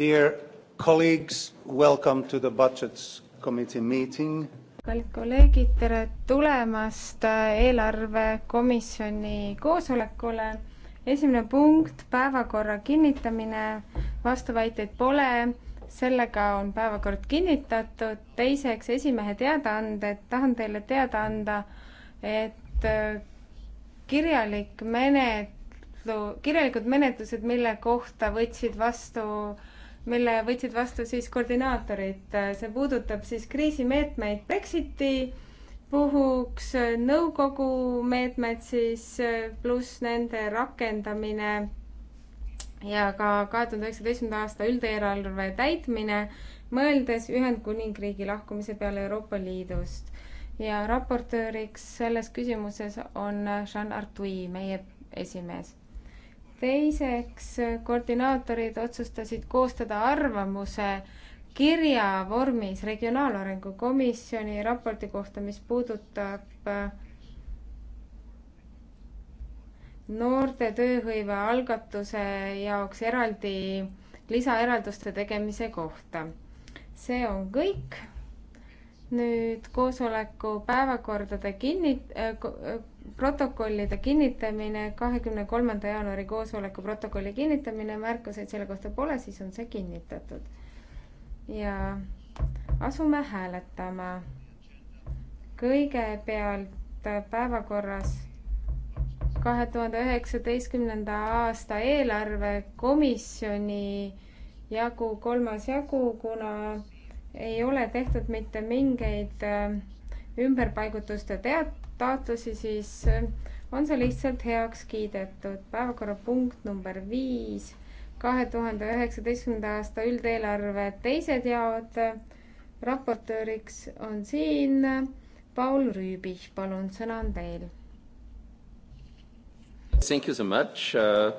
Dear colleagues, welcome to the budgets committee meeting. kallid kolleegid, tere tulemast eelarvekomisjoni koosolekule. esimene punkt, päevakorra kinnitamine, vastuväiteid pole, sellega on päevakord kinnitatud. teiseks, esimehe teadaanded, tahan teile teada anda, et äh, kirjalik menetlus kirjalikud menetlused, mille kohta võtsid vastu mille võtsid vastu siis koordinaatorid. see puudutab siis kriisimeetmeid Brexiti puhuks, nõukogu meetmed siis, pluss nende rakendamine ja ka kahe tuhande üheksateistkümnenda aasta üldeelarve täitmine, mõeldes Ühendkuningriigi lahkumise peale Euroopa Liidust. ja raportööriks selles küsimuses on Jean Artui, meie esimees teiseks, koordinaatorid otsustasid koostada arvamuse kirja vormis Regionaalarengu Komisjoni raporti kohta, mis puudutab äh, noorte tööhõive algatuse jaoks eraldi lisaeralduste tegemise kohta. see on kõik. nüüd koosoleku päevakordade kinni äh,, protokollide kinnitamine, kahekümne kolmanda jaanuari koosoleku protokolli kinnitamine, märkuseid selle kohta pole, siis on see kinnitatud. ja asume hääletama. kõigepealt päevakorras kahe tuhande üheksateistkümnenda aasta eelarve komisjoni jagu, kolmas jagu, kuna ei ole tehtud mitte mingeid äh, ümberpaigutuste teat-, taotlusi, siis eh, on see lihtsalt heaks kiidetud. päevakorrapunkt number viis, kahe tuhande üheksateistkümnenda aasta üldeelarve teised jaod. raportööriks on siin Paul Rüübich, palun, sõna on teil. Thank you so much uh....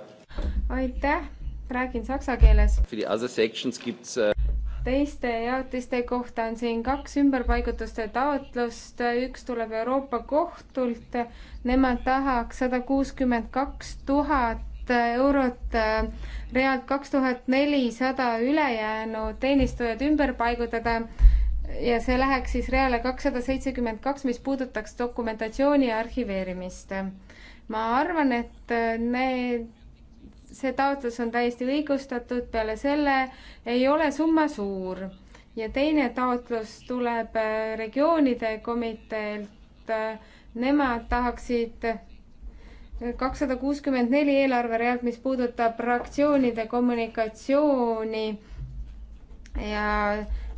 aitäh, räägin saksa keeles. For the other sections gibt's uh teiste jaotiste kohta on siin kaks ümberpaigutuste taotlust, üks tuleb Euroopa Kohtult, nemad tahaks sada kuuskümmend kaks tuhat eurot realt kaks tuhat nelisada ülejäänu teenistujad ümber paigutada ja see läheks siis reale kakssada seitsekümmend kaks, mis puudutaks dokumentatsiooni ja arhiveerimist. ma arvan, et need see taotlus on täiesti õigustatud, peale selle ei ole summa suur. ja teine taotlus tuleb äh, regioonide komiteelt, äh, nemad tahaksid äh, kakssada kuuskümmend neli eelarverealt, mis puudutab fraktsioonide kommunikatsiooni ja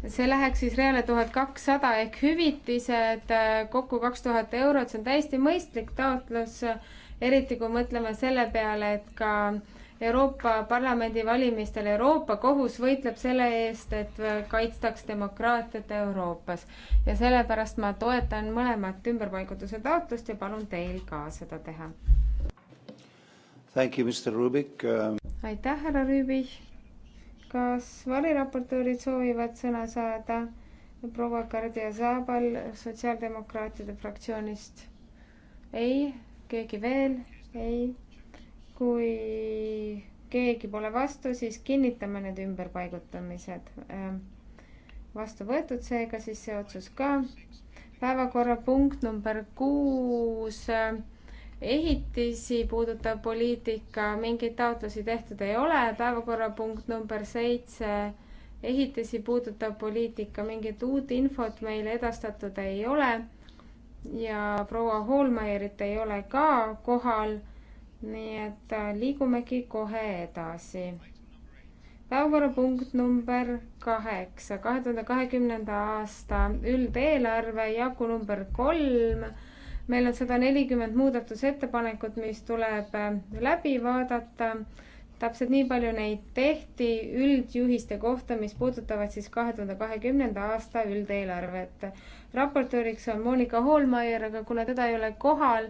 see läheks siis reale tuhat kakssada ehk hüvitised kokku kaks tuhat eurot, see on täiesti mõistlik taotlus, eriti kui mõtleme selle peale, et ka äh, Euroopa Parlamendi valimistel. Euroopa Kohus võitleb selle eest, et kaitstaks demokraatiat Euroopas ja sellepärast ma toetan mõlemat ümberpaigutuse taotlust ja palun teil ka seda teha. Thank you, Mr Rubik um.... aitäh, härra Rüübik. kas variraportöörid soovivad sõna saada? proua Kardia Zaabal sotsiaaldemokraatide fraktsioonist. ei, keegi veel? ei kui keegi pole vastu, siis kinnitame need ümberpaigutamised. Ähm, vastu võetud seega siis see otsus ka. päevakorrapunkt number kuus, ähm, ehitisi puudutav poliitika, mingeid taotlusi tehtud ei ole. päevakorrapunkt number seitse, ehitisi puudutav poliitika, mingit uut infot meile edastatud ei ole. ja proua Hoolmeierit ei ole ka kohal nii et äh, liigumegi kohe edasi. päevakorrapunkt number kaheksa, kahe tuhande kahekümnenda aasta üldeelarve jagu number kolm. meil on sada nelikümmend muudatusettepanekut, mis tuleb äh, läbi vaadata. täpselt nii palju neid tehti üldjuhiste kohta, mis puudutavad siis kahe tuhande kahekümnenda aasta üldeelarvet. raportööriks on Monika Hoolmeier, aga kuna teda ei ole kohal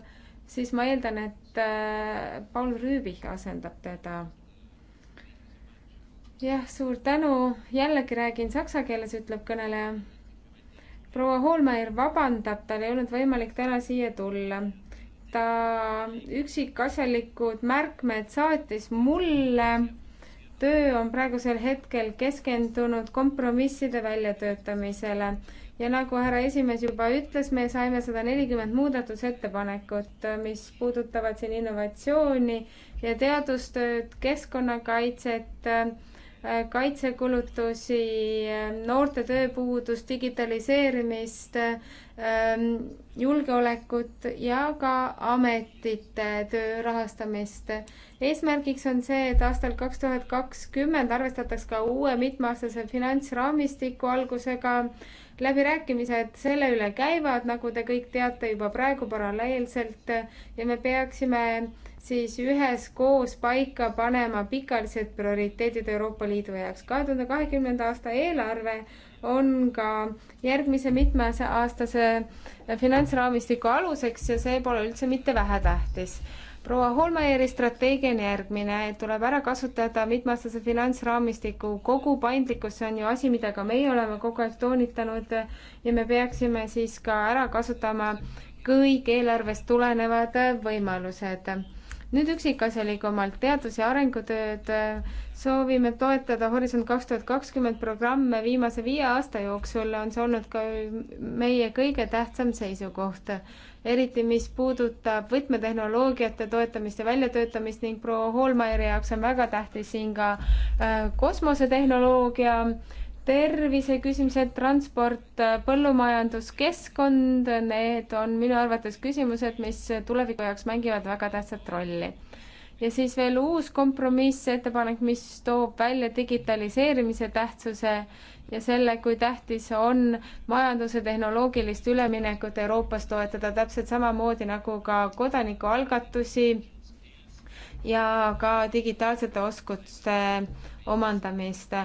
siis ma eeldan, et äh, Paul Rüübich asendab teda. jah, suur tänu, jällegi räägin saksa keeles, ütleb kõneleja. proua Hoolmeier vabandab, tal ei olnud võimalik täna siia tulla. ta üksikasjalikud märkmed saatis mulle. töö on praegusel hetkel keskendunud kompromisside väljatöötamisele ja nagu härra esimees juba ütles, me saime sada nelikümmend muudatusettepanekut, mis puudutavad siin innovatsiooni ja teadustööd, keskkonnakaitset äh,, kaitsekulutusi, noorte tööpuudust, digitaliseerimist, ähm, julgeolekut ja ka ametite töö rahastamist. eesmärgiks on see, et aastal kaks tuhat kakskümmend arvestataks ka uue mitmeaastase finantsraamistiku algusega. läbirääkimised selle üle käivad, nagu te kõik teate juba praegu paralleelselt ja me peaksime siis üheskoos paika panema pikaajalised prioriteedid Euroopa Liidu jaoks. kahe tuhande kahekümnenda aasta eelarve on ka järgmise mitmeaastase finantsraamistiku aluseks ja see pole üldse mitte vähetähtis proua Holmeieri strateegia on järgmine, et tuleb ära kasutada mitmeaastase finantsraamistiku kogu paindlikkus, see on ju asi, mida ka meie oleme kogu aeg toonitanud ja me peaksime siis ka ära kasutama kõik eelarvest tulenevad võimalused nüüd üksikasjalikumalt teadus- ja arengutööd soovime toetada Horisont kaks tuhat kakskümmend programme viimase viie aasta jooksul on see olnud ka meie kõige tähtsam seisukoht. eriti, mis puudutab võtmetehnoloogiate toetamist ja väljatöötamist ning proua Hoolmeieri jaoks on väga tähtis siin ka äh, kosmosetehnoloogia äh, terviseküsimused, transport, põllumajandus, keskkond, need on minu arvates küsimused, mis tuleviku jaoks mängivad väga tähtsat rolli. ja siis veel uus kompromissettepanek, mis toob välja digitaliseerimise tähtsuse ja selle, kui tähtis on majanduse tehnoloogilist üleminekut Euroopas toetada, täpselt samamoodi nagu ka kodanikualgatusi ja ka digitaalsete oskuste omandamist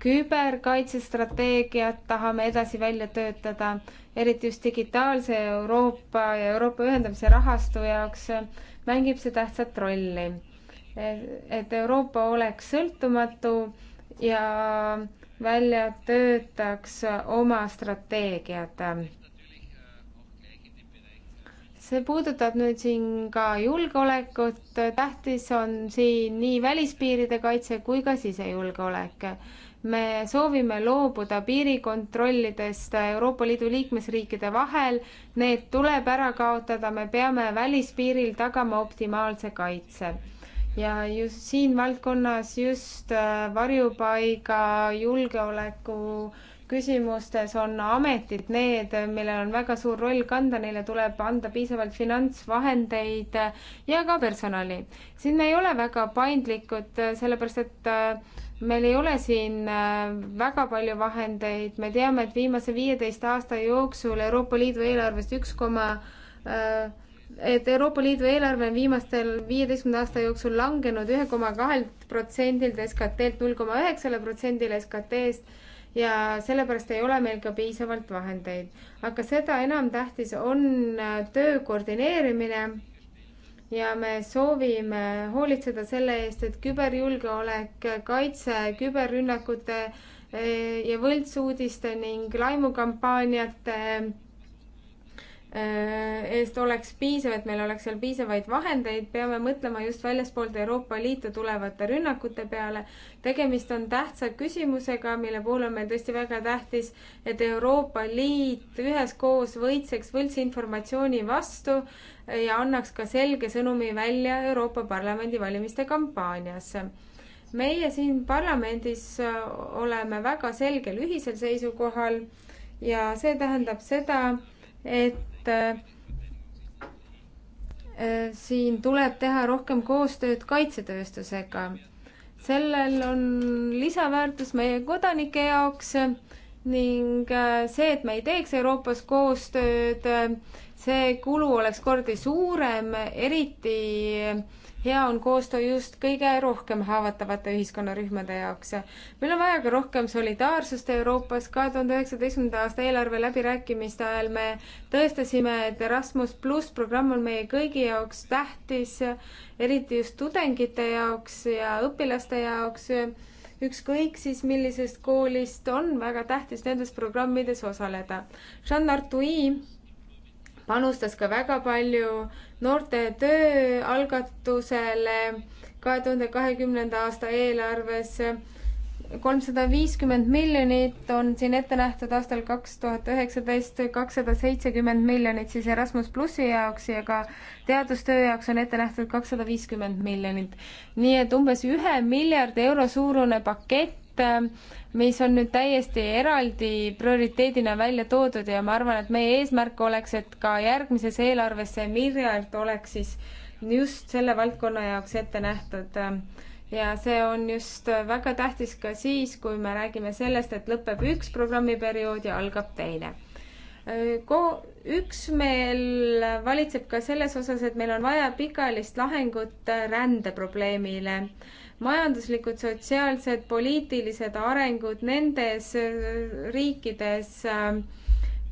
küberkaitsestrateegiat tahame edasi välja töötada, eriti just digitaalse Euroopa ja Euroopa ühendamise rahastu jaoks mängib see tähtsat rolli. et Euroopa oleks sõltumatu ja välja töötaks oma strateegiad. see puudutab nüüd siin ka julgeolekut, tähtis on siin nii välispiiride kaitse kui ka sisejulgeolek me soovime loobuda piirikontrollidest Euroopa Liidu liikmesriikide vahel, need tuleb ära kaotada, me peame välispiiril tagama optimaalse kaitse. ja just siin valdkonnas just äh, varjupaiga julgeoleku küsimustes on ametid need, millel on väga suur roll kanda, neile tuleb anda piisavalt finantsvahendeid ja ka personali. siin me ei ole väga paindlikud, äh, sellepärast et äh, meil ei ole siin äh, väga palju vahendeid, me teame, et viimase viieteist aasta jooksul Euroopa Liidu eelarvest üks koma äh, et Euroopa Liidu eelarve on viimastel viieteistkümne aasta jooksul langenud ühe koma kahelt protsendilt SKT-lt null koma üheksale protsendile SKT-st ja sellepärast ei ole meil ka piisavalt vahendeid. aga seda enam tähtis on äh, töö koordineerimine ja me soovime hoolitseda selle eest, et küberjulgeolek, kaitse küberrünnakute eh, ja võltsuudiste ning laimukampaaniate Äh, eest oleks piisav, et meil oleks seal piisavaid vahendeid, peame mõtlema just väljaspoolt Euroopa Liitu tulevate rünnakute peale. tegemist on tähtsa küsimusega, mille puhul on meil tõesti väga tähtis, et Euroopa Liit üheskoos võitseks võltsinformatsiooni vastu ja annaks ka selge sõnumi välja Euroopa Parlamendi valimiste kampaaniasse meie siin parlamendis äh, oleme väga selgel ühisel seisukohal ja see tähendab seda, et et äh, siin tuleb teha rohkem koostööd kaitsetööstusega. sellel on lisaväärtus meie kodanike jaoks ning äh, see, et me ei teeks Euroopas koostööd, äh, see kulu oleks kordi suurem, eriti hea on koostöö just kõige rohkem haavatavate ühiskonnarühmade jaoks. meil on vaja ka rohkem solidaarsust Euroopas. kahe tuhande üheksateistkümnenda aasta eelarve läbirääkimiste ajal me tõestasime, et Erasmus pluss programm on meie kõigi jaoks tähtis, eriti just tudengite jaoks ja õpilaste jaoks ükskõik siis millisest koolist on väga tähtis nendes programmides osaleda. Jean Artui panustas ka väga palju noorte tööalgatusele kahe tuhande kahekümnenda aasta eelarves. kolmsada viiskümmend miljonit on siin ette nähtud aastal kaks tuhat üheksateist, kakssada seitsekümmend miljonit siis Erasmus plussi jaoks ja ka teadustöö jaoks on ette nähtud kakssada viiskümmend miljonit. nii et umbes ühe miljardi euro suurune pakett Äh, mis on nüüd täiesti eraldi prioriteedina välja toodud ja ma arvan, et meie eesmärk oleks, et ka järgmises eelarves see miljard oleks siis just selle valdkonna jaoks ette nähtud. ja see on just väga tähtis ka siis, kui me räägime sellest, et lõpeb üks programmiperiood ja algab teine ko-, üksmeel valitseb ka selles osas, et meil on vaja pikaajalist lahengut rändeprobleemile majanduslikud, sotsiaalsed, poliitilised arengud nendes äh, riikides, äh,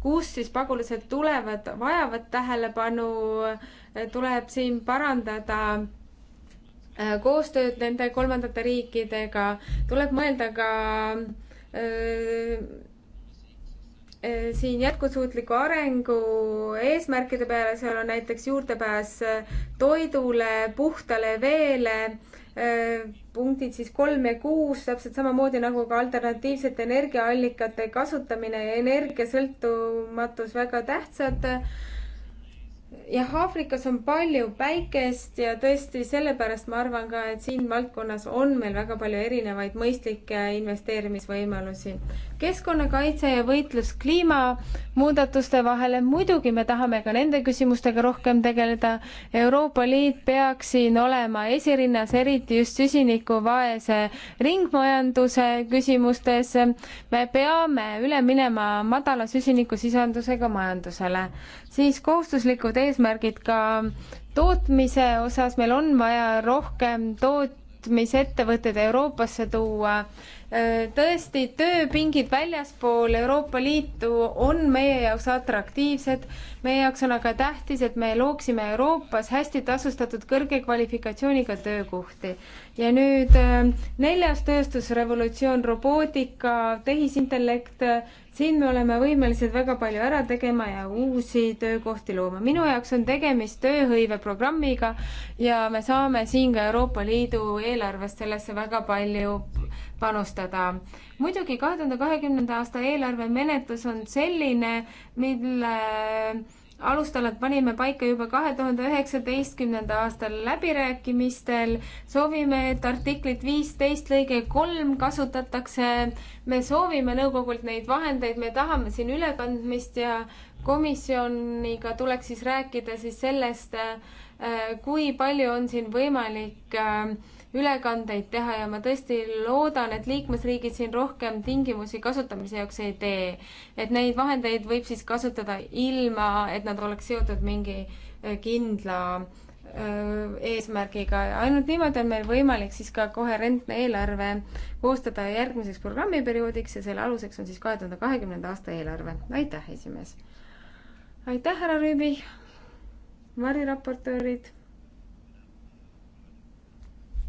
kust siis pagulased tulevad, vajavad tähelepanu, äh, tuleb siin parandada koostööd nende kolmandate riikidega, tuleb mõelda ka öö, siin jätkusuutliku arengu eesmärkide peale, seal on näiteks juurdepääs toidule, puhtale veele punktid siis kolm ja kuus, täpselt samamoodi nagu ka alternatiivsete energiaallikate kasutamine ja energiasõltumatus väga tähtsad. jah, Aafrikas on palju päikest ja tõesti sellepärast ma arvan ka, et siin valdkonnas on meil väga palju erinevaid mõistlikke investeerimisvõimalusi keskkonnakaitse ja võitlus kliimamuudatuste vahele, muidugi me tahame ka nende küsimustega rohkem tegeleda. Euroopa Liit peaks siin olema esirinnas, eriti just süsinikuvaese ringmajanduse küsimustes. me peame üle minema madala süsinikusisaldusega majandusele. siis kohustuslikud eesmärgid ka tootmise osas, meil on vaja rohkem toot-, tootmisettevõtted Euroopasse tuua Äh, tõesti, tööpingid väljaspool Euroopa Liitu on meie jaoks atraktiivsed. meie jaoks on aga tähtis, et me looksime Euroopas hästi tasustatud kõrge kvalifikatsiooniga töökohti. ja nüüd äh, neljas tööstusrevolutsioon, robootika, tehisintellekt, siin me oleme võimelised väga palju ära tegema ja uusi töökohti looma. minu jaoks on tegemist tööhõiveprogrammiga ja me saame siin ka Euroopa Liidu eelarvest sellesse väga palju panustada. muidugi kahe tuhande kahekümnenda aasta eelarve menetlus on selline, mille alustalad panime paika juba kahe tuhande üheksateistkümnenda aastal läbirääkimistel. soovime, et artiklit viisteist lõige kolm kasutatakse. me soovime nõukogult neid vahendeid, me tahame siin ülekandmist ja komisjoniga tuleks siis rääkida siis sellest, äh, kui palju on siin võimalik äh, ülekandeid teha ja ma tõesti loodan, et liikmesriigid siin rohkem tingimusi kasutamise jaoks ei tee. et neid vahendeid võib siis kasutada ilma, et nad oleks seotud mingi äh, kindla äh, eesmärgiga ja ainult niimoodi on meil võimalik siis ka koherentne eelarve koostada järgmiseks programmiperioodiks ja selle aluseks on siis kahe tuhande kahekümnenda aasta eelarve. aitäh, esimees! aitäh, härra Rüübi! variraportöörid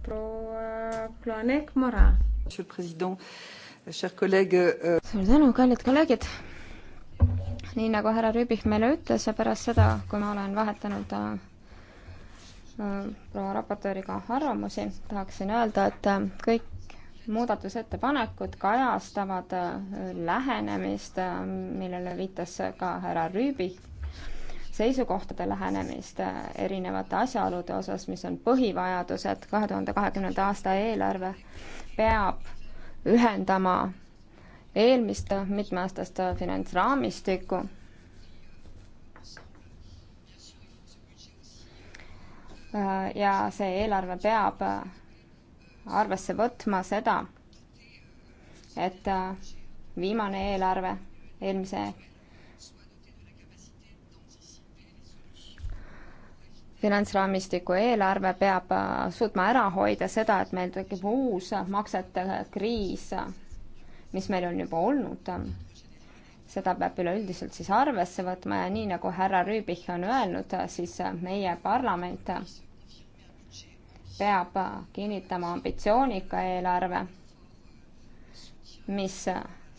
proua eh, Planek Mora. Euh, suur tänu, kallid kolleegid. nii nagu härra Rüübik meile ütles ja pärast seda, kui ma olen vahetanud äh, äh, proua raportööriga arvamusi, tahaksin öelda, et äh, kõik muudatusettepanekud kajastavad lähenemist, millele viitas ka härra Rüübik seisukohtade lähenemist äh, erinevate asjaolude osas, mis on põhivajadused, kahe tuhande kahekümnenda aasta eelarve peab ühendama eelmist mitmeaastast finantsraamistikku. Äh, ja see eelarve peab äh, arvesse võtma seda, et viimane eelarve eelmise finantsraamistiku eelarve peab äh, suutma ära hoida seda, et meil tekib uus maksete kriis, mis meil on juba olnud. seda peab üleüldiselt siis arvesse võtma ja nii, nagu härra Rüübich on öelnud, siis meie parlament peab kinnitama ambitsioonika eelarve, mis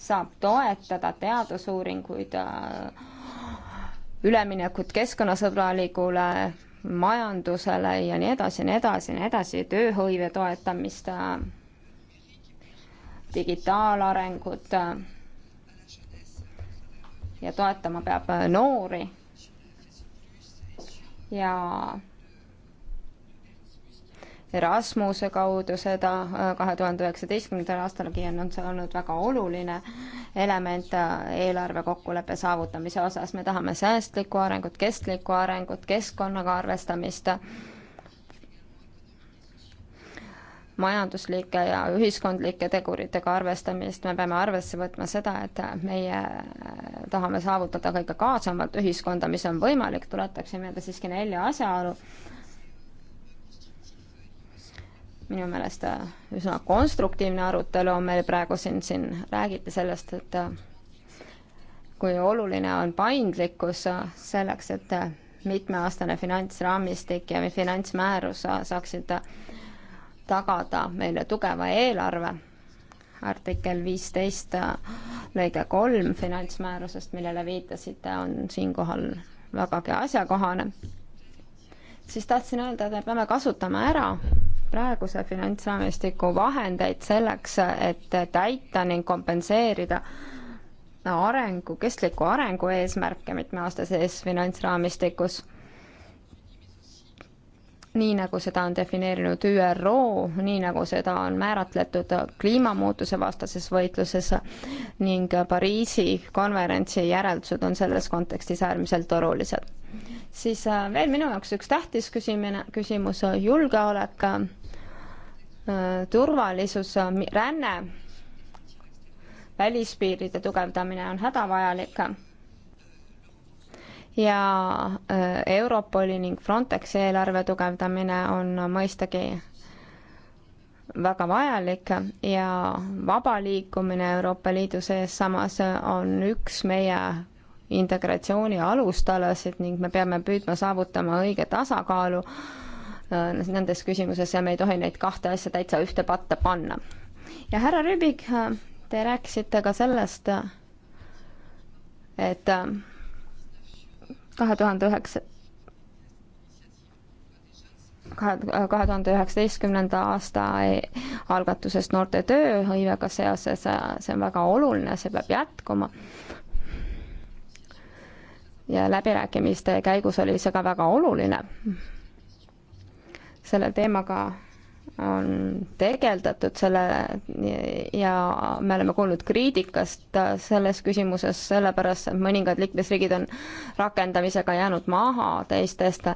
saab toetada teadusuuringuid, äh, üleminekut keskkonnasõbralikule majandusele ja nii edasi ja nii edasi ja nii edasi, tööhõive toetamist, digitaalarengut ja toetama peab noori ja Erasmuse kaudu seda äh, kahe tuhande üheksateistkümnendal aastalgi on see olnud väga oluline element äh, eelarve kokkuleppe saavutamise osas. me tahame säästlikku arengut, kestlikku arengut, keskkonnaga arvestamist, majanduslike ja ühiskondlike teguritega arvestamist, me peame arvesse võtma seda, et meie äh, tahame saavutada kõige kaasavamat ühiskonda, mis on võimalik, tuletaksin meelde siiski nelja asjaolu minu meelest äh, üsna konstruktiivne arutelu on meil praegu siin, siin räägiti sellest, et äh, kui oluline on paindlikkus äh, selleks, et mitmeaastane finantsraamistik ja finantsmäärus saaksid tagada meile tugeva eelarve. artikkel viisteist lõige kolm finantsmäärusest, millele viitasite, on siinkohal vägagi asjakohane. siis tahtsin öelda, et me peame kasutama ära praeguse finantsraamistiku vahendeid selleks, et täita ning kompenseerida arengu, kestliku arengu eesmärke mitmeaastases finantsraamistikus. nii nagu seda on defineerinud ÜRO, nii nagu seda on määratletud kliimamuutuse vastases võitluses ning Pariisi konverentsi järeldused on selles kontekstis äärmiselt olulised. siis äh, veel minu jaoks üks tähtis küsimine, küsimus, julgeolek turvalisus, ränne, välispiiride tugevdamine on hädavajalik. ja äh, Europoli ning Frontexi eelarve tugevdamine on mõistagi väga vajalik ja vaba liikumine Euroopa Liidu sees samas on üks meie integratsiooni alustalasid ning me peame püüdma saavutama õige tasakaalu äh, Äh, nendes küsimuses ja me ei tohi neid kahte asja täitsa ühte patta panna. ja härra Rüübik, äh, te rääkisite ka sellest, äh, et kahe tuhande üheksa, kahe, kahe tuhande üheksateistkümnenda aasta algatusest noorte tööhõivega seoses, see on väga oluline, see peab jätkuma ja läbirääkimiste käigus oli see ka väga oluline selle teemaga on tegeldatud selle ja me oleme kuulnud kriitikast selles küsimuses, sellepärast et mõningad liikmesriigid on rakendamisega jäänud maha teistest,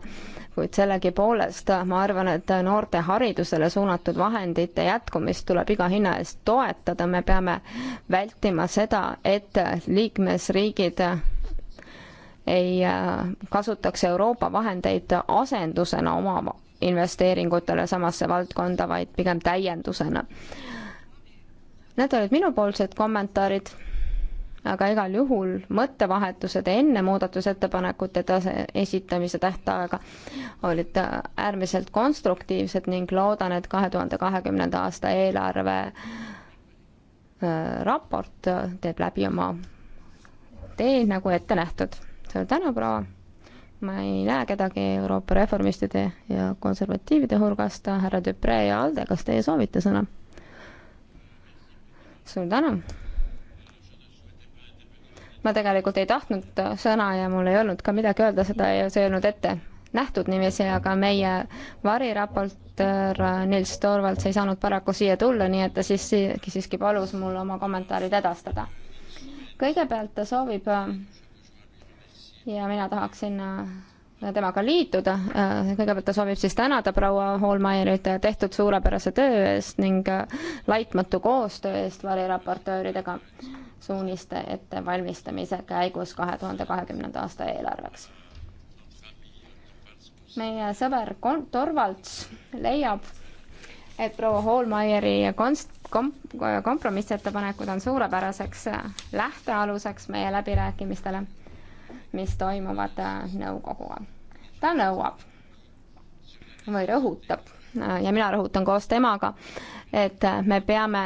kuid sellegipoolest ma arvan, et noorte haridusele suunatud vahendite jätkumist tuleb iga hinna eest toetada, me peame vältima seda, et liikmesriigid ei äh, kasutaks Euroopa vahendeid asendusena oma investeeringutele samasse valdkonda, vaid pigem täiendusena. Need olid minupoolsed kommentaarid, aga igal juhul mõttevahetused enne muudatusettepanekute tase, esitamise tähtaega olid äärmiselt konstruktiivsed ning loodan, et kahe tuhande kahekümnenda aasta eelarve äh, raport teeb läbi oma tee nagu ette nähtud. suur tänu, proua! ma ei näe kedagi Euroopa reformistide ja konservatiivide hulgast, härra Dupre ja Alde, kas teie soovite sõna? suur tänu! ma tegelikult ei tahtnud sõna ja mul ei olnud ka midagi öelda, seda ei, see ei olnud ette nähtud niiviisi, aga meie variraportöör äh, Nils Torvalds ei saanud paraku siia tulla, nii et ta siis siiski, siiski palus mul oma kommentaarid edastada. kõigepealt ta soovib äh, ja mina tahaksin äh, temaga liituda. Äh, kõigepealt ta soovib siis tänada proua Hoolmeierit tehtud suurepärase töö eest ning äh, laitmatu koostöö eest variraportööridega suuniste ettevalmistamise käigus kahe tuhande kahekümnenda aasta eelarveks. meie sõber Torvalds leiab, et proua Hoolmeieri konst-, kom-, kompromissettepanekud on suurepäraseks lähtealuseks meie läbirääkimistele mis toimuvad äh, nõukoguga. ta nõuab või rõhutab äh, ja mina rõhutan koos temaga, et äh, me peame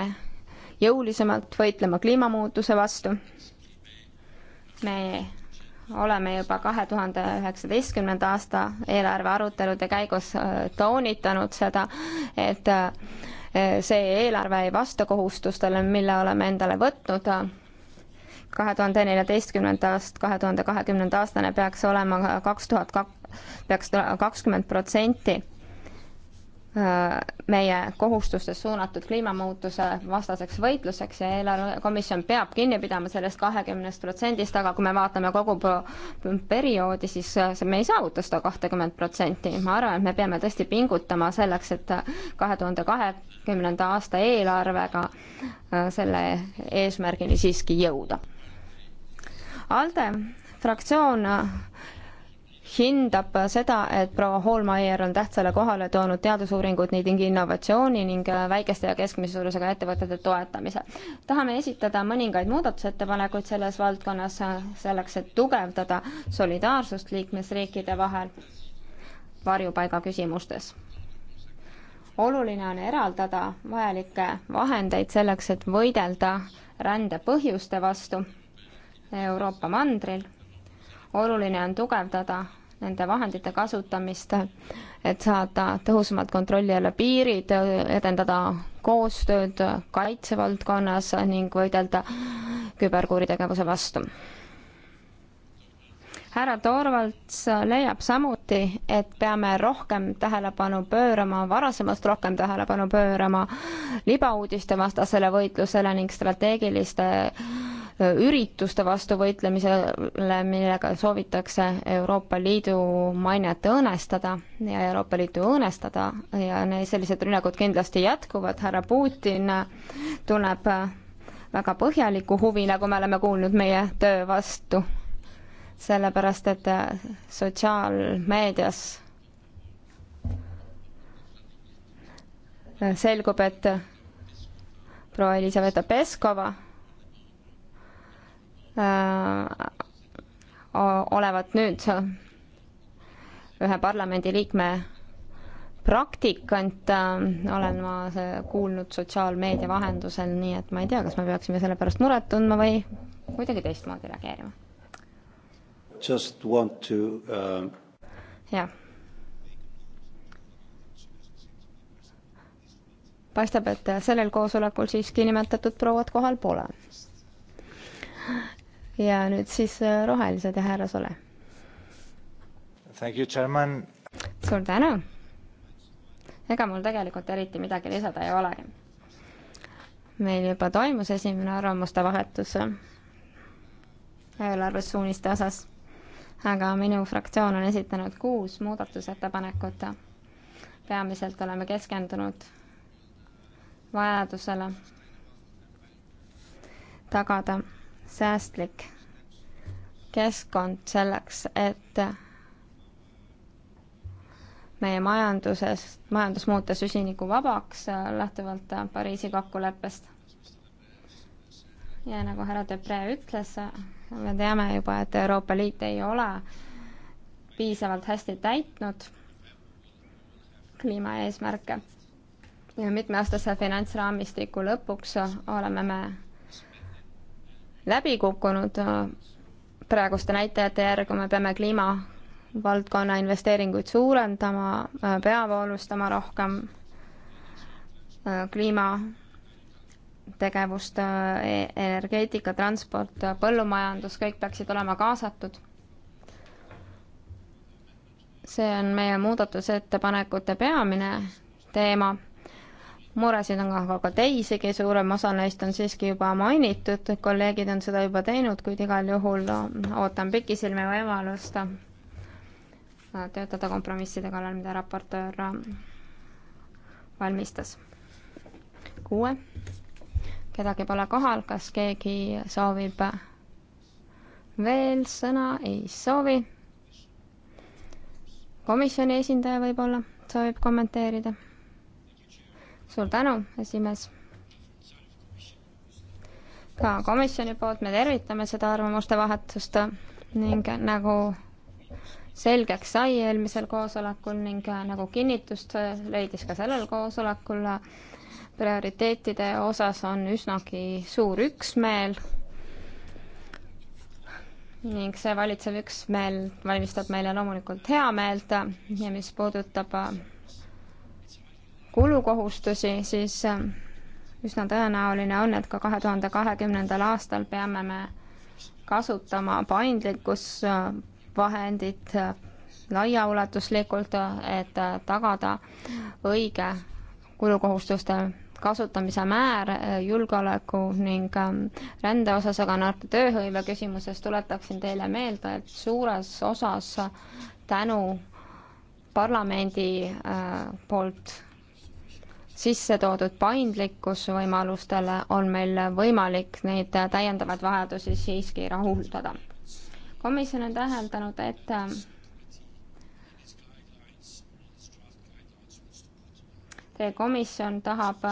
jõulisemalt võitlema kliimamuutuse vastu. me oleme juba kahe tuhande üheksateistkümnenda aasta eelarve arutelude käigus toonitanud seda, et see eelarve ei vasta kohustustele, mille oleme endale võtnud kahe tuhande neljateistkümnendast kahe tuhande kahekümnenda aastane peaks olema kaks tuhat kak-, peaks kakskümmend protsenti äh, meie kohustustest suunatud kliimamuutuse vastaseks võitluseks ja eelarvekomisjon peab kinni pidama sellest kahekümnest protsendist, aga kui me vaatame kogu perioodi, siis äh, me ei saavuta seda kahtekümmet protsenti. ma arvan, et me peame tõesti pingutama selleks, et kahe tuhande kahekümnenda aasta eelarvega äh, selle eesmärgini siiski jõuda ALDE fraktsioon äh, hindab seda, et proua Hoolmeier on tähtsale kohale toonud teadusuuringud ning innovatsiooni ning äh, väikeste ja keskmise suurusega ettevõtete toetamise. tahame esitada mõningaid muudatusettepanekuid selles valdkonnas, äh, selleks et tugevdada solidaarsust liikmesriikide vahel varjupaiga küsimustes. oluline on eraldada vajalikke vahendeid selleks, et võidelda rände põhjuste vastu Euroopa mandril. oluline on tugevdada nende vahendite kasutamist, et saada tõhusamalt kontrolli alla piirid, edendada koostööd kaitsevaldkonnas ning võidelda küberkuritegevuse vastu härra Torvalds leiab samuti, et peame rohkem tähelepanu pöörama, varasemast rohkem tähelepanu pöörama libauudiste vastasele võitlusele ning strateegiliste äh, ürituste vastu võitlemisele, millega soovitakse Euroopa Liidu mainet õõnestada ja Euroopa Liitu õõnestada ja sellised rünnakud kindlasti jätkuvad, härra Putin tunneb väga põhjalikku huvi, nagu me oleme kuulnud meie töö vastu sellepärast et sotsiaalmeedias selgub, et proua Elisaveta Peskova äh, olevat nüüd ühe parlamendiliikme praktikant äh, olen ma kuulnud sotsiaalmeedia vahendusel, nii et ma ei tea, kas me peaksime selle pärast muret tundma või kuidagi teistmoodi reageerima just want to um... jah. paistab, et sellel koosolekul siiski nimetatud prouad kohal pole. ja nüüd siis äh, rohelised ja härra Sole. suur tänu. ega mul tegelikult eriti midagi lisada ei olegi. meil juba toimus esimene arvamuste vahetus äh, eelarvesuuniste osas aga minu fraktsioon on esitanud kuus muudatusettepanekut. peamiselt oleme keskendunud vajadusele tagada säästlik keskkond selleks, et meie majanduses, majandus muuta süsinikuvabaks lähtuvalt Pariisi kokkuleppest ja nagu härra Debre ütles, me teame juba, et Euroopa Liit ei ole piisavalt hästi täitnud kliimaeesmärke. ja mitmeaastase finantsraamistiku lõpuks oleme me läbi kukkunud praeguste näitajate järgi, me peame kliimavaldkonna investeeringuid suurendama, peavoolustama rohkem, kliima tegevust, äh, energeetika, transport, põllumajandus, kõik peaksid olema kaasatud. see on meie muudatusettepanekute peamine teema. muresid on aga ka teisigi, suurem osa neist on siiski juba mainitud, kolleegid on seda juba teinud, kuid igal juhul ootan pikisilmi võimalust äh, töötada kompromisside kallal, mida raportöör äh, valmistas. kuue kedagi pole kohal, kas keegi soovib veel sõna, ei soovi. komisjoni esindaja võib-olla soovib kommenteerida. suur tänu, esimees. ka komisjoni poolt me tervitame seda arvamuste vahetust ning nagu selgeks sai eelmisel koosolekul ning nagu kinnitust leidis ka sellel koosolekul prioriteetide osas on üsnagi suur üksmeel ning see valitsev üksmeel valmistab meile loomulikult heameelt ja mis puudutab äh, kulukohustusi, siis äh, üsna tõenäoline on, et ka kahe tuhande kahekümnendal aastal peame me kasutama paindlikkusvahendit äh, laiaulatuslikult, et tagada õige kulukohustuste kasutamise määr äh, julgeoleku ning ähm, rände osas, aga noorte tööhõive küsimuses tuletaksin teile meelde, et suures osas tänu parlamendi äh, poolt sisse toodud paindlikkusvõimalustele on meil võimalik neid täiendavaid vajadusi siiski rahuldada. komisjon on täheldanud, et ähm, Teie komisjon tahab,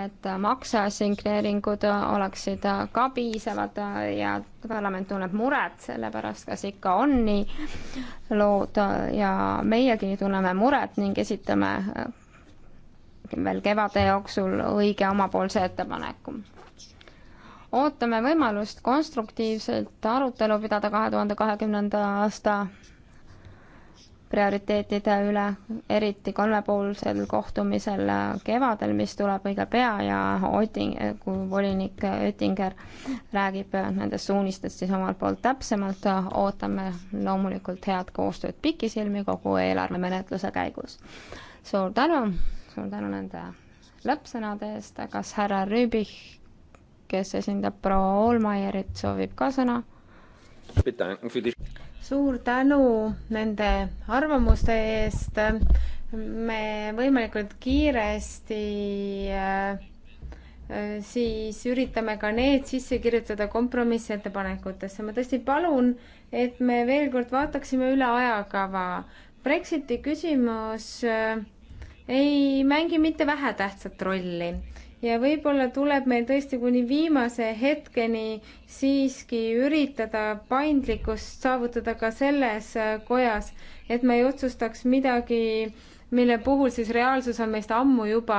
et makseassigneeringud oleksid ka piisavad ja parlament tunneb muret selle pärast, kas ikka on nii lood ja meiegi tunneme muret ning esitame veel kevade jooksul õige omapoolse ettepaneku ootame võimalust konstruktiivselt arutelu pidada kahe tuhande kahekümnenda aasta prioriteetide üle, eriti kolmepoolsel kohtumisel kevadel, mis tuleb õige pea ja Oting, kui volinik Oettinger räägib nendest suunistest siis omalt poolt täpsemalt, ootame loomulikult head koostööd pikisilmi kogu eelarvemenetluse käigus. suur tänu, suur tänu nende lõppsõnade eest, kas härra Rüübich, kes esindab proua Olmaierit, soovib ka sõna? suur tänu nende arvamuste eest. me võimalikult kiiresti äh, siis üritame ka need sisse kirjutada kompromissettepanekutesse. ma tõesti palun, et me veel kord vaataksime üle ajakava. Brexiti küsimus äh, ei mängi mitte vähetähtsat rolli ja võib-olla tuleb meil tõesti kuni viimase hetkeni siiski üritada paindlikkust saavutada ka selles äh, kojas, et me ei otsustaks midagi, mille puhul siis reaalsus on meist ammu juba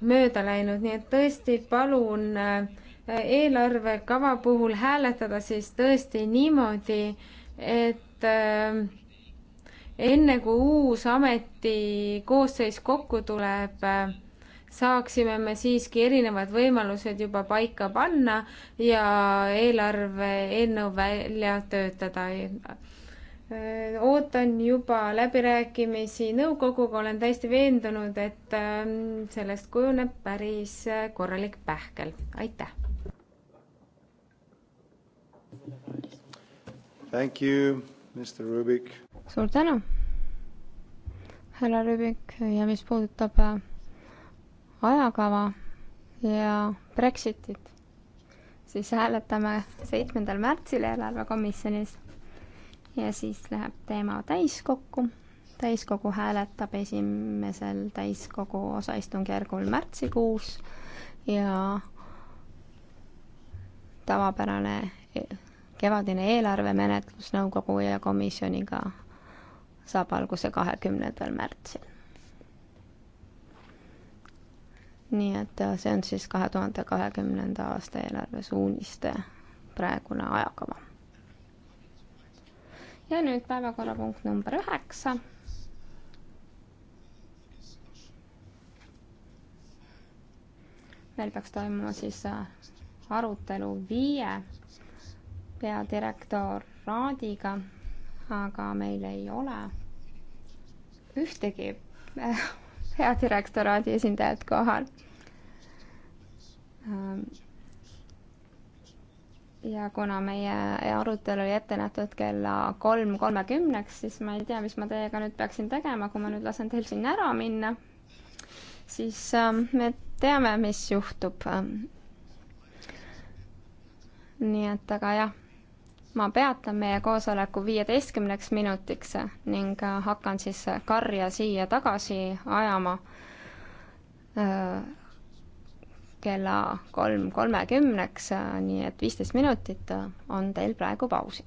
mööda läinud, nii et tõesti palun äh, eelarvekava puhul hääletada siis tõesti niimoodi, et äh, enne kui uus ameti koosseis kokku tuleb, saaksime me siiski erinevad võimalused juba paika panna ja eelarve eelnõu välja töötada. ootan juba läbirääkimisi nõukoguga, olen täiesti veendunud, et ähm, sellest kujuneb päris korralik pähkel. aitäh! Thank you, Mr Rubik. suur tänu, härra Rubik ja mis puudutab äh, ajakava ja Brexitit, siis hääletame seitsmendal märtsil eelarvekomisjonis ja siis läheb teema täiskokku. täiskogu hääletab esimesel täiskogu osaistungjärgul märtsikuus ja tavapärane e-, kevadine eelarvemenetlus nõukogu ja komisjoniga saab alguse kahekümnendal märtsil. nii et äh, see on siis kahe tuhande kahekümnenda aasta eelarve suuniste praegune ajakava. ja nüüd päevakorrapunkt number üheksa. meil peaks toimuma siis äh, arutelu viie peadirektoraadiga, aga meil ei ole ühtegi äh, peadirektoraadi esindajat kohal Ähm, ja kuna meie arutelu oli ette nähtud kella kolm kolmekümneks, siis ma ei tea, mis ma teiega nüüd peaksin tegema, kui ma nüüd lasen teil siin ära minna, siis ähm, me teame, mis juhtub. Ähm, nii et, aga jah, ma peatan meie koosoleku viieteistkümneks minutiks ning äh, hakkan siis karja siia tagasi ajama äh, kella kolm kolmekümneks, nii et viisteist minutit on teil praegu pausi.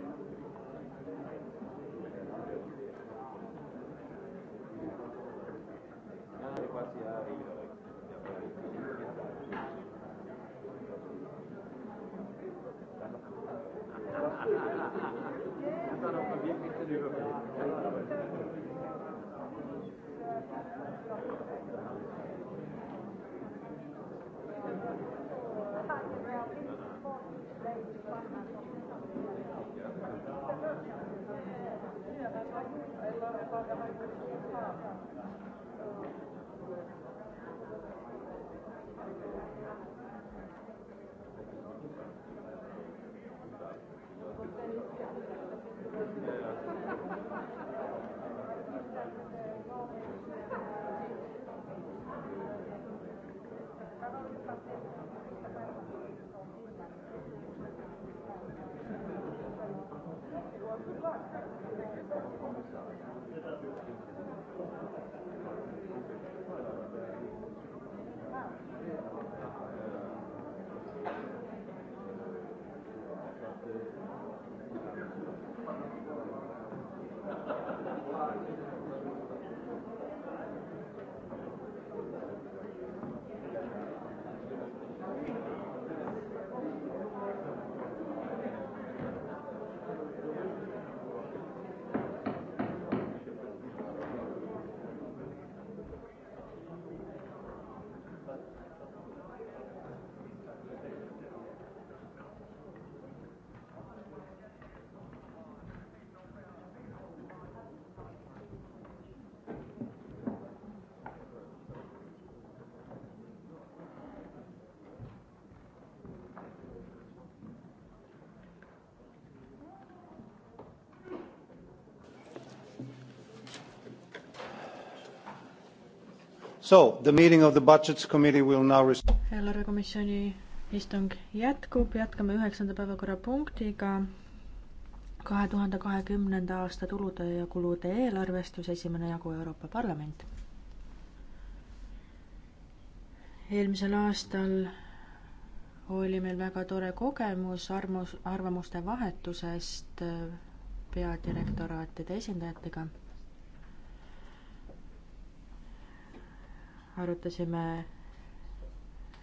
So the meeting of the budgets committee will now eelarvekomisjoni istung jätkub, jätkame üheksanda päevakorrapunktiga kahe tuhande kahekümnenda aasta tulude ja kulude eelarvestus, esimene jagu Euroopa Parlament. eelmisel aastal oli meil väga tore kogemus armus, arvamuste vahetusest peadirektoraatide esindajatega arutasime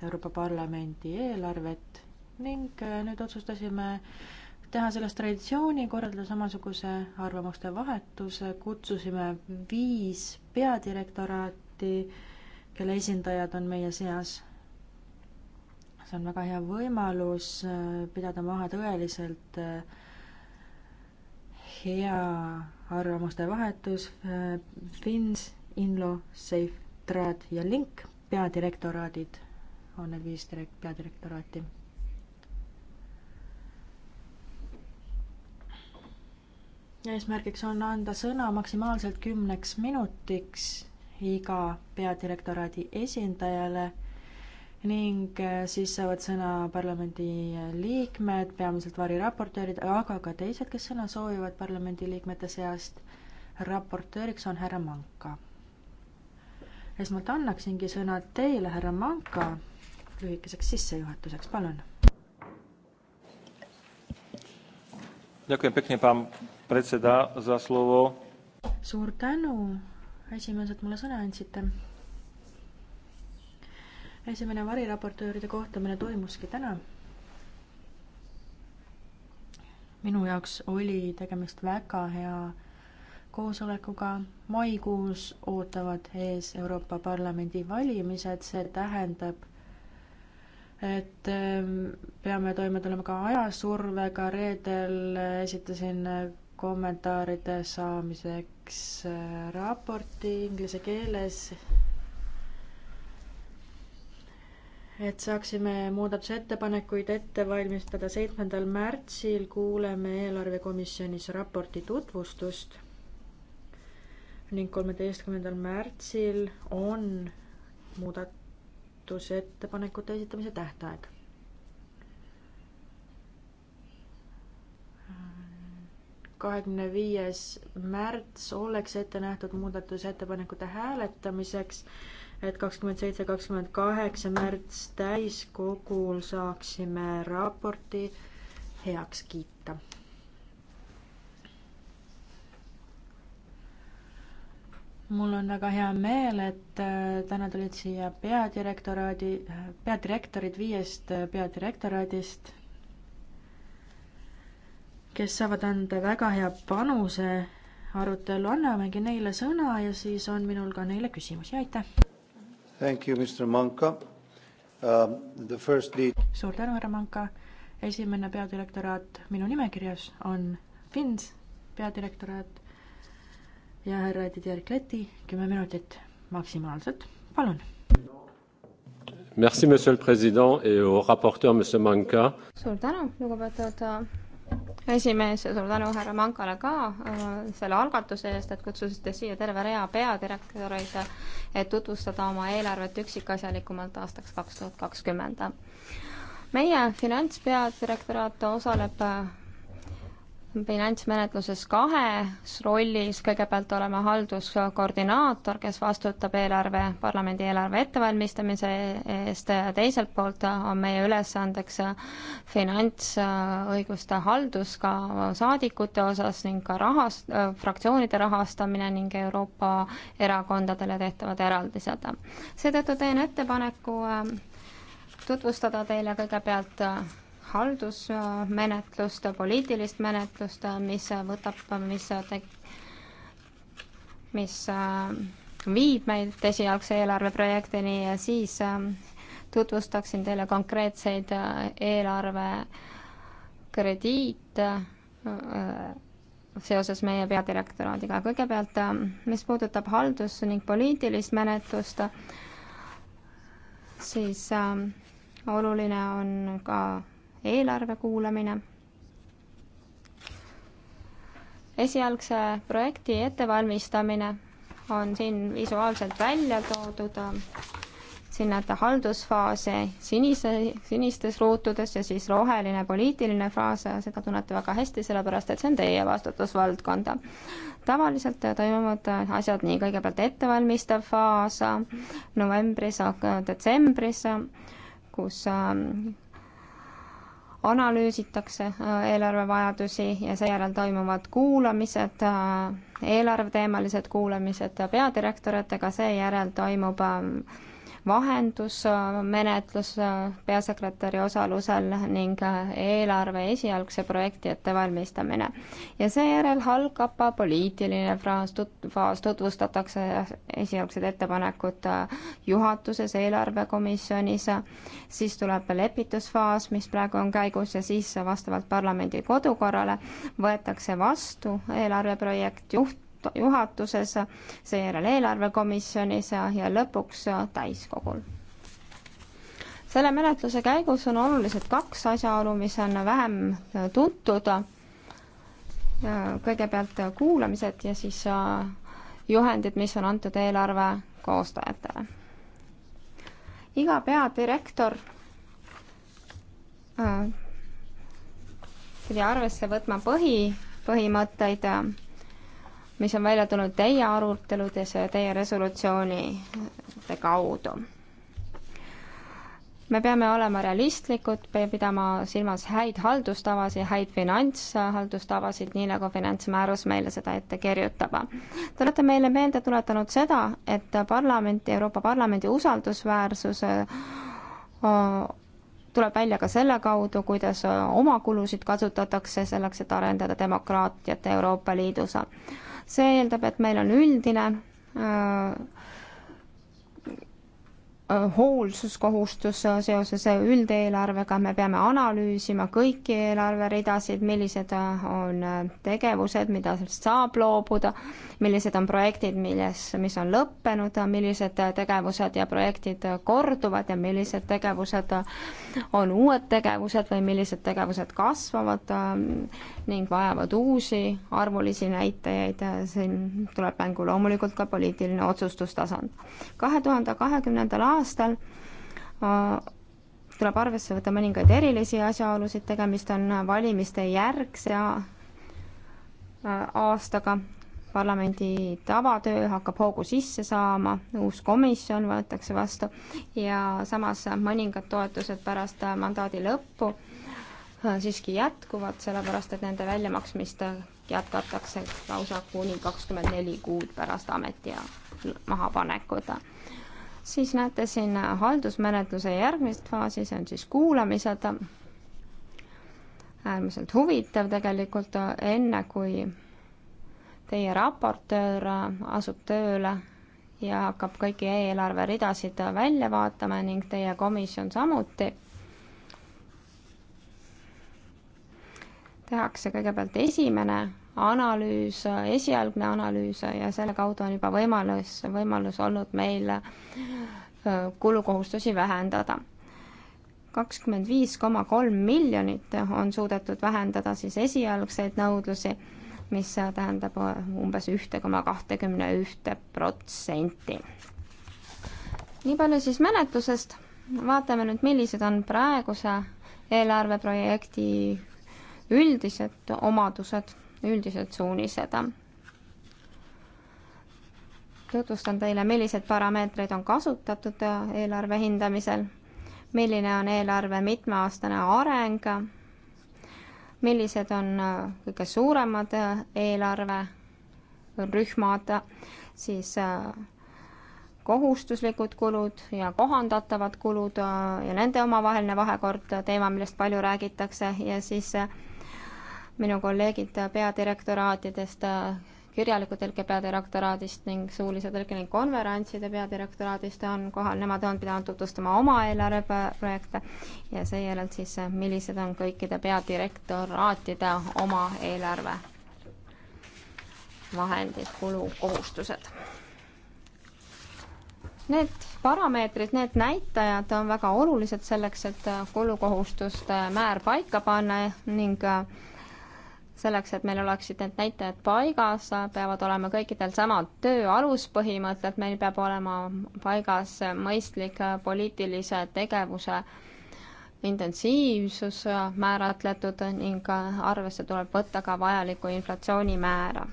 Euroopa Parlamendi eelarvet ning äh, nüüd otsustasime teha sellest traditsiooni, korraldada samasuguse arvamuste vahetuse, kutsusime viis peadirektoraati, kelle esindajad on meie seas. see on väga hea võimalus äh, pidada maha tõeliselt äh, hea arvamuste vahetus, Fins, Inlo, Safe Trad ja Link peadirektoraadid on need viis direkt-, peadirektoraati. eesmärgiks on anda sõna maksimaalselt kümneks minutiks iga peadirektoraadi esindajale ning eh, siis saavad sõna parlamendi liikmed, peamiselt variraportöörid, aga ka teised, kes sõna soovivad parlamendi liikmete seast. raportööriks on härra Manka esmalt annaksingi sõna teile, härra Manka, lühikeseks sissejuhatuseks, palun. suur tänu, esimees, et mulle sõna andsite. esimene variraportööride kohtumine toimuski täna minu jaoks oli tegemist väga hea koosolekuga. maikuus ootavad ees Euroopa Parlamendi valimised, see tähendab, et ähm, peame toime tulema ka ajasurvega, reedel esitasin kommentaaride saamiseks äh, raporti inglise keeles et saaksime muudatusettepanekuid ette valmistada. seitsmendal märtsil kuuleme eelarvekomisjonis raporti tutvustust ning kolmeteistkümnendal märtsil on muudatusettepanekute esitamise tähtaeg. kahekümne viies märts oleks ette nähtud muudatusettepanekute hääletamiseks, et kakskümmend seitse, kakskümmend kaheksa märts täiskogul saaksime raporti heaks kiita mul on väga hea meel, et äh, täna tulid siia peadirektoraadi, äh, peadirektorid viiest äh, peadirektoraadist, kes saavad anda väga hea panuse arutellu, annamegi neile sõna ja siis on minul ka neile küsimusi, aitäh! Thank you, Mr Manka uh,. The first lead. suur tänu, härra Manka. esimene peadirektoraat minu nimekirjas on FINS peadirektoraat ja härra Didier Kleti kümme minutit maksimaalselt, palun. Merci, monsieur le president et au raporteur, monsieur Manka. suur tänu, lugupeetud äh, esimees ja suur tänu härra Mankale ka äh, selle algatuse eest, et kutsusite siia terve rea peadirektoreid, et tutvustada oma eelarvet üksikasjalikumalt aastaks kaks tuhat kakskümmend. meie finantspeadirektoraat osaleb äh, finantsmenetluses kahes rollis, kõigepealt olema halduskoordinaator, kes vastutab eelarve, parlamendi eelarve ettevalmistamise eest ja teiselt poolt on meie ülesandeks finantsõiguste haldus ka saadikute osas ning ka rahas-, fraktsioonide rahastamine ning Euroopa erakondadele tehtavad eraldised. seetõttu teen ettepaneku äh, tutvustada teile kõigepealt äh, haldusmenetlust, poliitilist menetlust, mis võtab, mis teg-, mis äh, viib meid esialgse eelarveprojektini ja siis äh, tutvustaksin teile konkreetseid äh, eelarvekrediite seoses meie peadirektoraadiga. kõigepealt, mis puudutab haldus- ning poliitilist menetlust, siis oluline on ka eelarve kuulamine. esialgse projekti ettevalmistamine on siin visuaalselt välja toodud siin näete haldusfaase sinise, sinistes ruutudes ja siis roheline poliitiline faas, seda tunnete väga hästi, sellepärast et see on teie vastutusvaldkonda. tavaliselt toimuvad asjad nii, kõigepealt ettevalmistav faas novembris, detsembris, kus analüüsitakse äh, eelarvevajadusi ja seejärel toimuvad kuulamised, äh, eelarveteemalised kuulamised peadirektoritega, seejärel toimub ähm, vahendusmenetlus äh, peasekretäri osalusel ning äh, eelarve esialgse projekti ettevalmistamine. ja seejärel algab poliitiline faas, faas, tutvustatakse äh, esialgsed ettepanekud juhatuses, eelarvekomisjonis, siis tuleb lepitusfaas, mis praegu on käigus ja siis vastavalt parlamendi kodukorrale võetakse vastu eelarveprojekt, juht juhatuses, seejärel eelarvekomisjonis ja lõpuks täiskogul. selle menetluse käigus on olulised kaks asjaolu, mis on vähem tuntud. kõigepealt kuulamised ja siis äh, juhendid, mis on antud eelarve koostajatele. iga peadirektor äh, pidi arvesse võtma põhi, põhimõtteid äh, mis on välja tulnud teie aruteludes ja teie resolutsioonide kaudu. me peame olema realistlikud, pidama silmas häid haldustavasid, häid finantshaldustavasid, nii nagu finantsmäärus meile seda ette kirjutab. Te olete meile meelde tuletanud seda, et parlamenti, Euroopa Parlamendi usaldusväärsus tuleb välja ka selle kaudu, kuidas oma kulusid kasutatakse selleks, et arendada demokraatiat Euroopa Liidus see eeldab, et meil on üldine äh, hoolsuskohustus seoses üldeelarvega, me peame analüüsima kõiki eelarveridasid, millised on tegevused, mida saab loobuda, millised on projektid, milles, mis on lõppenud, millised tegevused ja projektid korduvad ja millised tegevused on uued tegevused või millised tegevused kasvavad ning vajavad uusi arvulisi näitajaid, siin tuleb mängu loomulikult ka poliitiline otsustustasand. kahe tuhande kahekümnendal aastal aastal äh, tuleb arvesse võtta mõningaid erilisi asjaolusid, tegemist on valimiste järgse äh, aastaga, parlamendi tavatöö hakkab hoogu sisse saama, uus komisjon võetakse vastu ja samas mõningad toetused pärast mandaadi lõppu äh, siiski jätkuvad, sellepärast et nende väljamaksmist jätkatakse lausa kuni kakskümmend neli kuud pärast ameti mahapanekut siis näete siin haldusmenetluse järgmist faasi, see on siis kuulamised. äärmiselt huvitav tegelikult, enne kui teie raportöör asub tööle ja hakkab kõiki eelarve ridasid välja vaatama ning teie komisjon samuti. tehakse kõigepealt esimene analüüs, esialgne analüüs ja selle kaudu on juba võimalus, võimalus olnud meil kulukohustusi vähendada. kakskümmend viis koma kolm miljonit on suudetud vähendada siis esialgseid nõudlusi, mis tähendab umbes ühte koma kahtekümne ühte protsenti. nii palju siis menetlusest, vaatame nüüd, millised on praeguse eelarveprojekti üldised omadused üldised suunised. tutvustan teile, millised parameetreid on kasutatud eelarve hindamisel, milline on eelarve mitmeaastane areng, millised on kõige suuremad eelarverühmad, siis kohustuslikud kulud ja kohandatavad kulud ja nende omavaheline vahekord, teema, millest palju räägitakse, ja siis minu kolleegid peadirektoraatidest, kirjaliku tõlke peadirektoraadist ning suulise tõlke ning konverentside peadirektoraadist on kohal, nemad on pidanud tutvustama oma eelarveprojekte ja seejärel siis, millised on kõikide peadirektoraatide oma eelarve vahendid, kulukohustused. Need parameetrid, need näitajad on väga olulised selleks, et kulukohustuste määr paika panna ning äh, selleks, et meil oleksid need näitajad paigas, peavad olema kõikidel samad töö aluspõhimõtted, meil peab olema paigas mõistlik poliitilise tegevuse intensiivsus määratletud ning arvesse tuleb võtta ka vajalikku inflatsioonimäära.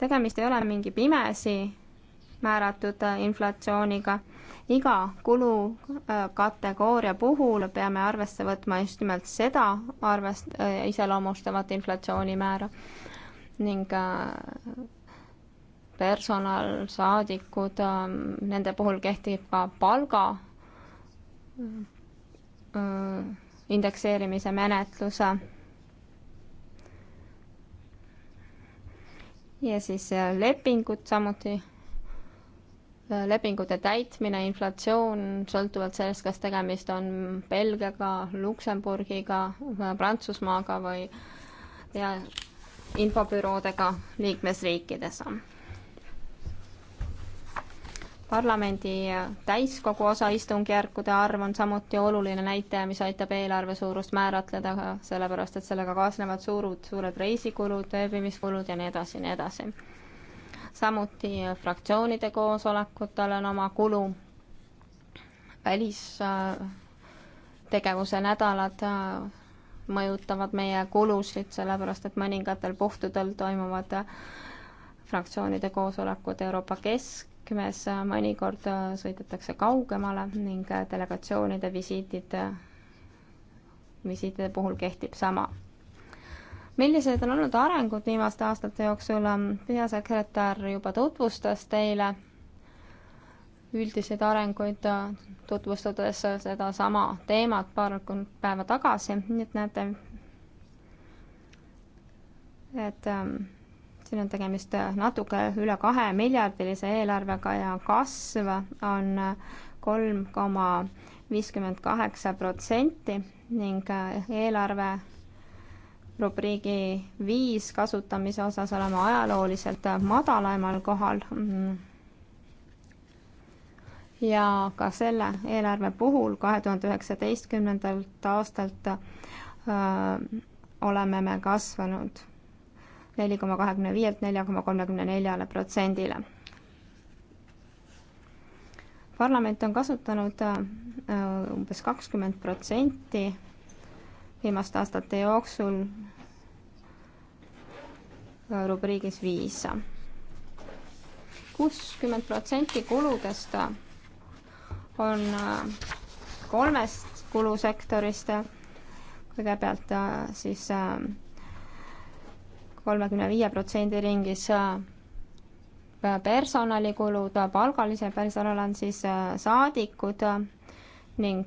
tegemist ei ole mingi pimesi määratud inflatsiooniga iga kulukategooria äh, puhul peame arvesse võtma just nimelt seda arvest- äh,, iseloomustavat inflatsioonimäära ning äh, personal, saadikud äh,, nende puhul kehtib ka palga äh, indekseerimise menetluse ja siis äh, lepingud samuti lepingute täitmine, inflatsioon, sõltuvalt sellest, kas tegemist on Belgiaga, Luksemburgiga, Prantsusmaaga või ja infobüroodega liikmesriikides. parlamendi täiskogu osa istungjärkude arv on samuti oluline näitaja, mis aitab eelarve suurust määratleda, sellepärast et sellega kaasnevad suurud, suured reisikulud, ööbimiskulud ja nii edasi ja nii edasi samuti fraktsioonide koosolekutel on oma kulu, välistegevuse nädalad äh, mõjutavad meie kulusid, sellepärast et mõningatel puhtudel toimuvad äh, fraktsioonide koosolekud Euroopa keskmes, mõnikord äh, sõidetakse kaugemale ning delegatsioonide visiidid, visiitide puhul kehtib sama millised on olnud arengud viimaste aastate jooksul, peasekretär juba tutvustas teile üldiseid arenguid, tutvustades sedasama teemat paar päeva tagasi, nii et näete, et ähm, siin on tegemist natuke üle kahe miljardilise eelarvega ja kasv on kolm koma viiskümmend kaheksa protsenti ning äh, eelarve rubriigi viis kasutamise osas oleme ajalooliselt madalaimal kohal. ja ka selle eelarve puhul kahe tuhande üheksateistkümnendalt aastalt öö, oleme me kasvanud neli koma kahekümne viielt nelja koma kolmekümne neljale protsendile. parlament on kasutanud umbes kakskümmend protsenti viimaste aastate jooksul rubriigis viis. kuuskümmend protsenti kuludest on äh, kolmest kulusektorist, kõigepealt äh, siis äh, kolmekümne viie protsendi ringis personalikulud, palgalise personal on siis saadikud ning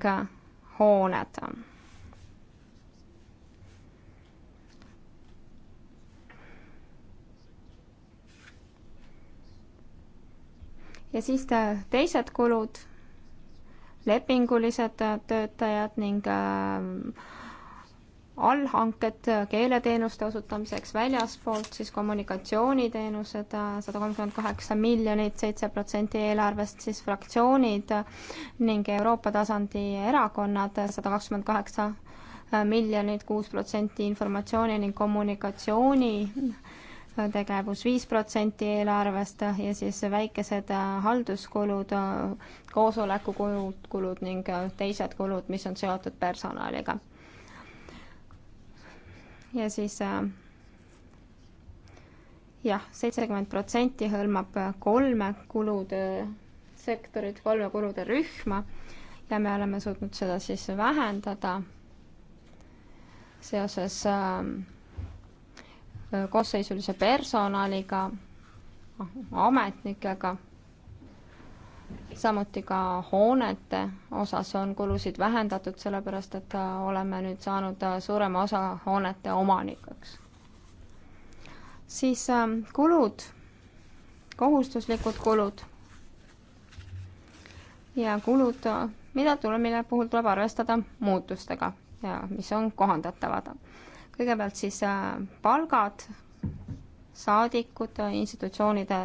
hooned ja siis teised kulud, lepingulised äh, töötajad ning äh, allhanked äh, keeleteenuste osutamiseks väljaspoolt, siis kommunikatsiooniteenused sada kolmkümmend kaheksa miljonit, seitse protsenti eelarvest, siis fraktsioonid ning Euroopa tasandi erakonnad sada kakskümmend kaheksa miljonit, kuus protsenti informatsiooni ning kommunikatsiooni tegevus viis protsenti eelarvest ja siis väikesed äh, halduskulud, äh, koosolekukulud, kulud ning äh, teised kulud, mis on seotud personaliga. ja siis jah, seitsekümmend protsenti hõlmab kolme kulude sektorit, kolme kulude rühma ja me oleme suutnud seda siis vähendada seoses äh, Äh, koosseisulise personaliga, noh, ametnikega, samuti ka hoonete osas on kulusid vähendatud, sellepärast et äh, oleme nüüd saanud äh, suurema osa hoonete omanikeks. siis ähm, kulud, kohustuslikud kulud ja kulud, mida tuleb, mille puhul tuleb arvestada muutustega ja mis on kohandatavad kõigepealt siis äh, palgad, saadikud, äh, institutsioonide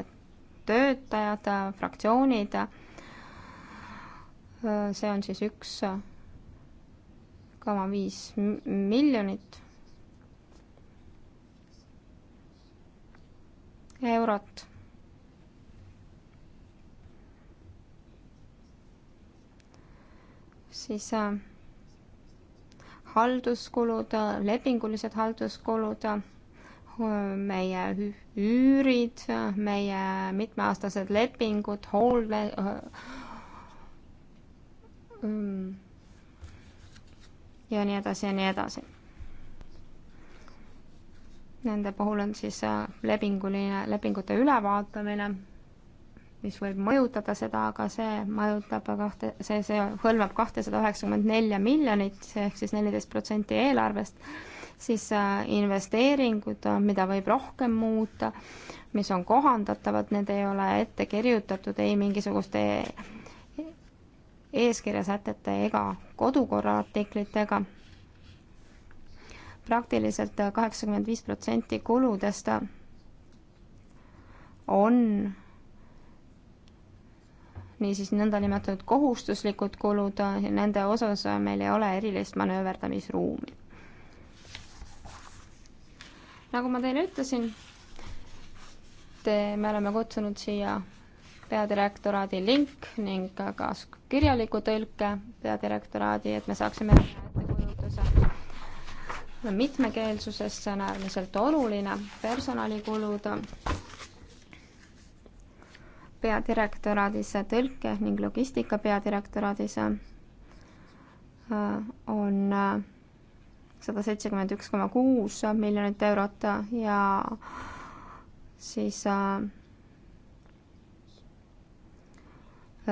töötajad, äh, fraktsioonid, see on siis üks koma viis miljonit eurot. siis äh, halduskulud, lepingulised halduskulud, meie üürid, meie mitmeaastased lepingud, hoolde, ja nii edasi ja nii edasi. Nende puhul on siis lepinguline, lepingute ülevaatamine mis võib mõjutada seda, aga see mõjutab kahte, see, see hõlmab kahtesada üheksakümmend nelja miljonit, ehk siis neliteist protsenti eelarvest, siis äh, investeeringud, äh, mida võib rohkem muuta, mis on kohandatavad, need ei ole ette kirjutatud ei mingisuguste eeskirjasätete ega kodukorra artiklitega praktiliselt äh, kaheksakümmend viis protsenti kuludest on niisiis nõndanimetatud kohustuslikud kulud, nende osas meil ei ole erilist manööverdamisruumi. nagu ma teile ütlesin, te, me oleme kutsunud siia peadirektoraadi link ning ka kirjaliku tõlke peadirektoraadi, et me saaksime ettekujutuse mitmekeelsusesse on äärmiselt oluline personalikulud peadirektoraadis, tõlke ning logistika peadirektoraadis äh, on äh, sada seitsekümmend üks koma kuus miljonit eurot ja siis äh,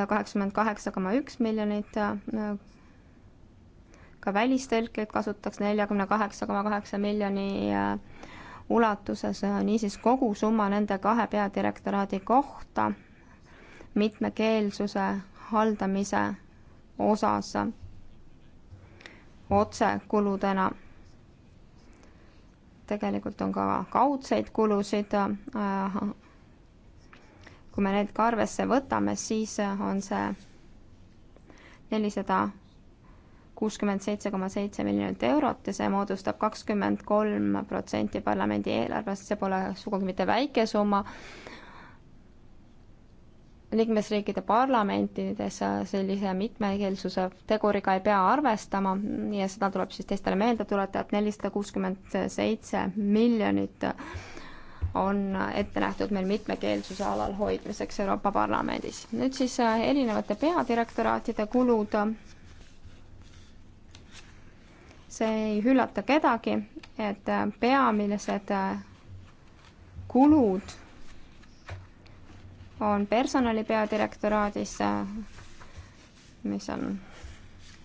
kaheksakümmend kaheksa koma üks miljonit, ka välistõlkeid kasutaks neljakümne kaheksa koma kaheksa miljoni ulatuses, niisiis kogusumma nende kahe peadirektoraadi kohta mitmekeelsuse haldamise osas otsekuludena. tegelikult on ka kaudseid kulusid. Äh, kui me need ka arvesse võtame, siis on see nelisada kuuskümmend seitse koma seitse miljonit eurot ja see moodustab kakskümmend kolm protsenti parlamendi eelarvest, see pole sugugi mitte väike summa liikmesriikide parlamentides sellise mitmekeelsuse teguriga ei pea arvestama ja seda tuleb siis teistele meelde tuletada, et nelisada kuuskümmend seitse miljonit on ette nähtud meil mitmekeelsuse alal hoidmiseks Euroopa Parlamendis. nüüd siis äh, erinevate peadirektoraatide kulud. see ei üllata kedagi, et äh, peamised äh, kulud on personali peadirektoraadis, mis on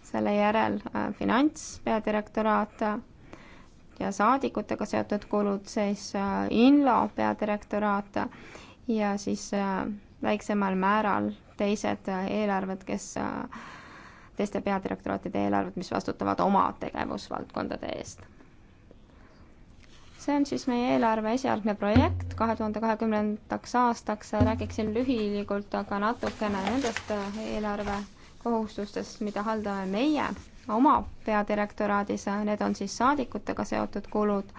selle järel äh, finants peadirektoraat ja saadikutega seotud kulud, siis äh, Inlo peadirektoraat ja siis äh, väiksemal määral teised eelarved, kes, teiste peadirektoraatide eelarved, mis vastutavad oma tegevusvaldkondade eest see on siis meie eelarve esialgne projekt kahe tuhande kahekümnendaks aastaks. räägiksin lühilikult aga natukene nendest äh, eelarve kohustustest, mida haldame meie oma peadirektoraadis. Need on siis saadikutega seotud kulud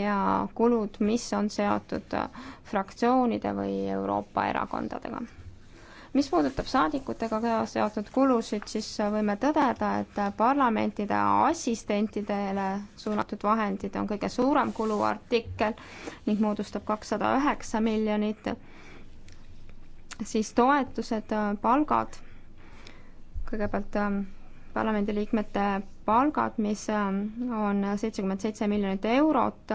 ja kulud, mis on seotud fraktsioonide või Euroopa erakondadega mis puudutab saadikutega seotud kulusid, siis võime tõdeda, et parlamentide assistentidele suunatud vahendid on kõige suurem kuluartikkel ning moodustab kakssada üheksa miljonit. siis toetused, palgad, kõigepealt ähm, parlamendiliikmete palgad, mis ähm, on seitsekümmend seitse miljonit eurot,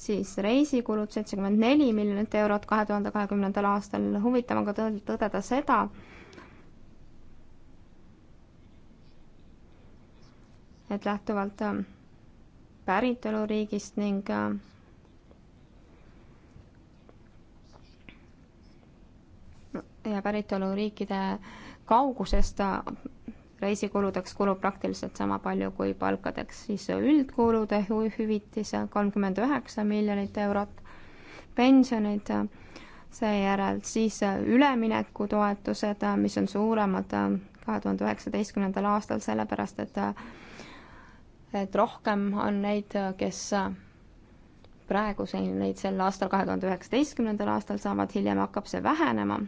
siis reisikulud seitsekümmend neli miljonit eurot kahe tuhande kahekümnendal aastal, huvitav on ka tõdeda seda, et lähtuvalt ähm, päritoluriigist ning ähm, ja päritoluriikide kaugusest äh, reisikuludeks kulub praktiliselt sama palju kui palkadeks, siis üldkulude hüvitis kolmkümmend üheksa miljonit eurot, pensionid seejärel siis üleminekutoetused, mis on suuremad kahe tuhande üheksateistkümnendal aastal, sellepärast et et rohkem on neid, kes praegu siin neid sel aastal, kahe tuhande üheksateistkümnendal aastal saavad, hiljem hakkab see vähenema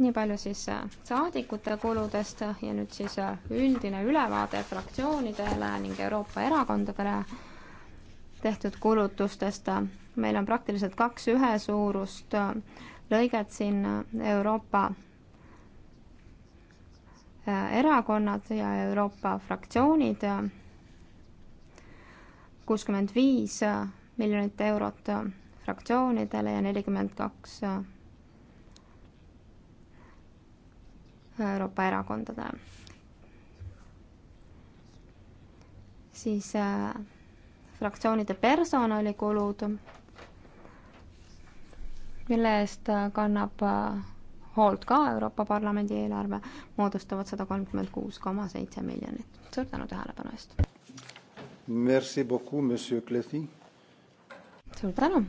nii palju siis äh, saadikute kuludest ja nüüd siis äh, üldine ülevaade fraktsioonidele ning Euroopa erakondadele tehtud kulutustest. meil on praktiliselt kaks ühesuurust äh, lõiget siin Euroopa erakonnad ja Euroopa fraktsioonid. kuuskümmend viis miljonit eurot fraktsioonidele ja nelikümmend kaks Euroopa erakondadele. siis äh, fraktsioonide personalikulud, mille eest äh, kannab äh, hoolt ka Euroopa Parlamendi eelarve, moodustavad sada kolmkümmend kuus koma seitse miljonit. suur tänu tähelepanu eest! Merci beaucoup, monsieur Clethi! suur tänu!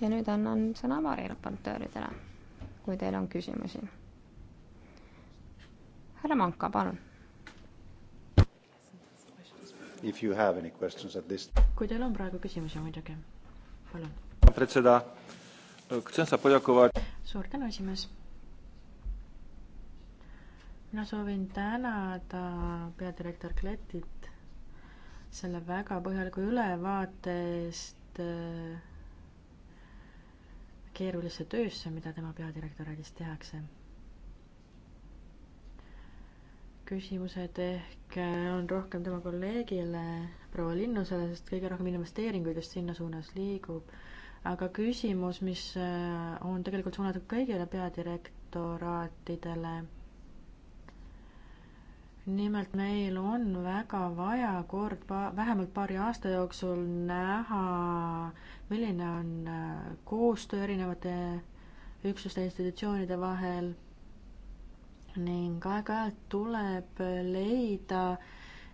ja nüüd annan sõna Maarja raportööridele kui teil on küsimusi. härra Manka, palun. kui teil on praegu küsimusi muidugi, palun. suur tänu, esimees mina soovin tänada peadirektor Kletit selle väga põhjaliku ülevaate eest äh, keerulisse töösse, mida tema peadirektoraadis tehakse. küsimused ehk eh, on rohkem tema kolleegile, proua Linnusele, sest kõige rohkem investeeringuid just sinna suunas liigub. aga küsimus, mis eh, on tegelikult suunatud kõigile peadirektoraatidele nimelt meil on väga vaja kord pa-, vähemalt paari aasta jooksul näha, milline on äh, koostöö erinevate üksuste institutsioonide vahel ning aeg-ajalt tuleb leida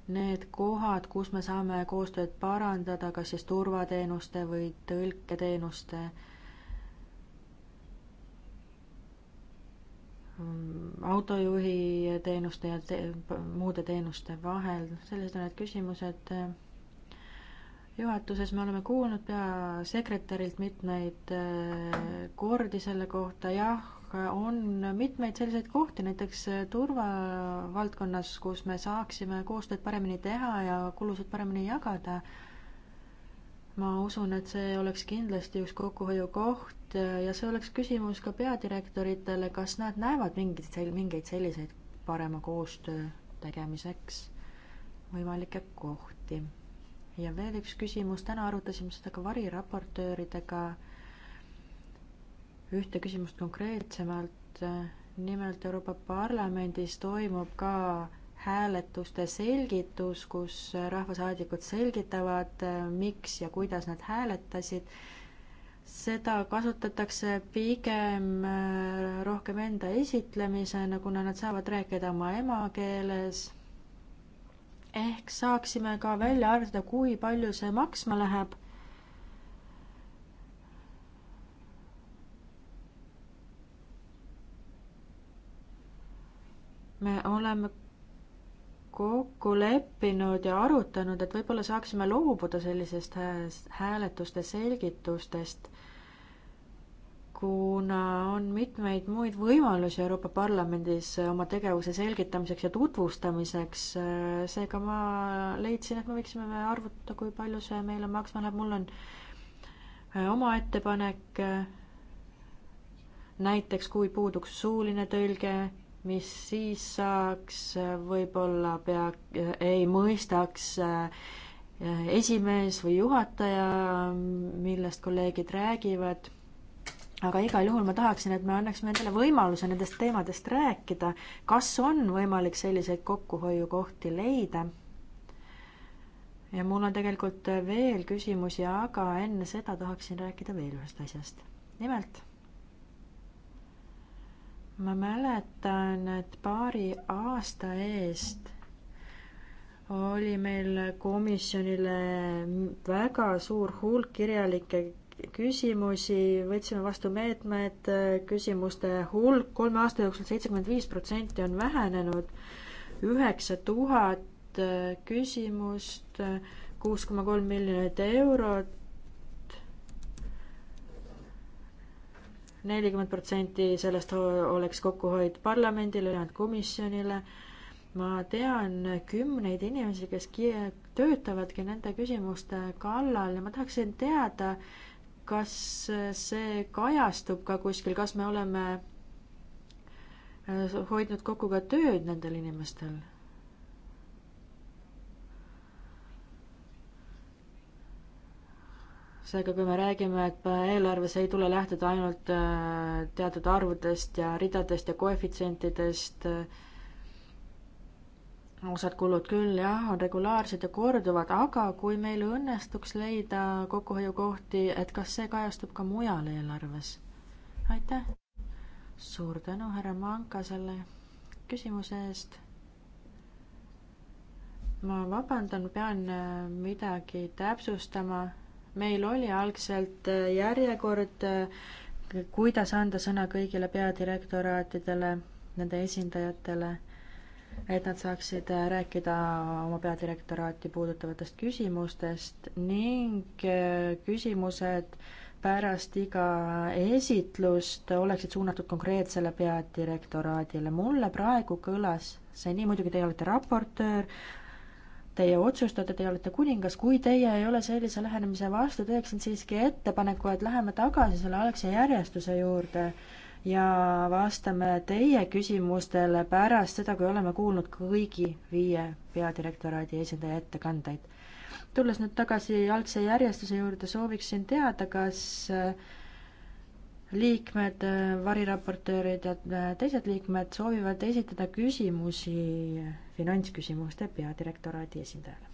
need kohad, kus me saame koostööd parandada, kas siis turvateenuste või tõlketeenuste Mm, autojuhi teenuste ja te muude teenuste vahel, sellised on need küsimused. juhatuses me oleme kuulnud peasekretärilt mitmeid äh, kordi selle kohta, jah, on mitmeid selliseid kohti, näiteks äh, turvavaldkonnas, kus me saaksime koostööd paremini teha ja kulusid paremini jagada ma usun, et see oleks kindlasti üks kokkuhoiukoht ja see oleks küsimus ka peadirektoritele, kas nad näevad mingit, mingeid selliseid parema koostöö tegemiseks võimalikke kohti. ja veel üks küsimus, täna arutasime seda ka variraportööridega, ühte küsimust konkreetsemalt, nimelt Euroopa Parlamendis toimub ka hääletuste selgitus, kus rahvasaadikud selgitavad, äh, miks ja kuidas nad hääletasid. seda kasutatakse pigem äh, rohkem enda esitlemisena, kuna nad saavad rääkida oma emakeeles. ehk saaksime ka välja arvata, kui palju see maksma läheb me oleme kokku leppinud ja arutanud, et võib-olla saaksime loobuda sellisest hääletuste selgitustest, kuna on mitmeid muid võimalusi Euroopa Parlamendis oma tegevuse selgitamiseks ja tutvustamiseks, seega ma leidsin, et me võiksime arvutada, kui palju see meile maksma läheb, mul on äh, oma ettepanek, äh, näiteks kui puuduks suuline tõlge mis siis saaks, võib-olla pea, ei mõistaks äh, esimees või juhataja, millest kolleegid räägivad, aga igal juhul ma tahaksin, et me annaksime endale võimaluse nendest teemadest rääkida, kas on võimalik selliseid kokkuhoiukohti leida. ja mul on tegelikult veel küsimusi, aga enne seda tahaksin rääkida veel ühest asjast. nimelt ma mäletan, et paari aasta eest oli meil komisjonile väga suur hulk kirjalikke küsimusi, võtsime vastu meetmed, küsimuste hulk kolme aasta jooksul seitsekümmend viis protsenti on vähenenud, üheksa tuhat küsimust, kuus koma kolm miljonit eurot, nelikümmend protsenti sellest oleks kokkuhoid parlamendile, ülejäänud komisjonile. ma tean kümneid inimesi, kes töötavadki nende küsimuste kallal ja ma tahaksin teada, kas see kajastub ka kuskil, kas me oleme eh, hoidnud kokku ka tööd nendel inimestel seega kui me räägime, et eelarves ei tule lähtuda ainult äh, teatud arvudest ja ridadest ja koefitsientidest, äh, osad kulud küll jah, on regulaarsed ja korduvad, aga kui meil õnnestuks leida kokkuhoiukohti, et kas see kajastub ka mujal eelarves? aitäh! suur tänu, härra Manka, selle küsimuse eest. ma vabandan, pean äh, midagi täpsustama meil oli algselt äh, järjekord, äh, kuidas anda sõna kõigile peadirektoraatidele, nende esindajatele, et nad saaksid äh, rääkida oma peadirektoraati puudutavatest küsimustest ning küsimused pärast iga esitlust oleksid suunatud konkreetsele peadirektoraadile. mulle praegu kõlas see nii, muidugi teie olete raportöör, teie otsustate, teie olete kuningas, kui teie ei ole sellise lähenemise vastu, teeksin siiski ettepaneku, et läheme tagasi selle algse järjestuse juurde ja vastame teie küsimustele pärast seda, kui oleme kuulnud kõigi viie peadirektoraadi esindaja ettekandeid. tulles nüüd tagasi algse järjestuse juurde, sooviksin teada, kas äh, liikmed, äh, variraportöörid ja äh, teised liikmed soovivad esitada küsimusi finantsküsimuste peadirektoraadi esindajale.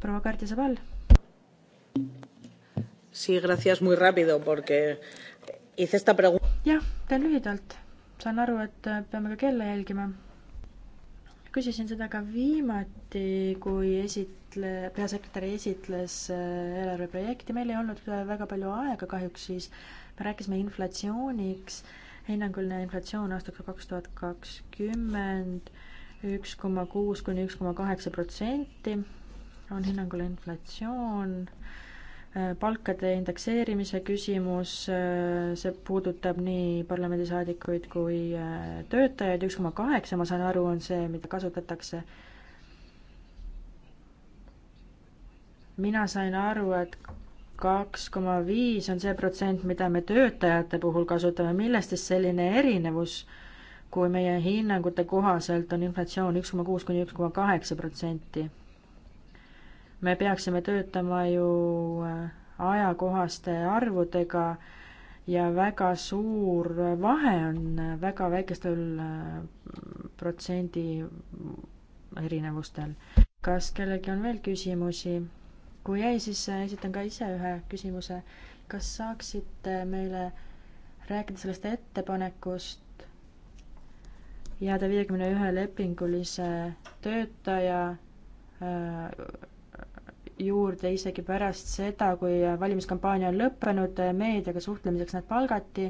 proua Kardia Sabal. jah, teen lühidalt. saan aru, et äh, peame ka kella jälgima küsisin seda ka viimati, kui esitle, peasekretär esitles äh, eelarveprojekti, meil ei olnud äh, väga palju aega kahjuks siis, me rääkisime inflatsiooniks, hinnanguline inflatsioon aastaks kaks tuhat kakskümmend üks koma kuus kuni üks koma kaheksa protsenti on hinnanguline inflatsioon Äh, palkade indekseerimise küsimus, äh, see puudutab nii parlamendisaadikuid kui äh, töötajaid, üks koma kaheksa, ma saan aru, on see, mida kasutatakse. mina sain aru, et kaks koma viis on see protsent, mida me töötajate puhul kasutame, millest siis selline erinevus, kui meie hinnangute kohaselt on inflatsioon üks koma kuus kuni üks koma kaheksa protsenti me peaksime töötama ju äh, ajakohaste arvudega ja väga suur vahe on äh, väga väikestel äh, protsendi erinevustel. kas kellelgi on veel küsimusi? kui ei, siis esitan ka ise ühe küsimuse. kas saaksite meile rääkida sellest ettepanekust jääda viiekümne ühe lepingulise töötaja juurde isegi pärast seda, kui valimiskampaania on lõppenud, meediaga suhtlemiseks nad palgati,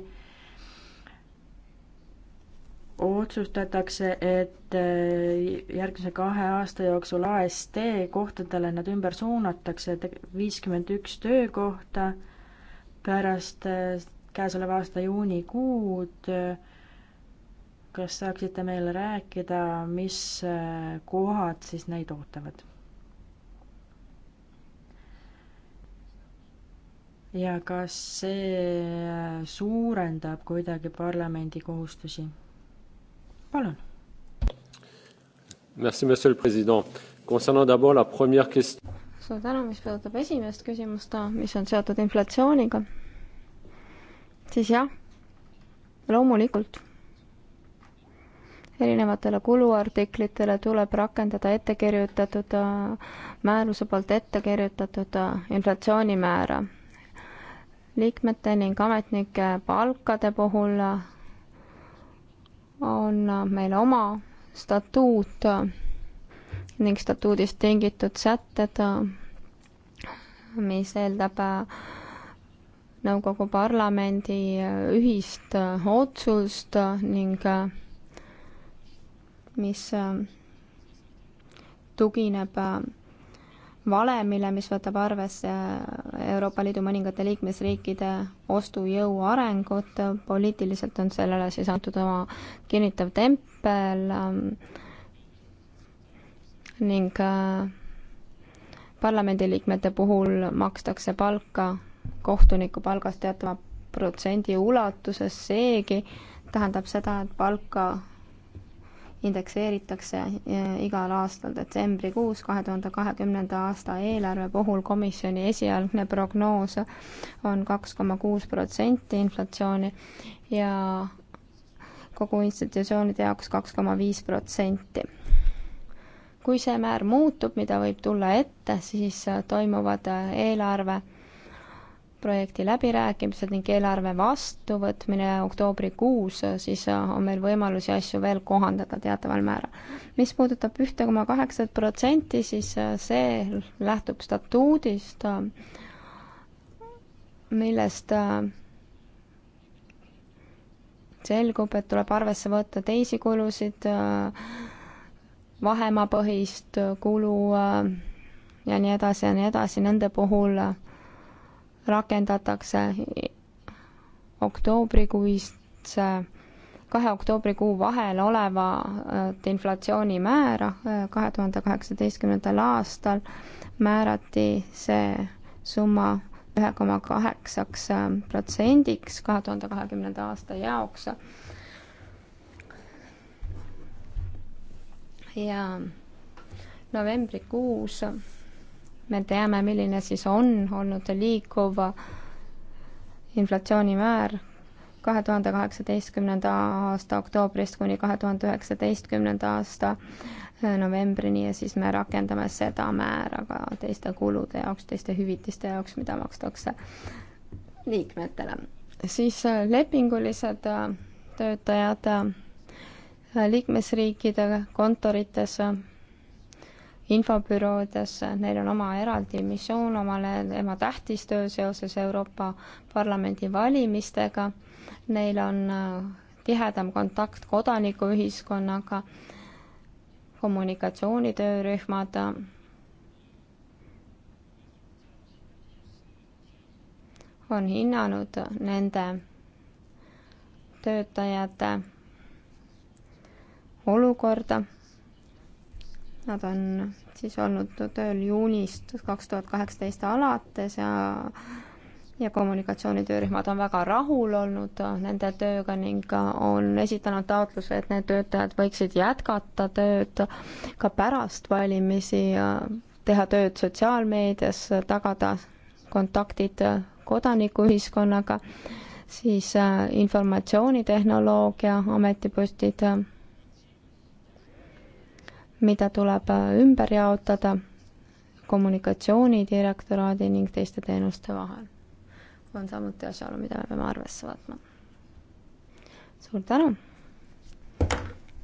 otsustatakse, et äh, järgmise kahe aasta jooksul AST kohtadele nad ümber suunatakse, viiskümmend üks töökohta pärast äh, käesoleva aasta juunikuud. kas saaksite meile rääkida, mis äh, kohad siis neid ootavad? ja kas see äh, suurendab kuidagi parlamendi kohustusi? palun. Merci, monsieur le president. Concernant d'abord la première question. suur tänu, mis puudutab esimest küsimust, mis on seotud inflatsiooniga, siis jah, loomulikult erinevatele kuluartiklitele tuleb rakendada ettekirjutatud, äh, määruse poolt ettekirjutatud äh, inflatsioonimäära liikmete ning ametnike palkade puhul on meil oma statuut ning statuudist tingitud sätted, mis eeldab äh, nõukogu parlamendi äh, ühist äh, otsust ning mis tugineb valemile, mis võtab arvesse Euroopa Liidu mõningate liikmesriikide ostujõu arengut, poliitiliselt on sellele siis antud oma kinnitav tempel ähm, ning äh, parlamendiliikmete puhul makstakse palka kohtuniku palgast teatava protsendi ulatuses, seegi tähendab seda, et palka indekseeritakse igal aastal detsembrikuus kahe tuhande kahekümnenda aasta eelarve puhul komisjoni esialgne prognoos on kaks koma kuus protsenti inflatsiooni ja kogu institutsioonide jaoks kaks koma viis protsenti. kui see määr muutub, mida võib tulla ette, siis toimuvad eelarve projekti läbirääkimised ning eelarve vastuvõtmine oktoobrikuus, siis äh, on meil võimalusi asju veel kohandada teataval määral. mis puudutab ühte koma kaheksat protsenti, siis äh, see lähtub statuudist, äh, millest selgub, et tuleb arvesse võtta teisi kulusid, vahemaapõhist kulu ja nii edasi ja nii edasi, nende puhul rakendatakse oktoobrikuisse, kahe oktoobrikuu vahel olevat äh, inflatsioonimäära äh, kahe tuhande kaheksateistkümnendal aastal määrati see summa ühe koma kaheksaks äh, protsendiks kahe tuhande kahekümnenda aasta jaoks. ja novembrikuus me teame, milline siis on olnud liikuv inflatsioonimäär kahe tuhande kaheksateistkümnenda aasta oktoobrist kuni kahe tuhande üheksateistkümnenda aasta eh, novembrini ja siis me rakendame seda määra ka teiste kulude jaoks, teiste hüvitiste jaoks, mida makstakse liikmetele. siis eh, lepingulised eh, töötajad liikmesriikide kontorites infobüroodes, neil on oma eraldi missioon, omale ema tähtis töö seoses Euroopa Parlamendi valimistega, neil on äh, tihedam kontakt kodanikuühiskonnaga, kommunikatsioonitöörühmad, äh. on hinnanud nende töötajate olukorda Nad on siis olnud tööl juunist kaks tuhat kaheksateist alates ja ja kommunikatsioonitöörühmad on väga rahul olnud nende tööga ning on esitanud taotluse, et need töötajad võiksid jätkata tööd ka pärast valimisi ja teha tööd sotsiaalmeedias, tagada kontaktid kodanikuühiskonnaga, siis äh, informatsioonitehnoloogia ametipostid äh, mida tuleb äh, ümber jaotada kommunikatsioonidirektoraadi ning teiste teenuste vahel. on samuti asjaolu, mida me peame arvesse võtma. suur tänu!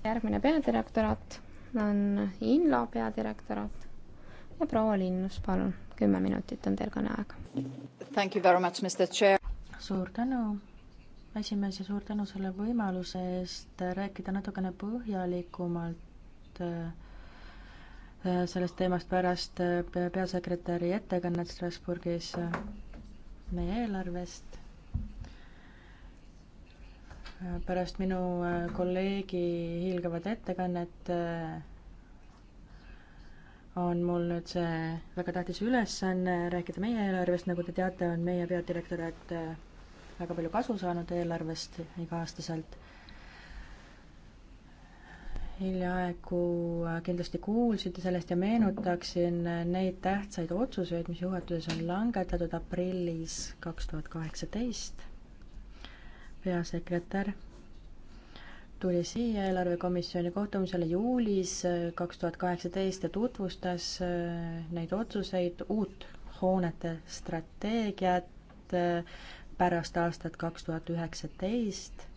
järgmine peadirektoraat on Inla peadirektoraat ja proua Linnus, palun, kümme minutit on teil kõneaega. Thank you very much, Mr Chair. suur tänu, esimees ja suur tänu selle võimaluse eest rääkida natukene põhjalikumalt pikemalt äh, äh, sellest teemast pärast äh, peasekretäri ettekannet Strasbourgis meie eelarvest. pärast minu kolleegi hiilgavat ettekannet on mul nüüd see väga tähtis ülesanne rääkida meie eelarvest, nagu te teate, on meie peadirektorat väga palju kasu saanud eelarvest iga-aastaselt hiljaaegu äh, kindlasti kuulsite sellest ja meenutaksin äh, neid tähtsaid otsuseid, mis juhatuses on langetatud aprillis kaks tuhat kaheksateist. peasekretär tuli siia eelarvekomisjoni kohtumisele juulis äh, kaks tuhat kaheksateist ja tutvustas neid otsuseid, uut hoonete strateegiat pärast aastat kaks tuhat üheksateist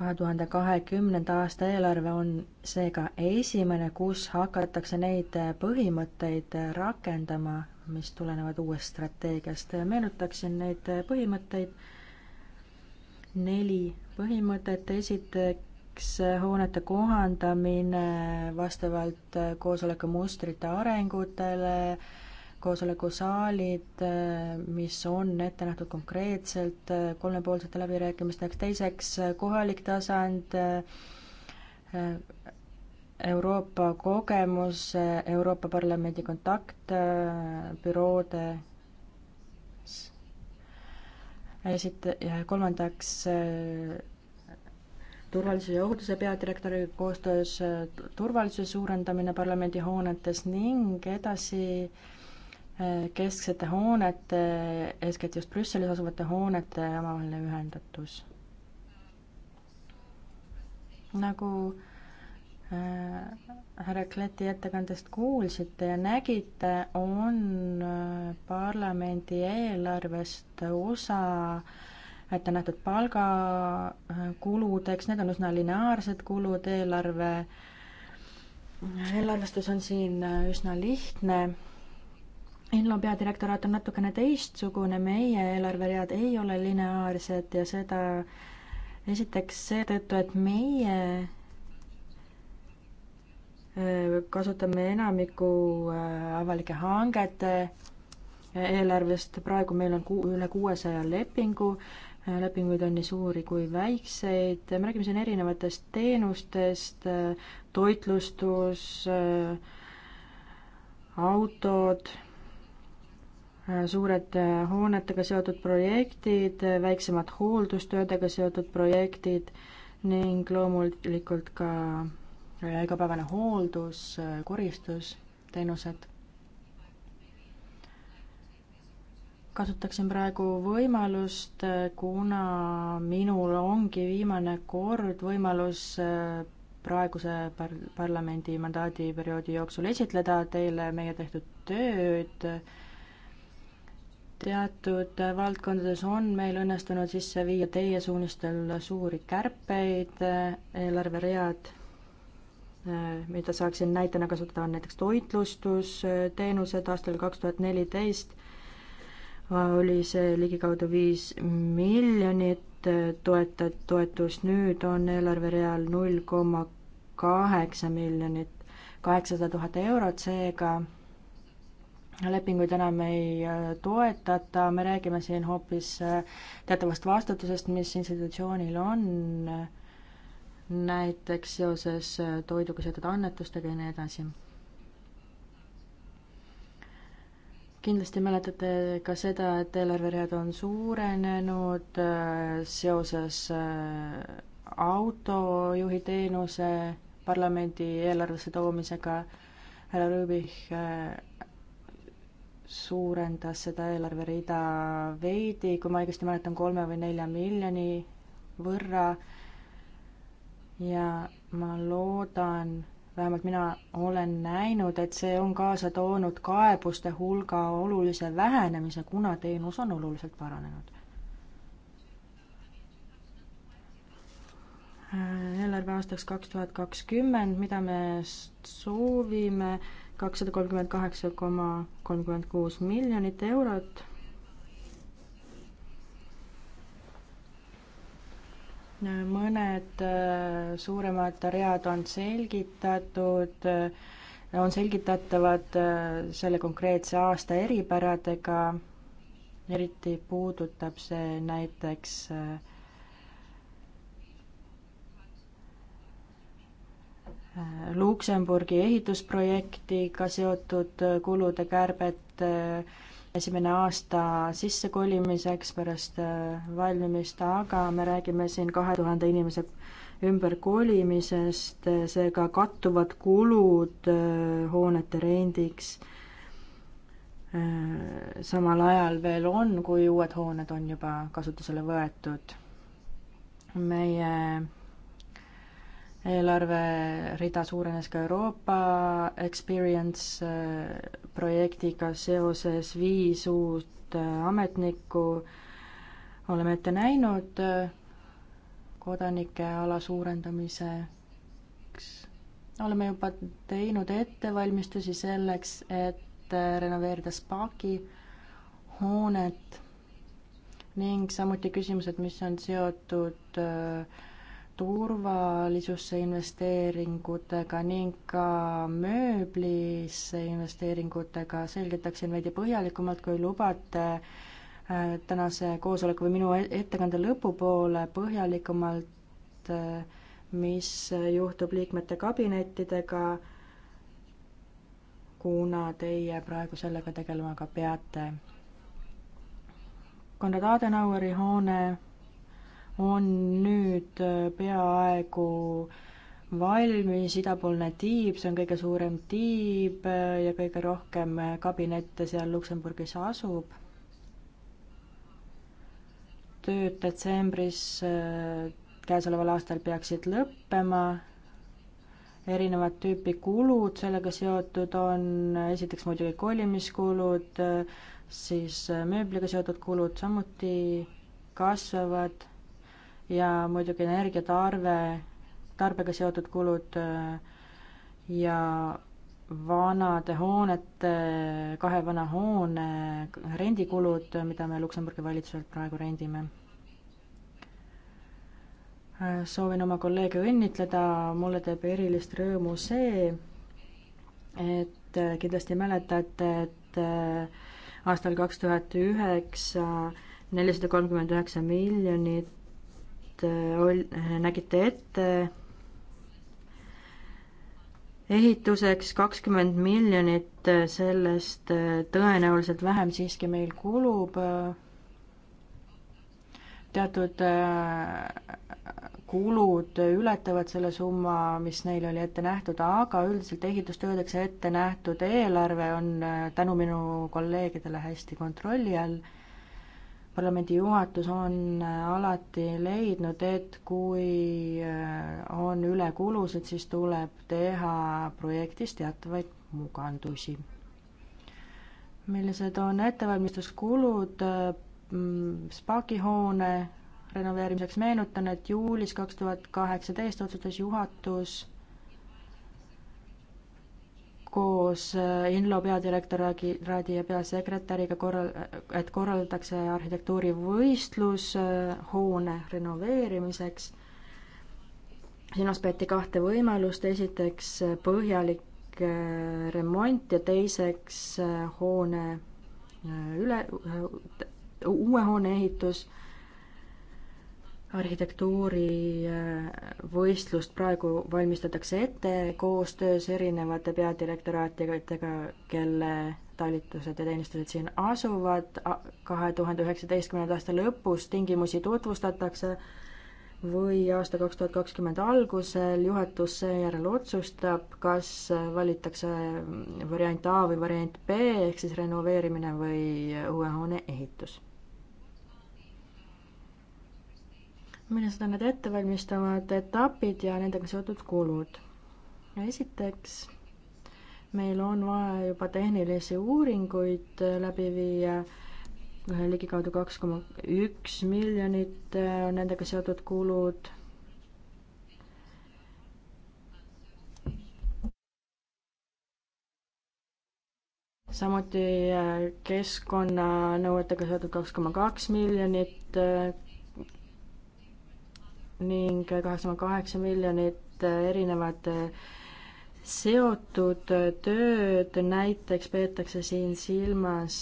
kahe tuhande kahekümnenda aasta eelarve on seega esimene, kus hakatakse neid põhimõtteid rakendama, mis tulenevad uuest strateegiast. meenutaksin neid põhimõtteid, neli põhimõtet, esiteks hoonete kohandamine vastavalt koosoleku mustrite arengutele, koosolekusaalid, äh, mis on ette nähtud konkreetselt äh, kolmepoolsete läbirääkimisteks, teiseks äh, kohalik tasand, Euroopa kogemus, Euroopa Parlamendi kontaktbüroode esit-, kolmandaks turvalisuse ja ohutuse peadirektoriga koostöös turvalisuse suurendamine parlamendihoonetes ning edasi äh, kesksete hoonete, eeskätt just Brüsselis asuvate hoonete omavaheline ühendatus. nagu äh, härra Kleti ettekandest kuulsite ja nägite, on äh, parlamendi eelarvest osa ette nähtud palgakuludeks, äh, need on üsna lineaarsed kulud, eelarve, eelarvestus on siin üsna lihtne Enlo peadirektoraat on natukene teistsugune, meie eelarveread ei ole lineaarsed ja seda esiteks seetõttu, et meie äh, kasutame enamiku äh, avalike hangete äh, eelarvest, praegu meil on ku-, üle kuuesaja lepingu, lepinguid on nii suuri kui väikseid, me räägime siin erinevatest teenustest, toitlustus, autod Äh, suured äh, hoonetega seotud projektid, äh, väiksemad hooldustöödega seotud projektid ning loomulikult ka igapäevane hooldus, koristus, teenused. kasutaksin praegu võimalust, kuna minul ongi viimane kord võimalus praeguse par-, parlamendi mandaadiperioodi jooksul esitleda teile meie tehtud tööd teatud valdkondades on meil õnnestunud sisse viia teie suunistel suuri kärpeid, eelarveread, mida saaksin näitena kasutada, on näiteks toitlustusteenused aastal kaks tuhat neliteist, oli see ligikaudu viis miljonit toeta-, toetust, nüüd on eelarvereal null koma kaheksa miljonit, kaheksasada tuhat eurot, seega lepinguid enam ei äh, toetata, me räägime siin hoopis äh, teatavast vastutusest, mis institutsioonil on, äh, näiteks seoses toiduga seotud annetustega ja nii edasi. kindlasti mäletate ka seda, et eelarveread on suurenenud seoses autojuhiteenuse parlamendi eelarvesse toomisega, härra Rüübich suurendas seda eelarverida veidi, kui ma õigesti mäletan, kolme või nelja miljoni võrra. ja ma loodan, vähemalt mina olen näinud, et see on kaasa toonud kaebuste hulga olulise vähenemise, kuna teenus on oluliselt paranenud. Äh, eelarve aastaks kaks tuhat kakskümmend, mida me soovime kakssada kolmkümmend kaheksa koma kolmkümmend kuus miljonit eurot. mõned äh, suuremad read on selgitatud, äh, on selgitatavad äh, selle konkreetse aasta eripäradega, eriti puudutab see näiteks äh, Luksemburgi ehitusprojektiga seotud kulude kärbet eh, esimene aasta sissekolimiseks pärast eh, valmimist, aga me räägime siin kahe tuhande inimese ümberkolimisest, eh, seega kattuvad kulud hoonete rendiks samal ajal veel on, kui uued hooned on juba kasutusele võetud. meie eelarverida suurenes ka Euroopa Experience äh, projektiga seoses, viis uut äh, ametnikku oleme ette näinud äh, kodanike ala suurendamiseks. oleme juba teinud ettevalmistusi selleks, et renoveerida SPAC-i hoonet ning samuti küsimused, mis on seotud äh, turvalisusse investeeringutega ning ka mööblisse investeeringutega selgitaksin veidi põhjalikumalt, kui lubate, äh, tänase koosoleku või minu e-, ettekande lõpupoole põhjalikumalt, äh, mis juhtub liikmete kabinettidega, kuna teie praegu sellega tegelema ka peate. Konrad Adenaueri hoone on nüüd äh, peaaegu valmis, idapoolne tiib, see on kõige suurem tiib äh, ja kõige rohkem äh, kabinette seal Luksemburgis asub. tööd detsembris käesoleval aastal peaksid lõppema, erinevat tüüpi kulud sellega seotud on, esiteks muidugi kolimiskulud, siis mööbliga seotud kulud samuti kasvavad ja muidugi energiatarve, tarbega seotud kulud äh, ja vanade hoonete, kahe vana hoone rendikulud, mida me Luksemburgi valitsuselt praegu rendime. Äh, soovin oma kolleege õnnitleda, mulle teeb erilist rõõmu see, et äh, kindlasti mäletate, et aastal kaks tuhat üheksa nelisada kolmkümmend üheksa miljonit Äh, ol-, äh, nägite ette ehituseks kakskümmend miljonit, äh, sellest tõenäoliselt vähem siiski meil kulub teatud kulud ületavad selle summa, mis neile oli ette nähtud, aga üldiselt ehitustöödeks ette nähtud eelarve on tänu minu kolleegidele hästi kontrolli all parlamendi juhatus on äh, alati leidnud, et kui äh, on ülekulusid, siis tuleb teha projektis teatavaid mugandusi. millised on ettevalmistuskulud äh, mm, Spaki hoone renoveerimiseks, meenutan, et juulis kaks tuhat kaheksateist otsustas juhatus koos äh, Inlo peadirektoraadi ja peasekretäriga korral, et korraldatakse arhitektuurivõistlus äh, hoone renoveerimiseks. silmas peeti kahte võimalust, esiteks äh, põhjalik remont ja teiseks hoone üle, uue hoone ehitus arhitektuurivõistlust äh, praegu valmistatakse ette koostöös erinevate peadirektoraatidega, kelle talitused ja teenistused siin asuvad, kahe tuhande üheksateistkümnenda aasta lõpus tingimusi tutvustatakse või aasta kaks tuhat kakskümmend algusel juhatus seejärel otsustab, kas valitakse variant A või variant B ehk siis renoveerimine või uue hoone ehitus millised on need ettevalmistavad etapid ja nendega seotud kulud? esiteks, meil on vaja juba tehnilisi uuringuid läbi viia, ligikaudu kaks koma üks miljonit on nendega seotud kulud. samuti eh, keskkonnanõuetega seotud kaks koma kaks miljonit eh, ning kaheksakümmend kaheksa miljonit äh, erinevad äh, seotud äh, tööd, näiteks peetakse siin silmas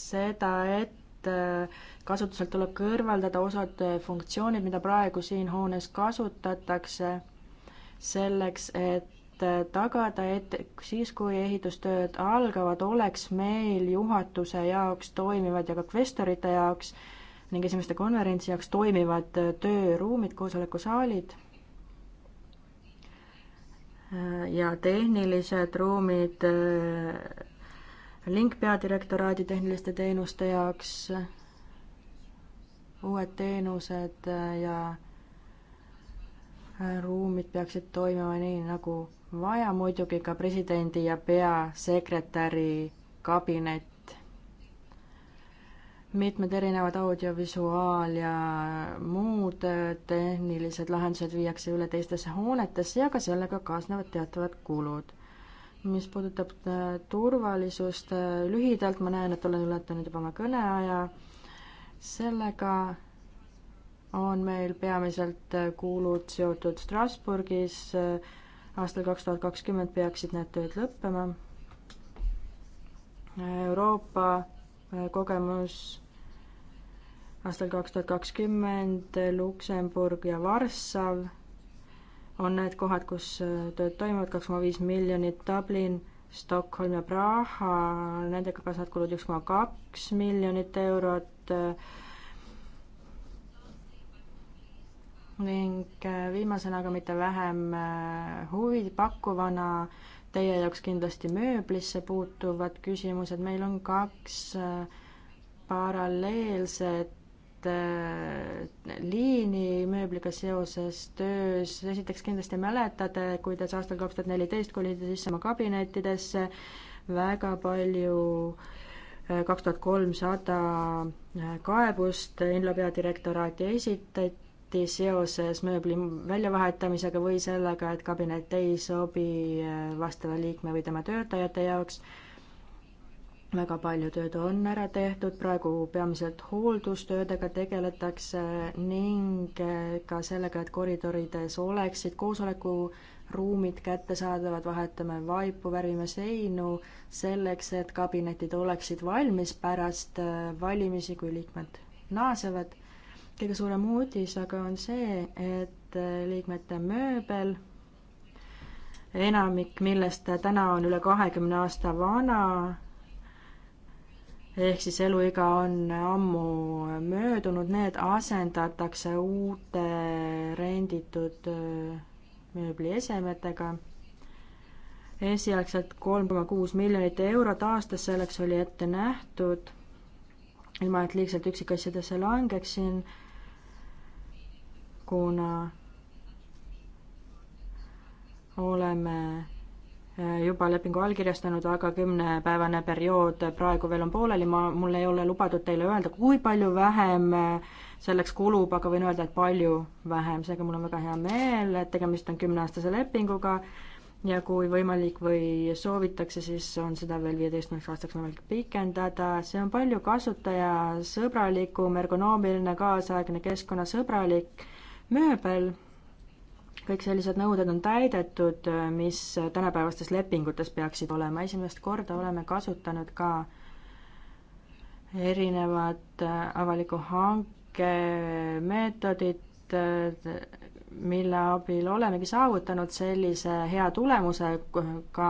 seda, et kasutuselt tuleb kõrvaldada osad funktsioonid, mida praegu siin hoones kasutatakse, selleks et tagada, et siis, kui ehitustööd algavad, oleks meil juhatuse jaoks toimivad ja ka kvestorite jaoks äh, ning esimeste konverentsi jaoks toimivad tööruumid, koosolekusaalid ja tehnilised ruumid äh, link peadirektoraadi tehniliste teenuste jaoks, uued teenused äh, ja äh, ruumid peaksid toimima nii, nagu vaja, muidugi ka presidendi ja peasekretäri kabinet mitmed erinevad audiovisuaal ja muud äh, tehnilised lahendused viiakse üle teistesse hoonetesse ja ka sellega kaasnevad teatavad kulud. mis puudutab äh, turvalisust, äh, lühidalt ma näen, et olen ületanud juba oma kõneaja, sellega on meil peamiselt kulud seotud Strasbourgis, aastal kaks tuhat kakskümmend peaksid need tööd lõppema. Euroopa kogemus aastal kaks tuhat kakskümmend Luksemburg ja Varssav on need kohad, kus äh, tööd toimuvad, kaks koma viis miljonit, Dublin, Stockholm ja Praha, nendega kaasnevad kulud üks koma kaks miljonit eurot äh, ning äh, viimasena, aga mitte vähem huvipakkuvana teie jaoks kindlasti mööblisse puutuvad küsimused, meil on kaks äh, paralleelset äh, liini mööbliga seoses töös, esiteks kindlasti mäletate, kuidas aastal kaks tuhat neliteist kolite sisse oma kabinettidesse väga palju äh, kaks tuhat kolmsada kaebust Inla peadirektoraati esitati, tehti seoses mööbli väljavahetamisega või sellega, et kabinet ei sobi äh, vastava liikme või tema töötajate jaoks. väga palju tööd on ära tehtud, praegu peamiselt hooldustöödega tegeletakse ning äh, ka sellega, et koridorides oleksid koosolekuruumid kättesaadavad, vahetame vaipu, värvime seinu selleks, et kabinetid oleksid valmis pärast äh, valimisi, kui liikmed naasevad kõige suurem uudis aga on see, et äh, liikmete mööbel, enamik millest täna on üle kahekümne aasta vana, ehk siis eluiga on ammu möödunud, need asendatakse uute renditud äh, mööbliesemetega. esialgselt kolm koma kuus miljonit eurot aastas selleks oli ette nähtud, ilma et liigselt üksikasjadesse langeksin kuna oleme eh, juba lepingu allkirjastanud, aga kümnepäevane periood praegu veel on pooleli, ma, mul ei ole lubatud teile öelda, kui palju vähem eh, selleks kulub, aga võin öelda, et palju vähem, seega mul on väga hea meel, et tegemist on kümneaastase lepinguga ja kui võimalik või soovitakse, siis on seda veel viieteistkümneks aastaks võimalik pikendada, see on palju kasutajasõbralikum, ergonoomiline, kaasaegne, keskkonnasõbralik mööbel, kõik sellised nõuded on täidetud, mis tänapäevastes lepingutes peaksid olema, esimest korda oleme kasutanud ka erinevat äh, avaliku hanke meetodit, äh, mille abil olemegi saavutanud sellise hea tulemuse, ka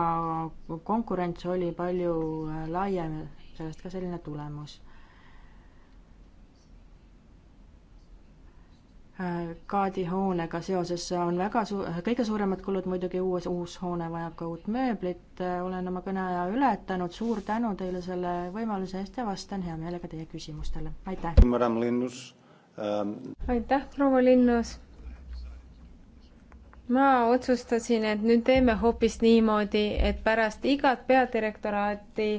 konkurents oli palju äh, laiem, sellest ka selline tulemus Kaadi hoonega seoses on väga su-, kõige suuremad kulud muidugi uues, uus hoone vajab ka uut mööblit, olen oma kõneaja ületanud, suur tänu teile selle võimaluse eest ja vastan hea meelega teie küsimustele, aitäh! Ähm, aitäh, proua Linnus! ma otsustasin, et nüüd teeme hoopis niimoodi, et pärast igat peadirektoraati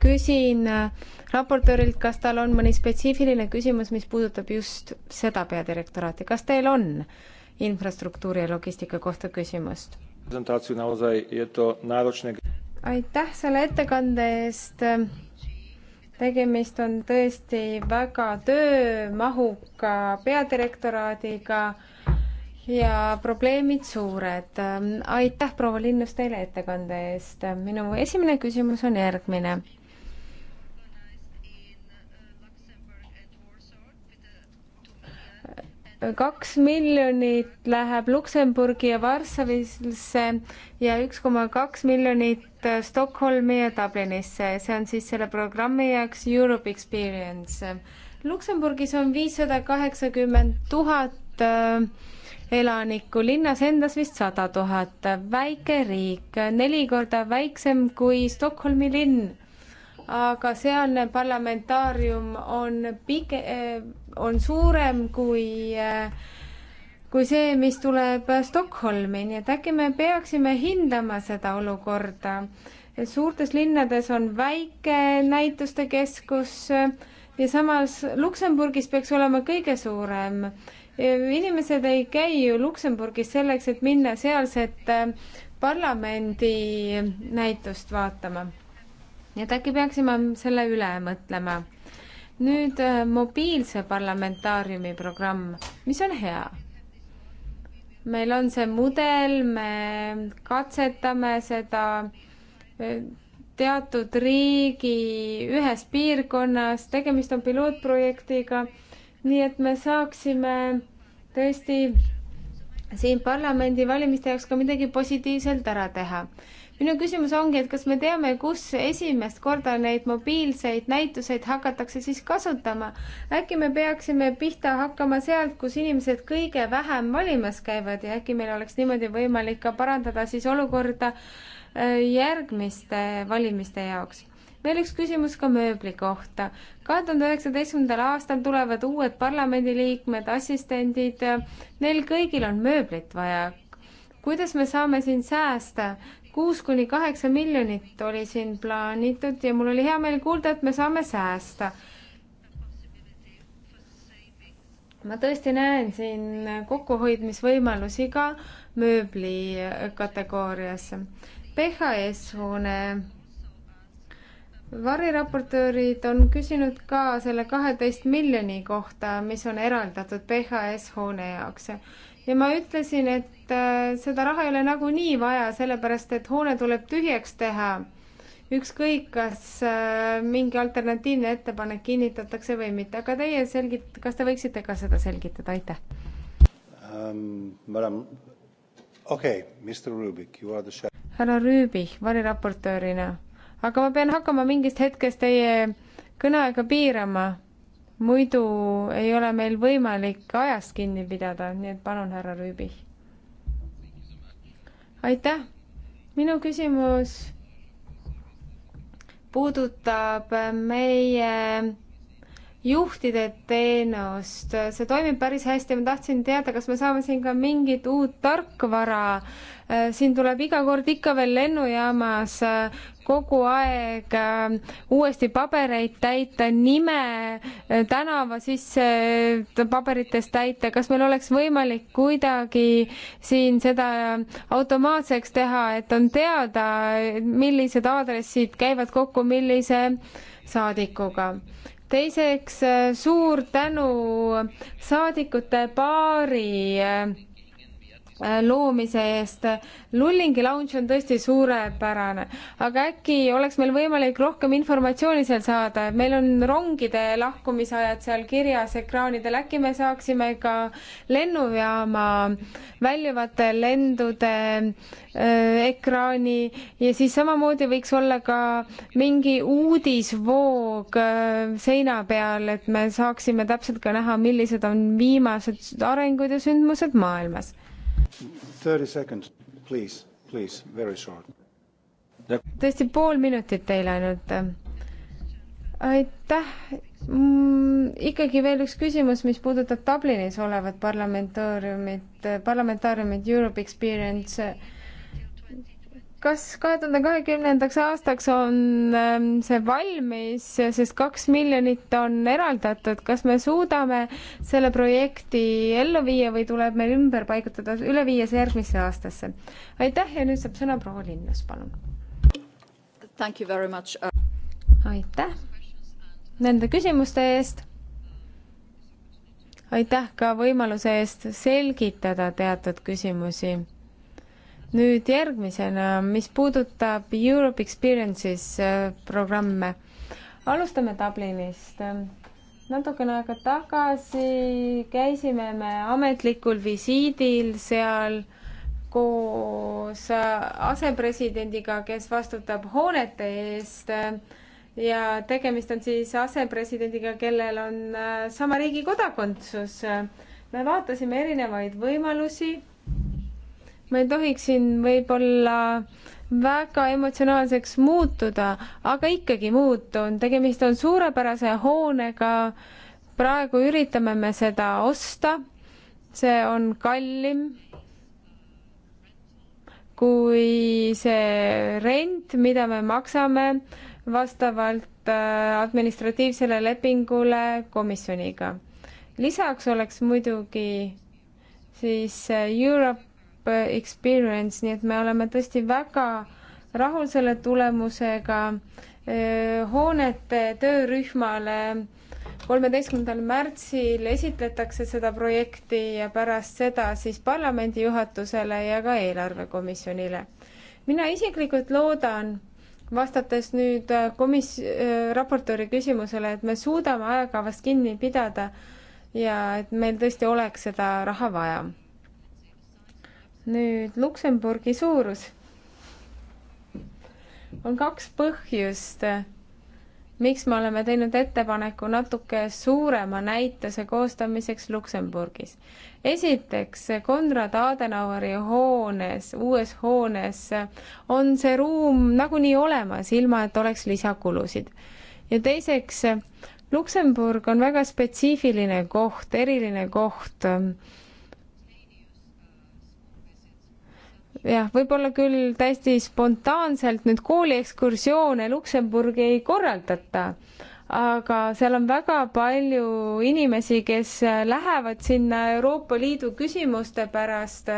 küsin äh, raportöörilt, kas tal on mõni spetsiifiline küsimus, mis puudutab just seda peadirektoraati, kas teil on infrastruktuuri ja logistika kohta küsimust? aitäh selle ettekande eest. tegemist on tõesti väga töömahuka peadirektoraadiga ja probleemid suured. aitäh, proua Linnus, teile ettekande eest. minu esimene küsimus on järgmine. kaks miljonit läheb Luksemburgi ja Varssavisse ja üks koma kaks miljonit Stockholmi ja Dublinisse, see on siis selle programmi jaoks Europe Experience. Luksemburgis on viissada kaheksakümmend tuhat äh, elanikku, linnas endas vist sada tuhat, väike riik, neli korda väiksem kui Stockholmi linn aga sealne parlamentaarium on pige-, eh, on suurem kui eh, kui see, mis tuleb Stockholmi, nii et äkki me peaksime hindama seda olukorda. suurtes linnades on väike näituste keskus eh, ja samas Luksemburgis peaks olema kõige suurem. inimesed ei käi ju Luksemburgis selleks, et minna sealset parlamendi näitust vaatama nii et äkki peaksime selle üle mõtlema. nüüd äh, mobiilse parlamentaariumi programm, mis on hea. meil on see mudel, me katsetame seda äh, teatud riigi ühes piirkonnas, tegemist on pilootprojektiga, nii et me saaksime tõesti siin parlamendivalimiste jaoks ka midagi positiivselt ära teha minu küsimus ongi, et kas me teame, kus esimest korda neid mobiilseid näituseid hakatakse siis kasutama? äkki me peaksime pihta hakkama sealt, kus inimesed kõige vähem valimas käivad ja äkki meil oleks niimoodi võimalik ka parandada siis olukorda äh, järgmiste valimiste jaoks? veel üks küsimus ka mööbli kohta. kahe tuhande üheksateistkümnendal aastal tulevad uued parlamendiliikmed, assistendid, äh, neil kõigil on mööblit vaja. kuidas me saame siin säästa, kuus kuni kaheksa miljonit oli siin plaanitud ja mul oli hea meel kuulda, et me saame säästa. ma tõesti näen siin kokkuhoidmisvõimalusi ka mööbli kategoorias. PHS hoone variraportöörid on küsinud ka selle kaheteist miljoni kohta, mis on eraldatud PHS hoone jaoks ja ma ütlesin, et äh, seda raha ei ole nagunii vaja, sellepärast et hoone tuleb tühjaks teha. ükskõik, kas äh, mingi alternatiivne ettepanek kinnitatakse või mitte, aga teie selgit-, kas te võiksite ka seda selgitada, aitäh um,? Madam, okei okay,, Mr Rubik, you are the chef. härra Rüübich, variraportöörina, aga ma pean hakkama mingist hetkest teie kõneaega piirama muidu ei ole meil võimalik ajast kinni pidada, nii et palun, härra Rüübi. aitäh. minu küsimus puudutab meie juhtide teenust, see toimib päris hästi, ma tahtsin teada, kas me saame siin ka mingit uut tarkvara. siin tuleb iga kord ikka veel lennujaamas kogu aeg äh, uuesti pabereid täita, nime äh, tänava sisse äh, paberites täita, kas meil oleks võimalik kuidagi siin seda automaatseks teha, et on teada, millised aadressid käivad kokku millise saadikuga? teiseks suur tänu saadikute paari Äh, loomise eest. Lullingi lounge on tõesti suurepärane, aga äkki oleks meil võimalik rohkem informatsiooni seal saada, et meil on rongide lahkumisajad seal kirjas ekraanidel, äkki me saaksime ka lennujaama väljuvate lendude äh, ekraani ja siis samamoodi võiks olla ka mingi uudisvoog äh, seina peal, et me saaksime täpselt ka näha, millised on viimased arengud ja sündmused maailmas Thirty seconds, please, please, very short. tõesti pool minutit teile ainult. aitäh mm,. ikkagi veel üks küsimus, mis puudutab Dublinis olevat parlamentaariumit, parlamentaariumit Europe Experience kas kahe tuhande kahekümnendaks aastaks on ähm, see valmis, sest kaks miljonit on eraldatud, kas me suudame selle projekti ellu viia või tuleb meil ümber paigutada, üle viia see järgmisse aastasse? aitäh ja nüüd saab sõna proua Linnas, palun. aitäh nende küsimuste eest. aitäh ka võimaluse eest selgitada teatud küsimusi nüüd järgmisena, mis puudutab Europe Experiences äh, programme. alustame Dublinist. natukene aega tagasi käisime me ametlikul visiidil seal koos äh, asepresidendiga, kes vastutab hoonete eest ja tegemist on siis asepresidendiga, kellel on äh, sama riigi kodakondsus. me vaatasime erinevaid võimalusi ma ei tohiks siin võib-olla väga emotsionaalseks muutuda, aga ikkagi muutun, tegemist on suurepärase hoonega, praegu üritame me seda osta, see on kallim kui see rent, mida me maksame vastavalt äh, administratiivsele lepingule komisjoniga. lisaks oleks muidugi siis äh, Europe Experience, nii et me oleme tõesti väga rahul selle tulemusega. Eh, hoonete töörühmale kolmeteistkümnendal märtsil esitletakse seda projekti ja pärast seda siis parlamendi juhatusele ja ka eelarvekomisjonile. mina isiklikult loodan, vastates nüüd äh, komis-, äh, raportööri küsimusele, et me suudame ajakavast kinni pidada ja et meil tõesti oleks seda raha vaja nüüd Luksemburgi suurus. on kaks põhjust, miks me oleme teinud ettepaneku natuke suurema näituse koostamiseks Luksemburgis. esiteks, Konrad Adenaueri hoones, uues hoones on see ruum nagunii olemas, ilma et oleks lisakulusid. ja teiseks, Luksemburg on väga spetsiifiline koht, eriline koht jah, võib-olla küll täiesti spontaanselt nüüd kooliekskursioone Luksemburgi ei korraldata, aga seal on väga palju inimesi, kes lähevad sinna Euroopa Liidu küsimuste pärast,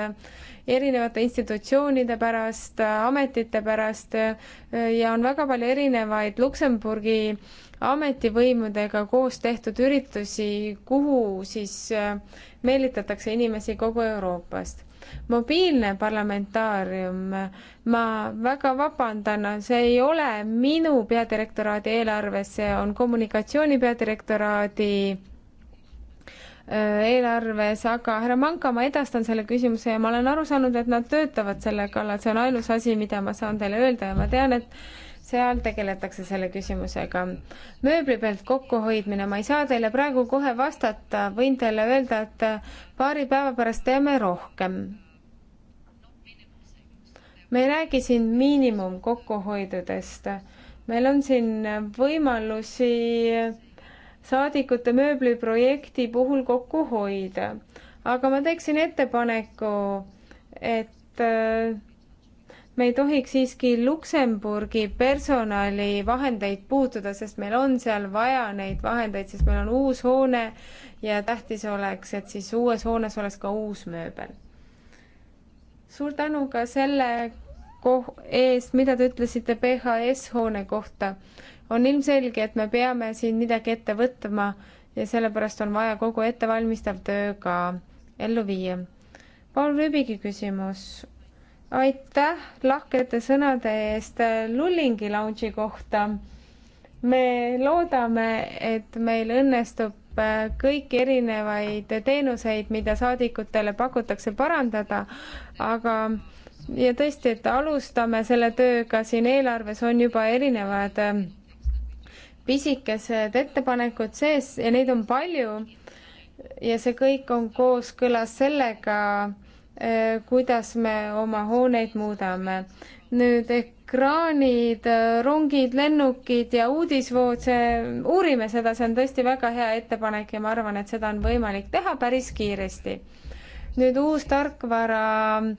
erinevate institutsioonide pärast, ametite pärast ja on väga palju erinevaid Luksemburgi ametivõimudega koos tehtud üritusi, kuhu siis meelitatakse inimesi kogu Euroopast mobiilne parlamentaarium. ma väga vabandan, see ei ole minu peadirektoraadi eelarves, see on kommunikatsiooni peadirektoraadi äh, eelarves, aga härra Manka, ma edastan selle küsimuse ja ma olen aru saanud, et nad töötavad selle kallal, see on ainus asi, mida ma saan teile öelda ja ma tean, et seal tegeletakse selle küsimusega. mööbli pealt kokkuhoidmine, ma ei saa teile praegu kohe vastata, võin teile öelda, et paari päeva pärast teeme rohkem. me ei räägi siin miinimum kokkuhoidudest, meil on siin võimalusi saadikute mööbliprojekti puhul kokku hoida, aga ma teeksin ettepaneku, et äh, me ei tohiks siiski Luksemburgi personalivahendeid puutuda, sest meil on seal vaja neid vahendeid, sest meil on uus hoone ja tähtis oleks, et siis uues hoones oleks ka uus mööbel. suur tänu ka selle koh-, eest, mida te ütlesite PHS hoone kohta. on ilmselge, et me peame siin midagi ette võtma ja sellepärast on vaja kogu ettevalmistav töö ka ellu viia. Paul Rüübigi küsimus aitäh lahkete sõnade eest Lullingi lounge'i kohta. me loodame, et meil õnnestub äh, kõiki erinevaid teenuseid, mida saadikutele pakutakse, parandada, aga ja tõesti, et alustame selle tööga, siin eelarves on juba erinevad äh, pisikesed ettepanekud sees ja neid on palju. ja see kõik on kooskõlas sellega, Eh, kuidas me oma hooneid muudame. nüüd ekraanid, eh, rongid, lennukid ja uudisvood, see, uurime seda, see on tõesti väga hea ettepanek ja ma arvan, et seda on võimalik teha päris kiiresti. nüüd uus tarkvara äh,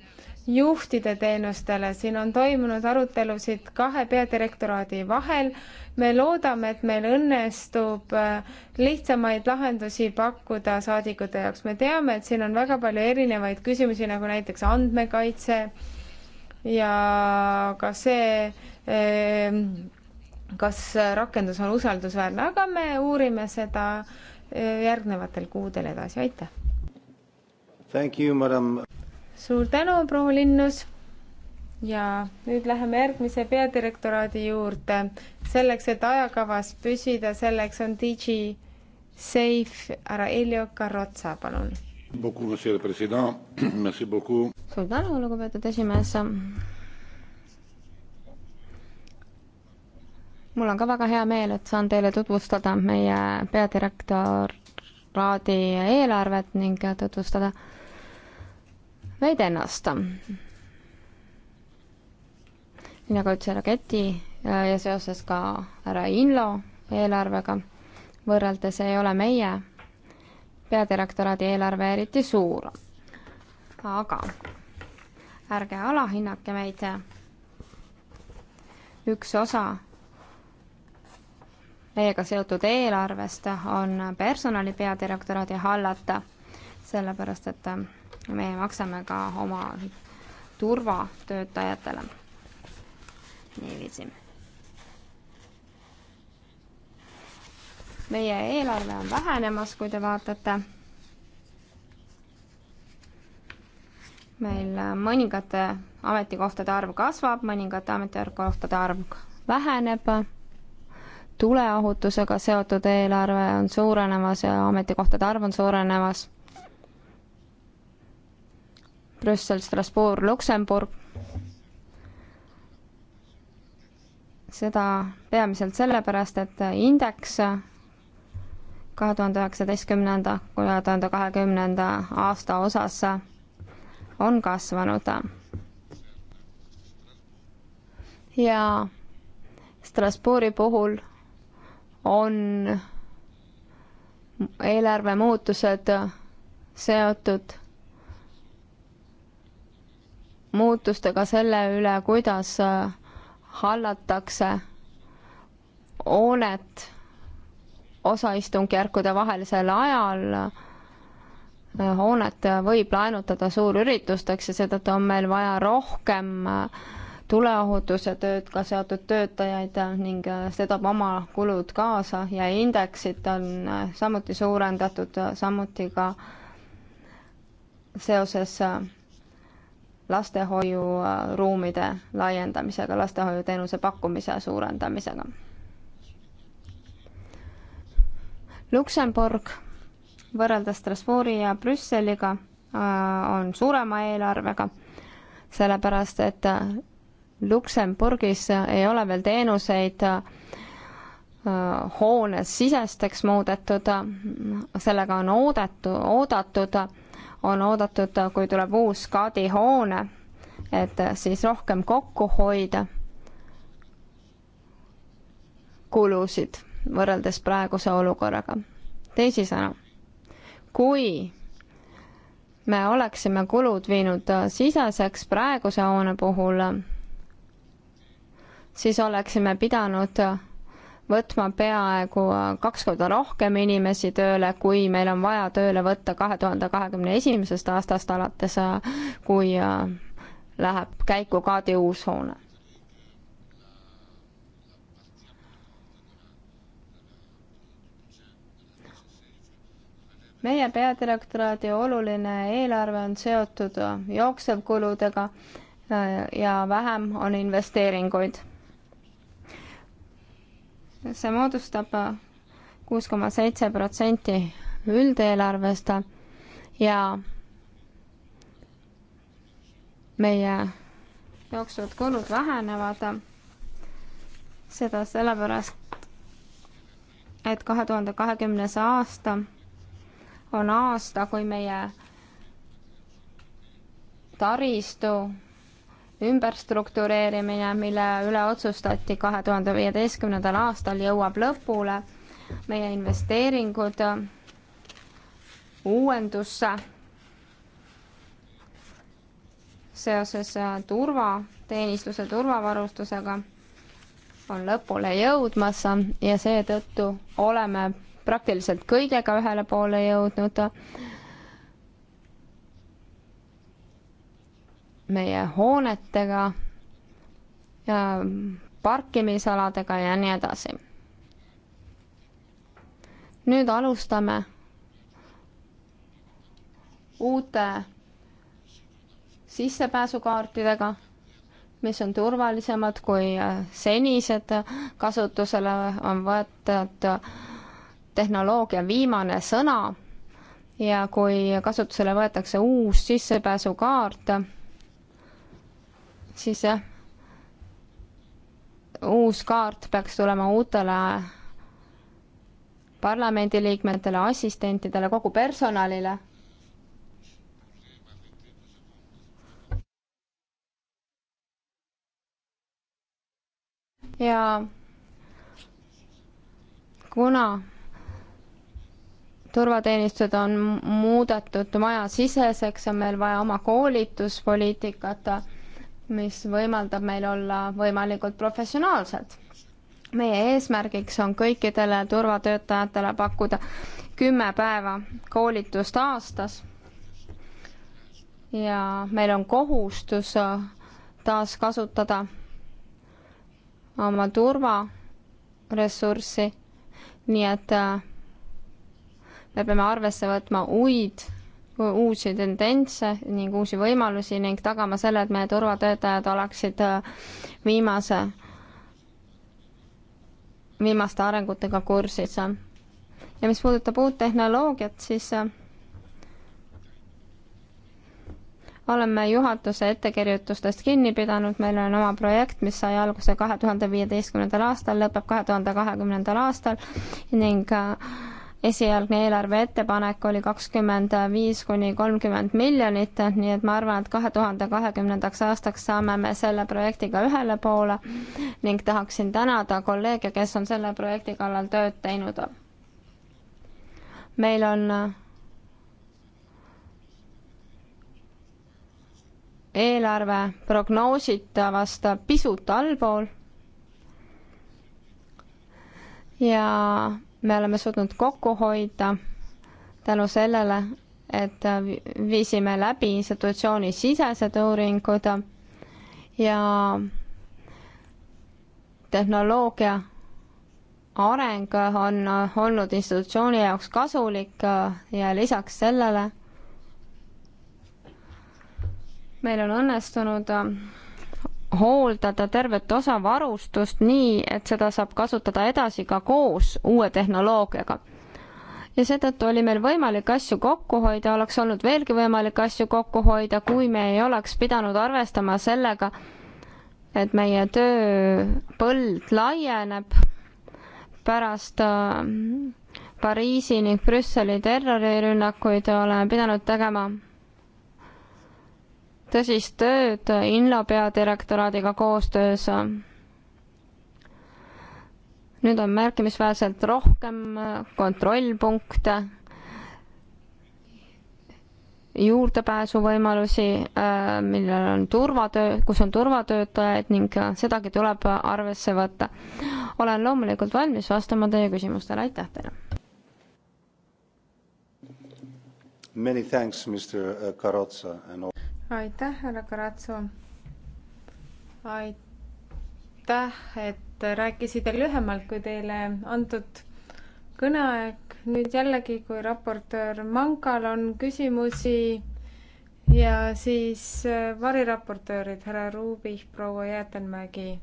juhtide teenustele, siin on toimunud arutelusid kahe peadirektoraadi vahel. me loodame, et meil õnnestub äh, lihtsamaid lahendusi pakkuda saadikute jaoks. me teame, et siin on väga palju erinevaid küsimusi, nagu näiteks andmekaitse ja ka see, ähm, kas rakendus on usaldusväärne, aga me uurime seda äh, järgnevatel kuudel edasi, aitäh! Thank you, madam suur tänu, proua Linnus. ja nüüd läheme järgmise peadirektoraadi juurde. selleks, et ajakavas püsida, selleks on DG Safe, härra Heljo Karotsa, palun. suur tänu, lugupeetud esimees. mul on ka väga hea meel, et saan teile tutvustada meie peadirektor raadi eelarvet ning tutvustada äh, veid ennast. nii nagu ütles härra Keti äh, ja seoses ka härra Inlo eelarvega võrreldes ei ole meie peadirektoraadi eelarve eriti suur. aga ärge alahinnake meid. üks osa meiega seotud eelarvest on personali peadirektoraadi hallata, sellepärast et me maksame ka oma turvatöötajatele niiviisi. meie eelarve on vähenemas, kui te vaatate. meil mõningate ametikohtade arv kasvab, mõningate ametikohtade arv väheneb. tuleohutusega seotud eelarve on suurenemas ja ametikohtade arv on suurenemas Brüssel, Strasbourg, Luksemburg. seda peamiselt sellepärast, et indeks kahe tuhande üheksateistkümnenda, kahe tuhande kahekümnenda aasta osas on kasvanud. ja Strasbourgi puhul on eelarve muutused seotud muutustega selle üle, kuidas äh, hallatakse hoonet osaistungjärkude vahelisel ajal. Äh, hoonet võib laenutada suurüritusteks ja seetõttu on meil vaja rohkem äh, tuleohutuse töödega seotud töötajaid ning see toob oma kulud kaasa ja indeksit on samuti suurendatud, samuti ka seoses lastehoiuruumide laiendamisega, lastehoiuteenuse pakkumise suurendamisega. Luksemburg võrreldes Strasbourgi ja Brüsseliga äh, on suurema eelarvega, sellepärast et äh, Luksemburgis ei ole veel teenuseid äh, hoones sisesteks muudetud, sellega on oodatu, oodatud, oodatud on oodatud, kui tuleb uus Kadi hoone, et siis rohkem kokku hoida kulusid võrreldes praeguse olukorraga. teisisõnu, kui me oleksime kulud viinud siseseks praeguse hoone puhul, siis oleksime pidanud võtma peaaegu kaks korda rohkem inimesi tööle, kui meil on vaja tööle võtta kahe tuhande kahekümne esimesest aastast alates, äh, kui äh, läheb käiku Kaadi uus hoone. meie peadirektoraadi oluline eelarve on seotud jooksevkuludega äh, ja vähem on investeeringuid see moodustab kuus koma seitse protsenti üldeelarvest ja meie jooksvad kulud vähenevad. seda sellepärast, et kahe tuhande kahekümnes aasta on aasta, kui meie taristu ümberstruktureerimine, mille üle otsustati kahe tuhande viieteistkümnendal aastal, jõuab lõpule. meie investeeringud uuendusse seoses äh, turvateenistuse turvavarustusega on lõpule jõudmas ja seetõttu oleme praktiliselt kõigega ühele poole jõudnud meie hoonetega, parkimisaladega ja nii edasi. nüüd alustame uute sissepääsukaartidega, mis on turvalisemad kui senised, kasutusele on võetud tehnoloogia viimane sõna ja kui kasutusele võetakse uus sissepääsukaart, siis uus kaart peaks tulema uutele parlamendiliikmetele, assistentidele, kogu personalile. ja kuna turvateenistused on muudetud majasiseseks, on meil vaja oma koolituspoliitikat mis võimaldab meil olla võimalikult professionaalsed. meie eesmärgiks on kõikidele turvatöötajatele pakkuda kümme päeva koolitust aastas ja meil on kohustus äh, taaskasutada oma turvaressurssi, nii et äh, me peame arvesse võtma uid uusi tendentse ning uusi võimalusi ning tagama selle, et meie turvatöötajad oleksid äh, viimase, viimaste arengutega kursis. ja mis puudutab uut tehnoloogiat, siis äh, oleme juhatuse ettekirjutustest kinni pidanud, meil on oma projekt, mis sai alguse kahe tuhande viieteistkümnendal aastal, lõpeb kahe tuhande kahekümnendal aastal ning äh, esialgne eelarve ettepanek oli kakskümmend viis kuni kolmkümmend miljonit, nii et ma arvan, et kahe tuhande kahekümnendaks aastaks saame me selle projektiga ühele poole ning tahaksin tänada kolleege, kes on selle projekti kallal tööd teinud. meil on eelarve prognoositavast pisut allpool ja me oleme suutnud kokku hoida tänu sellele, et viisime läbi institutsioonisisesed uuringud ja tehnoloogia areng on olnud institutsiooni jaoks kasulik ja lisaks sellele meil on õnnestunud hooldada tervet osa varustust nii, et seda saab kasutada edasi ka koos uue tehnoloogiaga. ja seetõttu oli meil võimalik asju kokku hoida, oleks olnud veelgi võimalik asju kokku hoida, kui me ei oleks pidanud arvestama sellega, et meie tööpõld laieneb pärast äh, Pariisi ning Brüsseli terrorirünnakuid oleme pidanud tegema tõsist tööd Inla peadirektoraadiga koostöös. nüüd on märkimisväärselt rohkem kontrollpunkte, juurdepääsuvõimalusi, millel on turvatöö, kus on turvatöötajad ning sedagi tuleb arvesse võtta. olen loomulikult valmis vastama teie küsimustele, aitäh teile! Many thanks, Mr Carrozza and all aitäh, härra Karatsu. aitäh, et rääkisite lühemalt, kui teile antud kõneaeg. nüüd jällegi, kui raportöör Mankal on küsimusi ja siis äh, variraportöörid härra Ruubih, proua Jäätenmägi.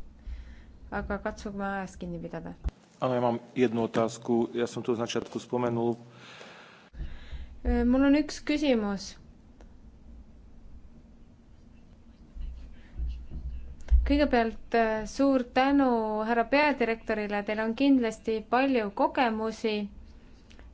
aga katsume ajast kinni pidada. Ano, ja mam jednu otázku, ja som tu značátku spomenul. Äh, mul on üks küsimus kõigepealt äh, suur tänu härra peadirektorile, teil on kindlasti palju kogemusi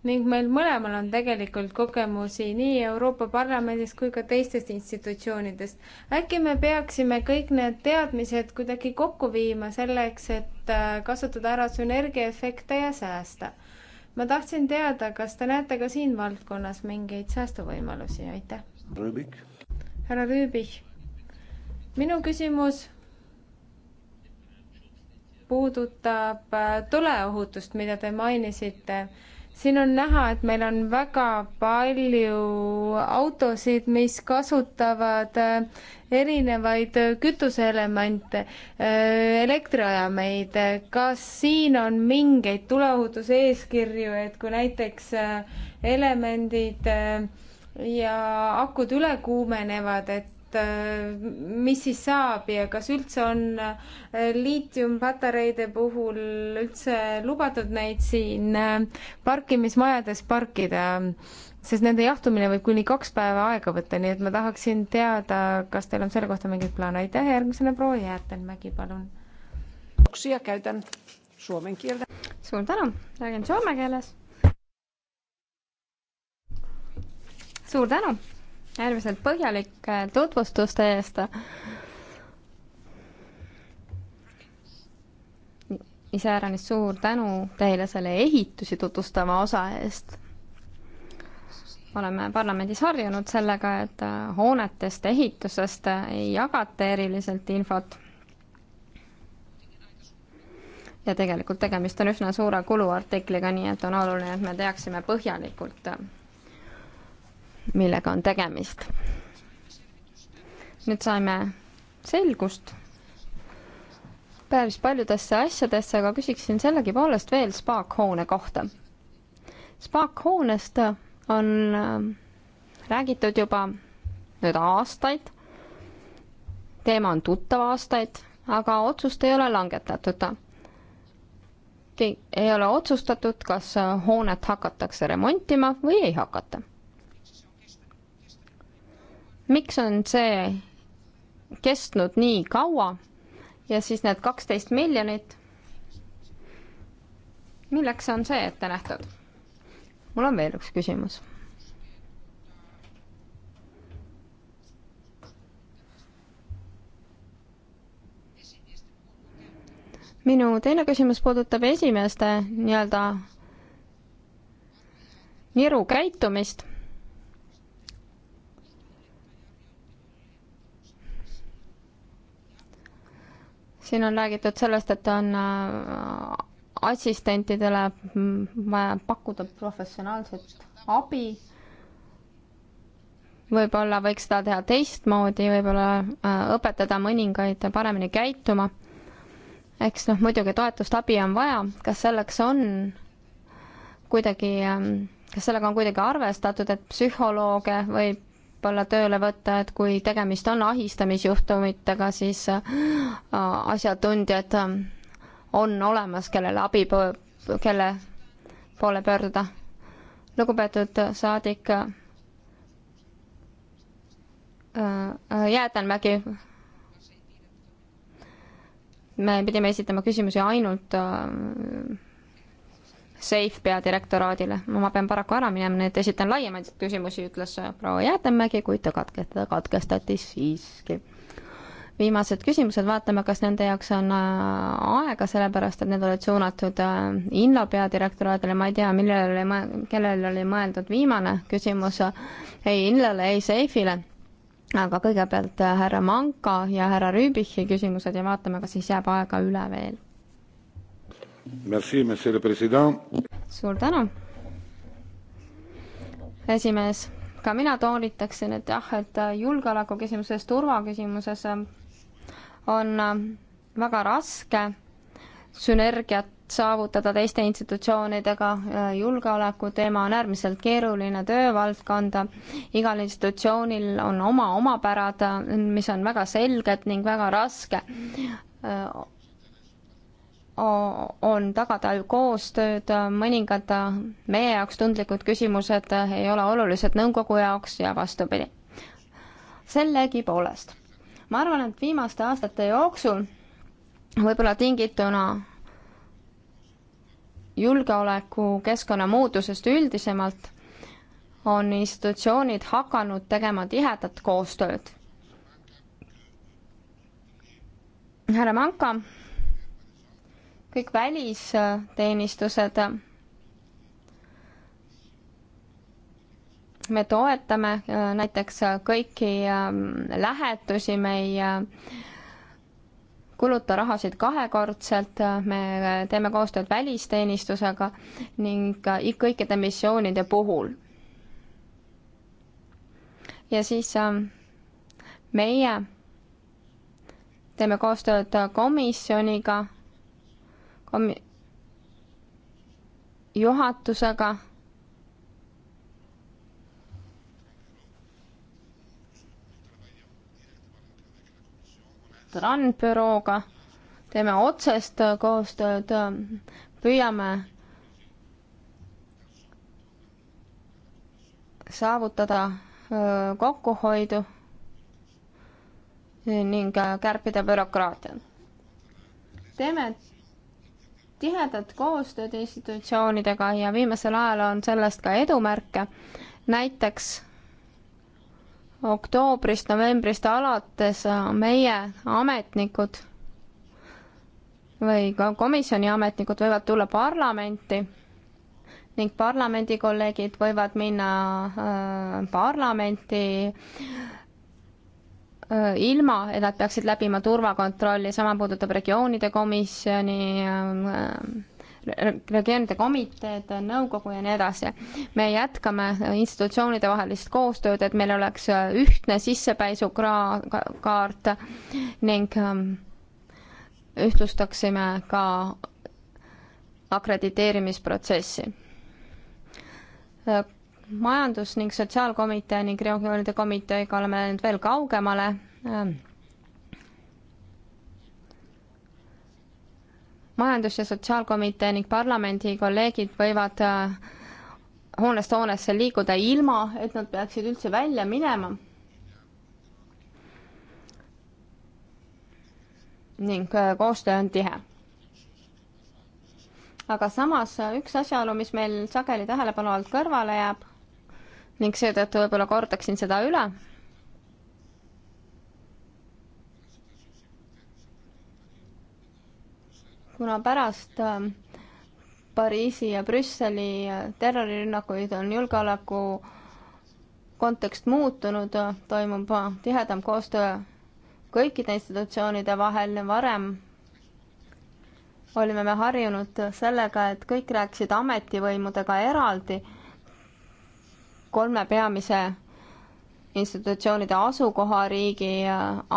ning meil mõlemal on tegelikult kogemusi nii Euroopa Parlamendist kui ka teistest institutsioonidest. äkki me peaksime kõik need teadmised kuidagi kokku viima selleks, et äh, kasutada ära sünergiaefekte ja säästa. ma tahtsin teada, kas te näete ka siin valdkonnas mingeid säästuvõimalusi, aitäh. härra Rüübich, minu küsimus puudutab äh, tuleohutust, mida te mainisite, siin on näha, et meil on väga palju autosid, mis kasutavad äh, erinevaid äh, kütuseelemente, elektriajameid. kas siin on mingeid tuleohutuse eeskirju, et kui näiteks elemendid ja akud üle kuumenevad, et Äh, mis siis saab ja kas üldse on äh, liitiumpatareide puhul üldse lubatud neid siin äh, parkimismajades parkida, sest nende jahtumine võib kuni kaks päeva aega võtta, nii et ma tahaksin teada, kas teil on selle kohta mingeid plaane, aitäh, järgmisena proua Jäätenmägi, palun. suur tänu, räägin soome keeles. suur tänu äärmiselt põhjalike tutvustuste eest. iseäranis suur tänu teile selle ehitusi tutvustava osa eest. oleme parlamendis harjunud sellega, et hoonetest, ehitusest ei jagata eriliselt infot. ja tegelikult tegemist on üsna suure kuluartikliga, nii et on oluline, et me teaksime põhjalikult millega on tegemist. nüüd saime selgust päris paljudesse asjadesse, aga küsiksin sellegipoolest veel Spaak hoone kohta. Spaak hoonest on äh, räägitud juba nüüd aastaid, teema on tuttav aastaid, aga otsust ei ole langetatud. ei ole otsustatud, kas hoonet hakatakse remontima või ei hakata miks on see kestnud nii kaua ja siis need kaksteist miljonit, milleks on see ette nähtud? mul on veel üks küsimus. minu teine küsimus puudutab esimeeste nii-öelda niru käitumist siin on räägitud sellest, et on äh, assistentidele vaja pakkuda professionaalset abi. võib-olla võiks seda teha teistmoodi, võib-olla äh, õpetada mõningaid paremini käituma. eks noh, muidugi toetust, abi on vaja, kas selleks on kuidagi, ähm, kas sellega on kuidagi arvestatud, et psühholooge või võib-olla tööle võtta, et kui tegemist on ahistamisjuhtumitega, siis äh, asjatundjad äh, on olemas, kellele abi, kelle poole pöörduda. lugupeetud saadik äh, Jäätanmägi, me pidime esitama küsimusi ainult Safe peadirektoraadile. ma pean paraku ära minema, nii et esitan laiemaid küsimusi, ütles proua Jäätemägi, kuid ta katkestada katkestati siiski. viimased küsimused, vaatame, kas nende jaoks on äh, aega, sellepärast et need olid suunatud äh, Inlo peadirektoraadile, ma ei tea, millele, kellele oli mõeldud viimane küsimus, ei Inlole, ei Safe'ile aga kõigepealt äh, härra Manka ja härra Rüübichi küsimused ja vaatame, kas siis jääb aega üle veel suur tänu, esimees. ka mina toonitaksin, et jah, et julgeoleku küsimuses, turvaküsimuses on väga raske sünergiat saavutada teiste institutsioonidega, julgeoleku teema on äärmiselt keeruline töövaldkond, igal institutsioonil on oma omapärad, mis on väga selged ning väga raske on tagada ju koostööd, mõningad meie jaoks tundlikud küsimused ei ole olulised nõukogu jaoks ja vastupidi. sellegipoolest, ma arvan, et viimaste aastate jooksul võib-olla tingituna julgeoleku keskkonna muutusest üldisemalt on institutsioonid hakanud tegema tihedat koostööd. härra Manka kõik välisteenistused. me toetame äh, näiteks äh, kõiki ähm, lähetusi, me ei äh, kuluta rahasid kahekordselt, me teeme koostööd välisteenistusega ning kõikide missioonide puhul. ja siis ähm, meie teeme koostööd komisjoniga juhatusega randbürooga, teeme otsest koostööd, püüame saavutada kokkuhoidu ning kärpida bürokraatiat. teeme tihedat koostööd institutsioonidega ja viimasel ajal on sellest ka edumärke. näiteks oktoobrist, novembrist alates meie ametnikud või ka komisjoni ametnikud võivad tulla parlamenti ning parlamendi kolleegid võivad minna äh, parlamenti äh, ilma, et nad peaksid läbima turvakontrolli, sama puudutab regioonide komisjoni, ähm, äh, regioonide komiteed, nõukogu ja nii edasi. me jätkame institutsioonide vahelist koostööd, et meil oleks äh, ühtne sissepääsukaart ning ähm, ühtlustaksime ka akrediteerimisprotsessi äh, majandus- ning sotsiaalkomitee ning regioonide komiteega oleme läinud veel kaugemale. majandus- ja sotsiaalkomitee ning parlamendi kolleegid võivad äh, hoonest hoonesse liiguda ilma, et nad peaksid üldse välja minema. ning äh, koostöö on tihe aga samas äh, üks asjaolu, mis meil sageli tähelepanu alt kõrvale jääb, ning seetõttu võib-olla kordaksin seda üle. kuna pärast ähm, Pariisi ja Brüsseli äh, terrorirünnakuid on julgeoleku kontekst muutunud, äh, toimub äh, tihedam koostöö kõikide institutsioonide vahel, varem olime me harjunud sellega, et kõik rääkisid ametivõimudega eraldi kolme peamise institutsioonide asukohariigi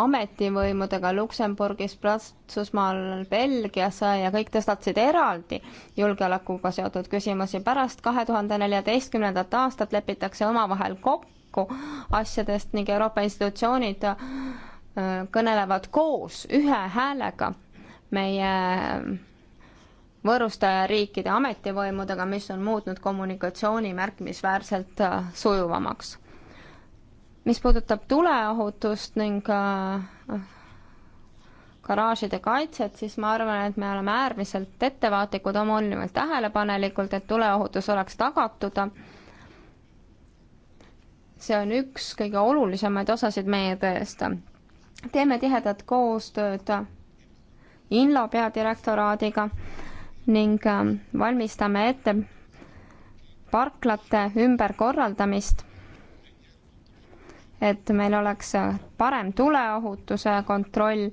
ametivõimudega Luksemburgis, Prantsusmaal, Belgias ja kõik tõstatasid eraldi julgeolekuga seotud küsimusi. pärast kahe tuhande neljateistkümnendat aastat lepitakse omavahel kokku asjadest ning Euroopa institutsioonid äh, kõnelevad koos ühe häälega meie võõrustajariikide ametivõimudega, mis on muutnud kommunikatsiooni märkimisväärselt äh, sujuvamaks. mis puudutab tuleohutust ning äh, garaažide kaitset, siis ma arvan, et me oleme äärmiselt ettevaatlikud, oma olime tähelepanelikud, et tuleohutus oleks tagatud. see on üks kõige olulisemaid osasid meie tööst. teeme tihedat koostööd Inla peadirektoraadiga ning ähm, valmistame ette parklate ümberkorraldamist, et meil oleks äh, parem tuleohutuse kontroll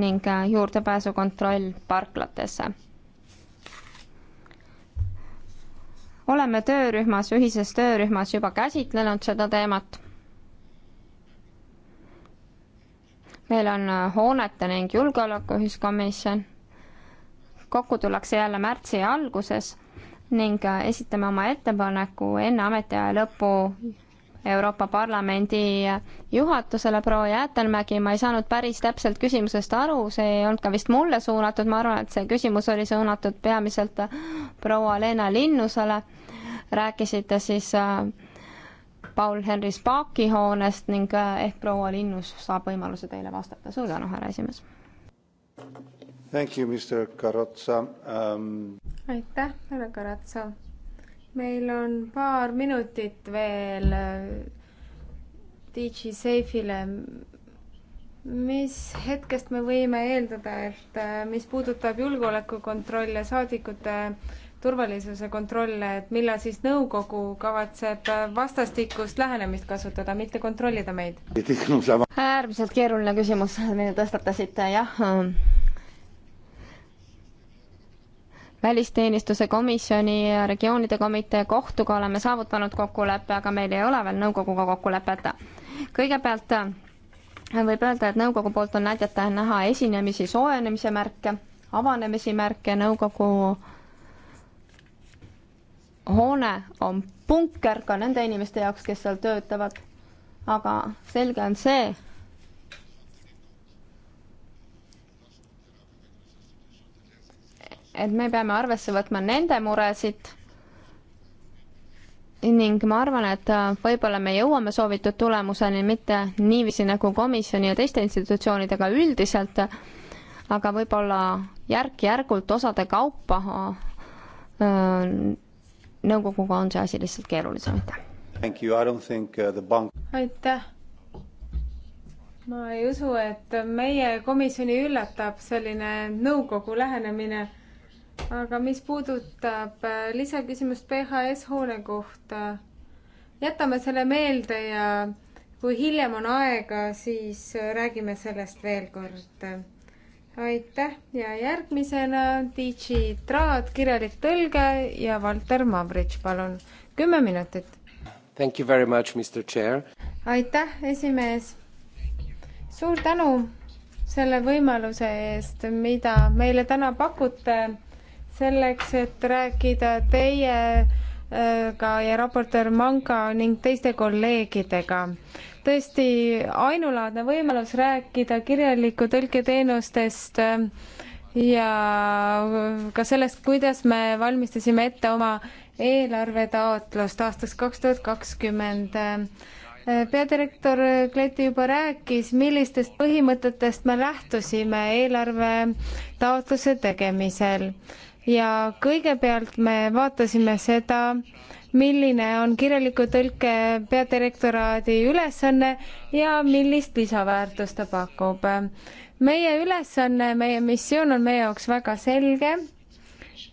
ning äh, juurdepääsukontroll parklatesse. oleme töörühmas, ühises töörühmas juba käsitlenud seda teemat. meil on äh, hoonete ning julgeoleku ühiskomisjon kokku tullakse jälle märtsi alguses ning äh, esitame oma ettepaneku enne ametiaja lõppu Euroopa Parlamendi äh, juhatusele, proua Jäätelmägi, ma ei saanud päris täpselt küsimusest aru, see ei olnud ka vist mulle suunatud, ma arvan, et see küsimus oli suunatud peamiselt äh, proua Leena Linnusele. rääkisite siis Paul-Henri Spaaki hoonest ning ehk proua Linnus saab võimaluse teile vastata. suur tänu, härra esimees! Thank you, Mr Karotsa um.... aitäh, härra Karotsa. meil on paar minutit veel äh, DJ Seifile. mis hetkest me võime eeldada, et äh, mis puudutab julgeolekukontrolle, saadikute turvalisuse kontrolle, et millal siis nõukogu kavatseb äh, vastastikust lähenemist kasutada, mitte kontrollida meid? äärmiselt keeruline küsimus, mille tõstatasite, jah välisteenistuse komisjoni ja regioonide komitee kohtuga oleme saavutanud kokkuleppe, aga meil ei ole veel nõukoguga kokkulepet. kõigepealt äh, võib öelda, et nõukogu poolt on näidata näha esinemisi soojenemise märke, avanemisi märke, nõukogu hoone on punker ka nende inimeste jaoks, kes seal töötavad. aga selge on see, et me peame arvesse võtma nende muresid ning ma arvan, et äh, võib-olla me jõuame soovitud tulemuseni mitte niiviisi nagu komisjoni ja teiste institutsioonidega üldiselt, aga võib-olla järk-järgult osade kaupa äh, nõukoguga on see asi lihtsalt keerulisem, aitäh. Uh, aitäh. ma ei usu, et meie komisjoni üllatab selline nõukogu lähenemine aga mis puudutab äh, lisaküsimust PHS hoone kohta, jätame selle meelde ja kui hiljem on aega, siis äh, räägime sellest veel kord. aitäh ja järgmisena DJ Traad, kirjalik tõlge ja Valter Mavritš, palun, kümme minutit. Thank you very much, Mr Chair. aitäh, esimees. suur tänu selle võimaluse eest, mida meile täna pakute selleks, et rääkida teiega äh, ja raportöör Manga ning teiste kolleegidega. tõesti ainulaadne võimalus rääkida kirjaliku tõlketeenustest äh, ja ka sellest, kuidas me valmistasime ette oma eelarvetaotlust aastaks kaks tuhat kakskümmend äh, peadirektor Kleti juba rääkis, millistest põhimõtetest me lähtusime eelarve taotluse tegemisel ja kõigepealt me vaatasime seda, milline on kirjaliku tõlke peadirektoraadi ülesanne ja millist lisaväärtust ta pakub. meie ülesanne, meie missioon on meie jaoks väga selge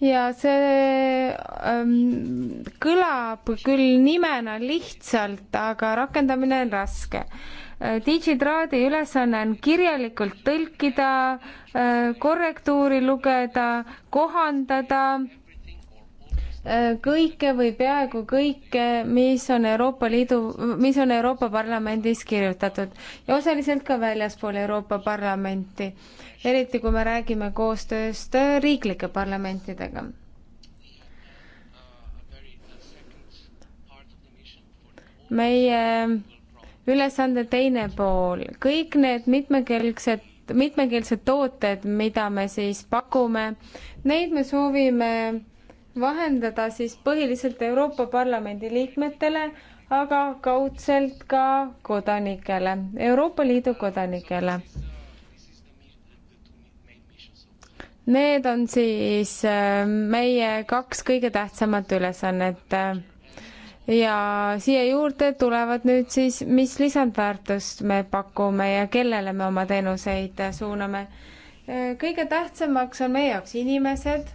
ja see ähm, kõlab küll nimena lihtsalt, aga rakendamine on raske Äh, Digitraadi ülesanne on kirjalikult tõlkida, äh, korrektuuri lugeda, kohandada äh, kõike või peaaegu kõike, mis on Euroopa Liidu, mis on Euroopa Parlamendis kirjutatud ja osaliselt ka väljaspool Euroopa Parlamenti, eriti kui me räägime koostööst riiklike parlamentidega. meie ülesande teine pool, kõik need mitmekülgsed, mitmekeelsed tooted, mida me siis pakume, neid me soovime vahendada siis põhiliselt Euroopa Parlamendi liikmetele, aga kaudselt ka kodanikele, Euroopa Liidu kodanikele. Need on siis äh, meie kaks kõige tähtsamat ülesannet ja siia juurde tulevad nüüd siis, mis lisandväärtust me pakume ja kellele me oma teenuseid suuname. kõige tähtsamaks on meie jaoks inimesed.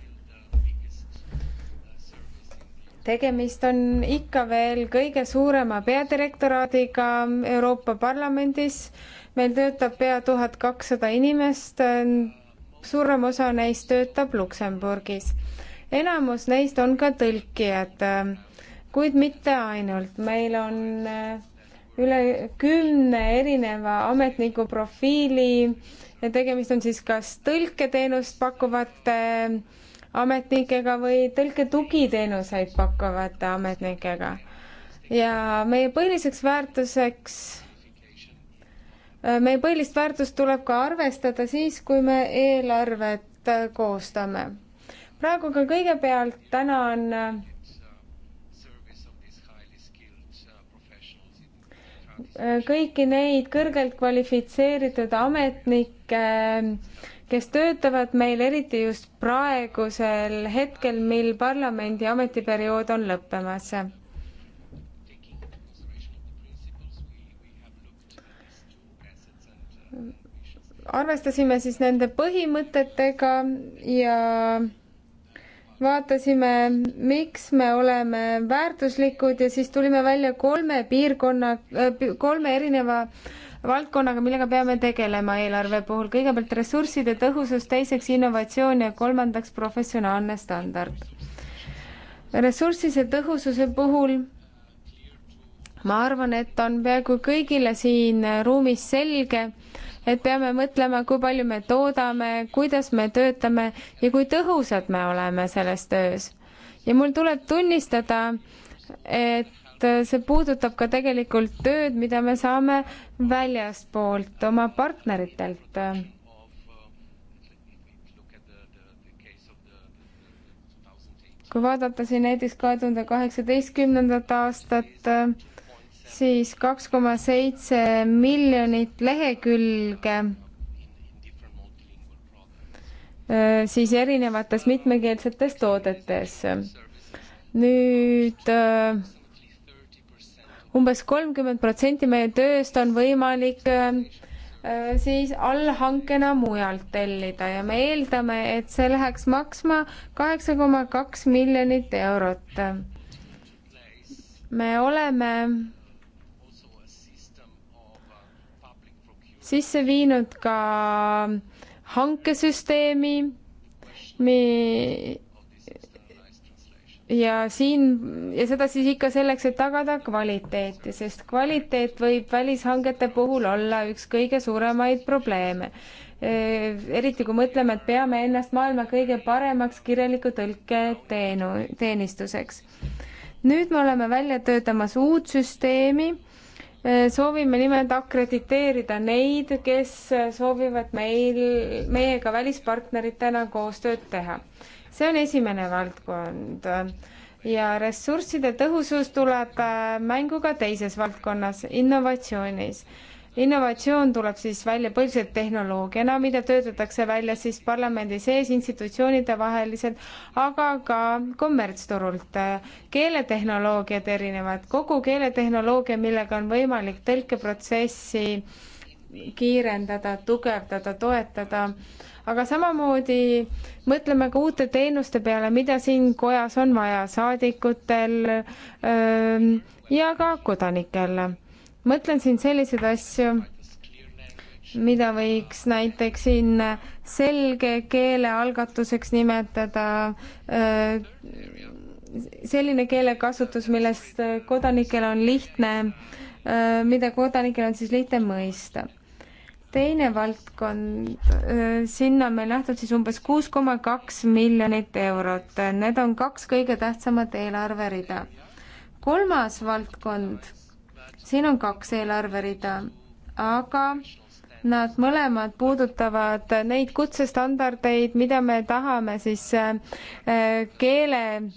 tegemist on ikka veel kõige suurema peadirektoraadiga Euroopa Parlamendis. meil töötab pea tuhat kakssada inimest. suurem osa neist töötab Luksemburgis. enamus neist on ka tõlkijad kuid mitte ainult, meil on äh, üle kümne erineva ametniku profiili, tegemist on siis kas tõlketeenust pakkuvate äh, ametnikega või tõlketugiteenuseid pakkuvate ametnikega. ja meie põhiliseks väärtuseks, äh, meie põhilist väärtust tuleb ka arvestada siis, kui me eelarvet koostame. praegu ka kõigepealt tänan kõiki neid kõrgelt kvalifitseeritud ametnikke, kes töötavad meil eriti just praegusel hetkel, mil parlamendi ametiperiood on lõppemas. arvestasime siis nende põhimõtetega ja vaatasime, miks me oleme väärtuslikud ja siis tulime välja kolme piirkonna, kolme erineva valdkonnaga, millega peame tegelema eelarve puhul. kõigepealt ressursside tõhusus, teiseks innovatsioon ja kolmandaks professionaalne standard. ressursside tõhususe puhul ma arvan, et on peaaegu kõigile siin ruumis selge, et peame mõtlema, kui palju me toodame, kuidas me töötame ja kui tõhusad me oleme selles töös. ja mul tuleb tunnistada, et see puudutab ka tegelikult tööd, mida me saame väljastpoolt oma partneritelt. kui vaadata siin näiteks kahe tuhande kaheksateistkümnendat aastat, siis kaks koma seitse miljonit lehekülge siis erinevates mitmekeelsetes toodetes. nüüd umbes kolmkümmend protsenti meie tööst on võimalik siis allhankena mujalt tellida ja me eeldame, et see läheks maksma kaheksa koma kaks miljonit eurot. me oleme sisse viinud ka hankesüsteemi, mi-, ja siin ja seda siis ikka selleks, et tagada kvaliteeti, sest kvaliteet võib välishangete puhul olla üks kõige suuremaid probleeme. eriti kui mõtleme, et peame ennast maailma kõige paremaks kirjaliku tõlke teenu, teenistuseks. nüüd me oleme välja töötamas uut süsteemi Äh, soovime nimelt akrediteerida neid, kes äh, soovivad meil, meiega välispartneritena koostööd teha. see on esimene valdkond ja ressursside tõhusus tuleb äh, mängu ka teises valdkonnas, innovatsioonis innovatsioon tuleb siis välja põhiliselt tehnoloogiana, mida töötatakse välja siis parlamendi sees, institutsioonide vaheliselt, aga ka kommertsturult. keeletehnoloogiad erinevad, kogu keeletehnoloogia, millega on võimalik tõlkeprotsessi kiirendada, tugevdada, toetada, aga samamoodi mõtleme ka uute teenuste peale, mida siin kojas on vaja saadikutel öö, ja ka kodanikel mõtlen siin selliseid asju, mida võiks näiteks siin selge keele algatuseks nimetada, äh, selline keelekasutus, millest kodanikel on lihtne, äh, mida kodanikel on siis lihtne mõista teine valdkond, äh, sinna on meil nähtud siis umbes kuus koma kaks miljonit eurot, need on kaks kõige tähtsamat eelarverida. kolmas valdkond siin on kaks eelarverida, aga Nad mõlemad puudutavad neid kutsestandardeid, mida me tahame siis äh, keele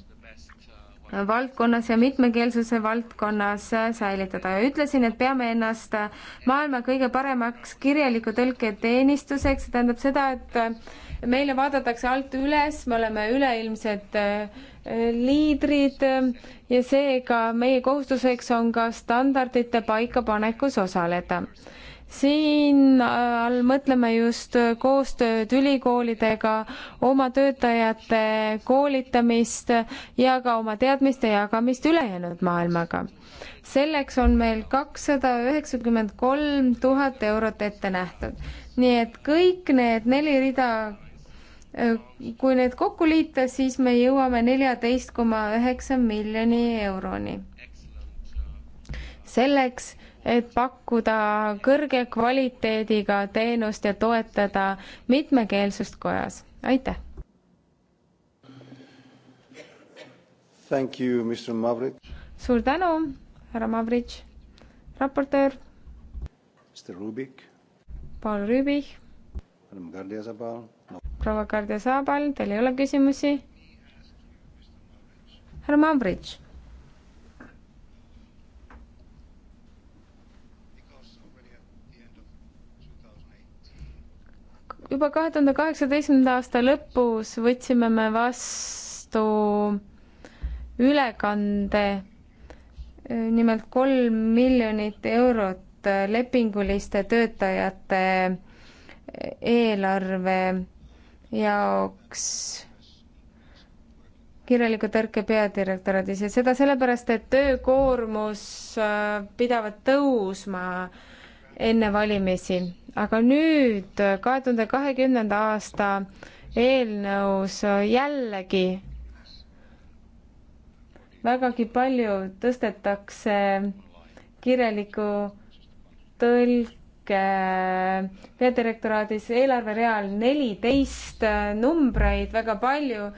valdkonnas ja mitmekeelsuse valdkonnas säilitada ja ütlesin, et peame ennast maailma kõige paremaks kirjaliku tõlke teenistuseks, see tähendab seda, et meile vaadatakse alt üles, me oleme üleilmsed äh, liidrid ja seega meie kohustuseks on ka standardite paikapanekus osaleda. siin äh, all mõtleme just koostööd ülikoolidega, oma töötajate koolitamist ja ka oma teadmiste jagamist ülejäänud maailmaga. selleks on meil kakssada üheksakümmend kolm tuhat eurot ette nähtud, nii et kõik need neli rida kui need kokku liita, siis me jõuame neljateist koma üheksa miljoni euroni. selleks, et pakkuda kõrge kvaliteediga teenust ja toetada mitmekeelsust kojas. aitäh! suur tänu, härra Mavritš, raportöör. Paul Rüübik. Gardia Zabal proua Kardiasaabal, teil ei ole küsimusi? härra Mambridž. juba kahe tuhande kaheksateistkümnenda aasta lõpus võtsime me vastu ülekande, nimelt kolm miljonit eurot lepinguliste töötajate eelarve jaoks kirjaliku tõrke peadirektoraadis ja seda sellepärast, et töökoormus äh, pidavat tõusma enne valimisi, aga nüüd kahe tuhande kahekümnenda aasta eelnõus jällegi vägagi palju tõstetakse kirjalikku tõlk ametnike peadirektoraadis eelarvereal neliteist äh, numbreid väga palju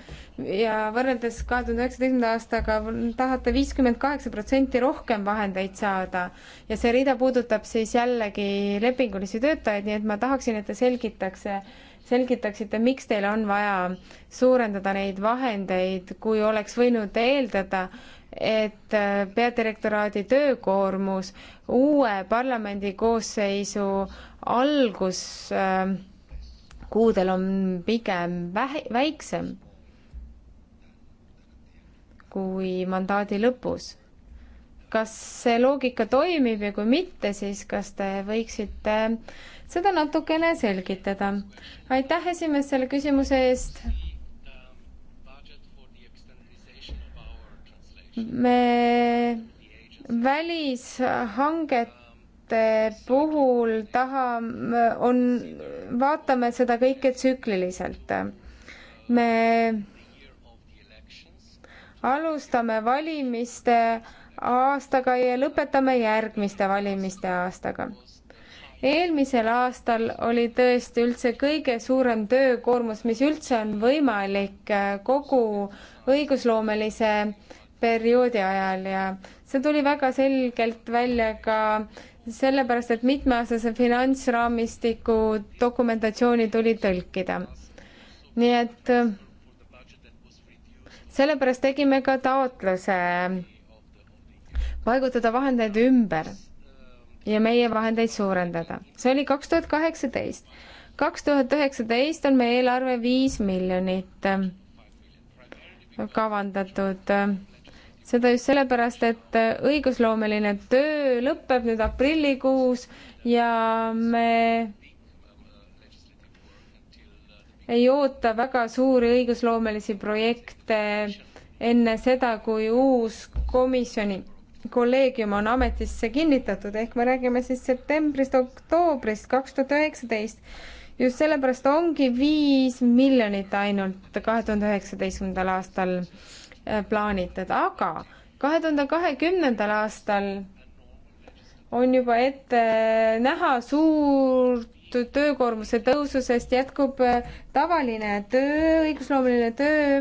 ja võrreldes kahe tuhande üheksateistkümnenda aastaga tahate viiskümmend kaheksa protsenti rohkem vahendeid saada. ja see rida puudutab siis jällegi lepingulisi töötajaid, nii et ma tahaksin, et te selgitaks, selgitaksite, miks teil on vaja suurendada neid vahendeid, kui oleks võinud eeldada, et äh, peadirektoraadi töökoormus uue parlamendi koosseisu alguskuudel äh, on pigem vähe, väiksem kui mandaadi lõpus kas see loogika toimib ja kui mitte, siis kas te võiksite seda natukene selgitada? aitäh esimees selle küsimuse eest me välishangete puhul tahame, on, vaatame seda kõike tsükliliselt. me alustame valimiste aastaga ja lõpetame järgmiste valimiste aastaga. eelmisel aastal oli tõesti üldse kõige suurem töökoormus, mis üldse on võimalik kogu õigusloomelise perioodi ajal ja see tuli väga selgelt välja ka sellepärast, et mitmeaastase finantsraamistiku dokumentatsiooni tuli tõlkida. nii et sellepärast tegime ka taotluse paigutada vahendeid ümber ja meie vahendeid suurendada. see oli kaks tuhat kaheksateist. kaks tuhat üheksateist on meie eelarve viis miljonit kavandatud seda just sellepärast, et äh, õigusloomeline töö lõpeb nüüd aprillikuus ja me ei oota väga suuri õigusloomelisi projekte enne seda, kui uus komisjoni kolleegium on ametisse kinnitatud, ehk me räägime siis septembrist, oktoobrist kaks tuhat üheksateist. just sellepärast ongi viis miljonit ainult kahe tuhande üheksateistkümnendal aastal Äh, plaanitud, aga kahe tuhande kahekümnendal aastal on juba ette näha suurt töökoormuse tõusu, sest jätkub äh, tavaline töö, õigusloomeline töö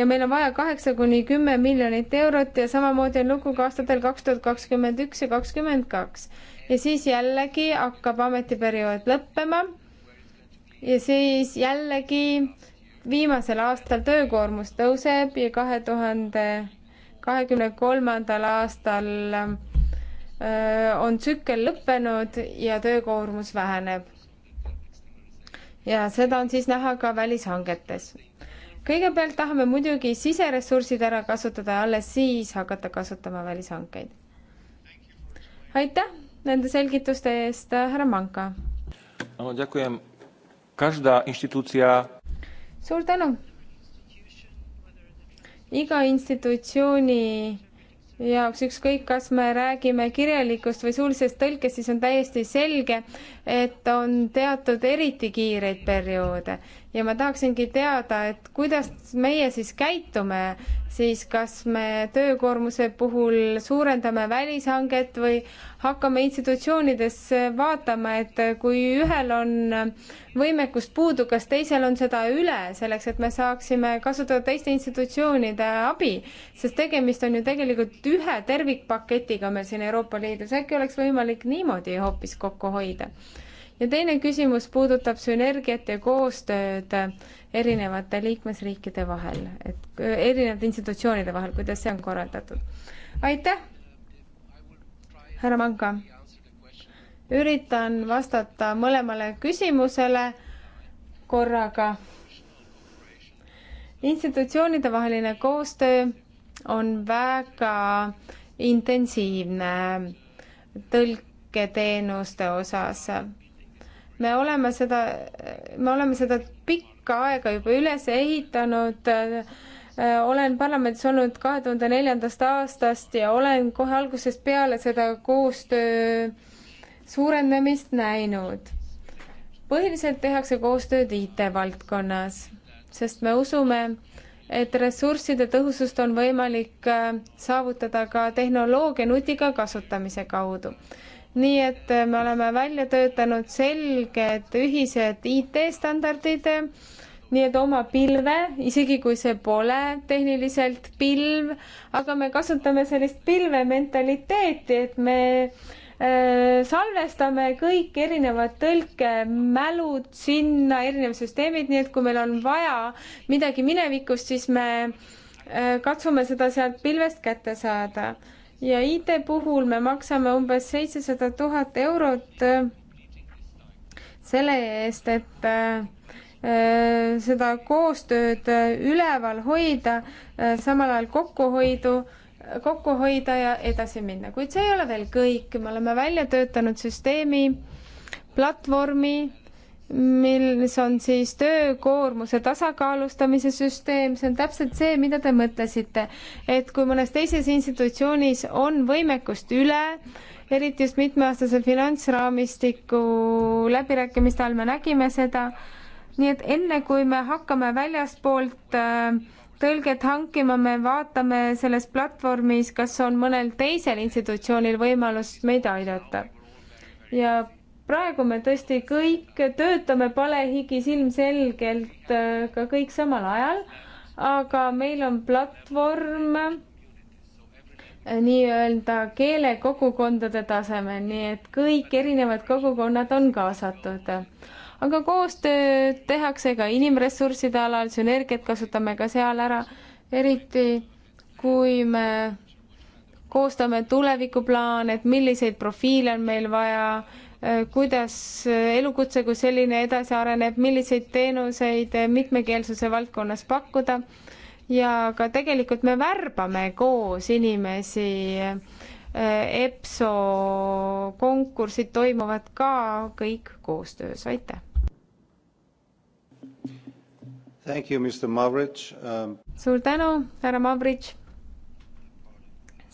ja meil on vaja kaheksa kuni kümme miljonit eurot ja samamoodi on lugu ka aastatel kaks tuhat kakskümmend üks ja kakskümmend kaks. ja siis jällegi hakkab ametiperiood lõppema ja siis jällegi viimasel aastal töökoormus tõuseb ja kahe tuhande kahekümne kolmandal aastal on tsükkel lõppenud ja töökoormus väheneb. ja seda on siis näha ka välishangetes. kõigepealt tahame muidugi siseressursid ära kasutada ja alles siis hakata kasutama välishankeid. aitäh nende selgituste eest, härra Manka. no tänan. Każda instytucja suur tänu! iga institutsiooni jaoks, ükskõik, kas me räägime kirjalikust või suulisest tõlkest, siis on täiesti selge, et on teatud eriti kiireid perioode ja ma tahaksingi teada, et kuidas meie siis käitume, siis kas me töökoormuse puhul suurendame välishanget või hakkame institutsioonides vaatama, et kui ühel on võimekust puudu, kas teisel on seda üle, selleks et me saaksime kasutada teiste institutsioonide abi, sest tegemist on ju tegelikult ühe tervikpaketiga meil siin Euroopa Liidus, äkki oleks võimalik niimoodi hoopis kokku hoida ja teine küsimus puudutab sünergiat ja koostööd erinevate liikmesriikide vahel, et erinevate institutsioonide vahel, kuidas see on korraldatud. aitäh, härra Manka. üritan vastata mõlemale küsimusele korraga. institutsioonide vaheline koostöö on väga intensiivne tõlketeenuste osas me oleme seda, me oleme seda pikka aega juba üles ehitanud. olen parlamendis olnud kahe tuhande neljandast aastast ja olen kohe algusest peale seda koostöö suurendamist näinud. põhiliselt tehakse koostööd IT-valdkonnas, sest me usume, et ressursside tõhusust on võimalik saavutada ka tehnoloogia nutika kasutamise kaudu nii et äh, me oleme välja töötanud selged ühised IT-standardid, äh, nii et oma pilve, isegi kui see pole tehniliselt pilv, aga me kasutame sellist pilvementaliteeti, et me äh, salvestame kõik erinevad tõlkemälud sinna, erinevad süsteemid, nii et kui meil on vaja midagi minevikust, siis me äh, katsume seda sealt pilvest kätte saada ja IT puhul me maksame umbes seitsesada tuhat eurot äh, selle eest, et äh, äh, seda koostööd üleval hoida, samal ajal kokkuhoidu, kokku hoida ja edasi minna, kuid see ei ole veel kõik, me oleme välja töötanud süsteemi, platvormi, mis on siis töökoormuse tasakaalustamise süsteem, see on täpselt see, mida te mõtlesite. et kui mõnes teises institutsioonis on võimekust üle, eriti just mitmeaastase finantsraamistiku läbirääkimiste all me nägime seda, nii et enne, kui me hakkame väljaspoolt äh, tõlget hankima, me vaatame selles platvormis, kas on mõnel teisel institutsioonil võimalus meid aidata. ja praegu me tõesti kõik töötame palehigis ilmselgelt äh, ka kõik samal ajal, aga meil on platvorm äh, nii-öelda keelekogukondade tasemel, nii et kõik erinevad kogukonnad on kaasatud. aga koostööd tehakse ka inimressursside alal, sünergiat kasutame ka seal ära, eriti kui me koostame tulevikuplaane, et milliseid profiile on meil vaja Äh, kuidas äh, elukutse kui selline edasi areneb, milliseid teenuseid äh, mitmekeelsuse valdkonnas pakkuda ja ka tegelikult me värbame koos inimesi. EPSO konkursid toimuvad ka kõik koostöös, aitäh! Thank you, Mr Mavritš um.... suur tänu, härra Mavritš.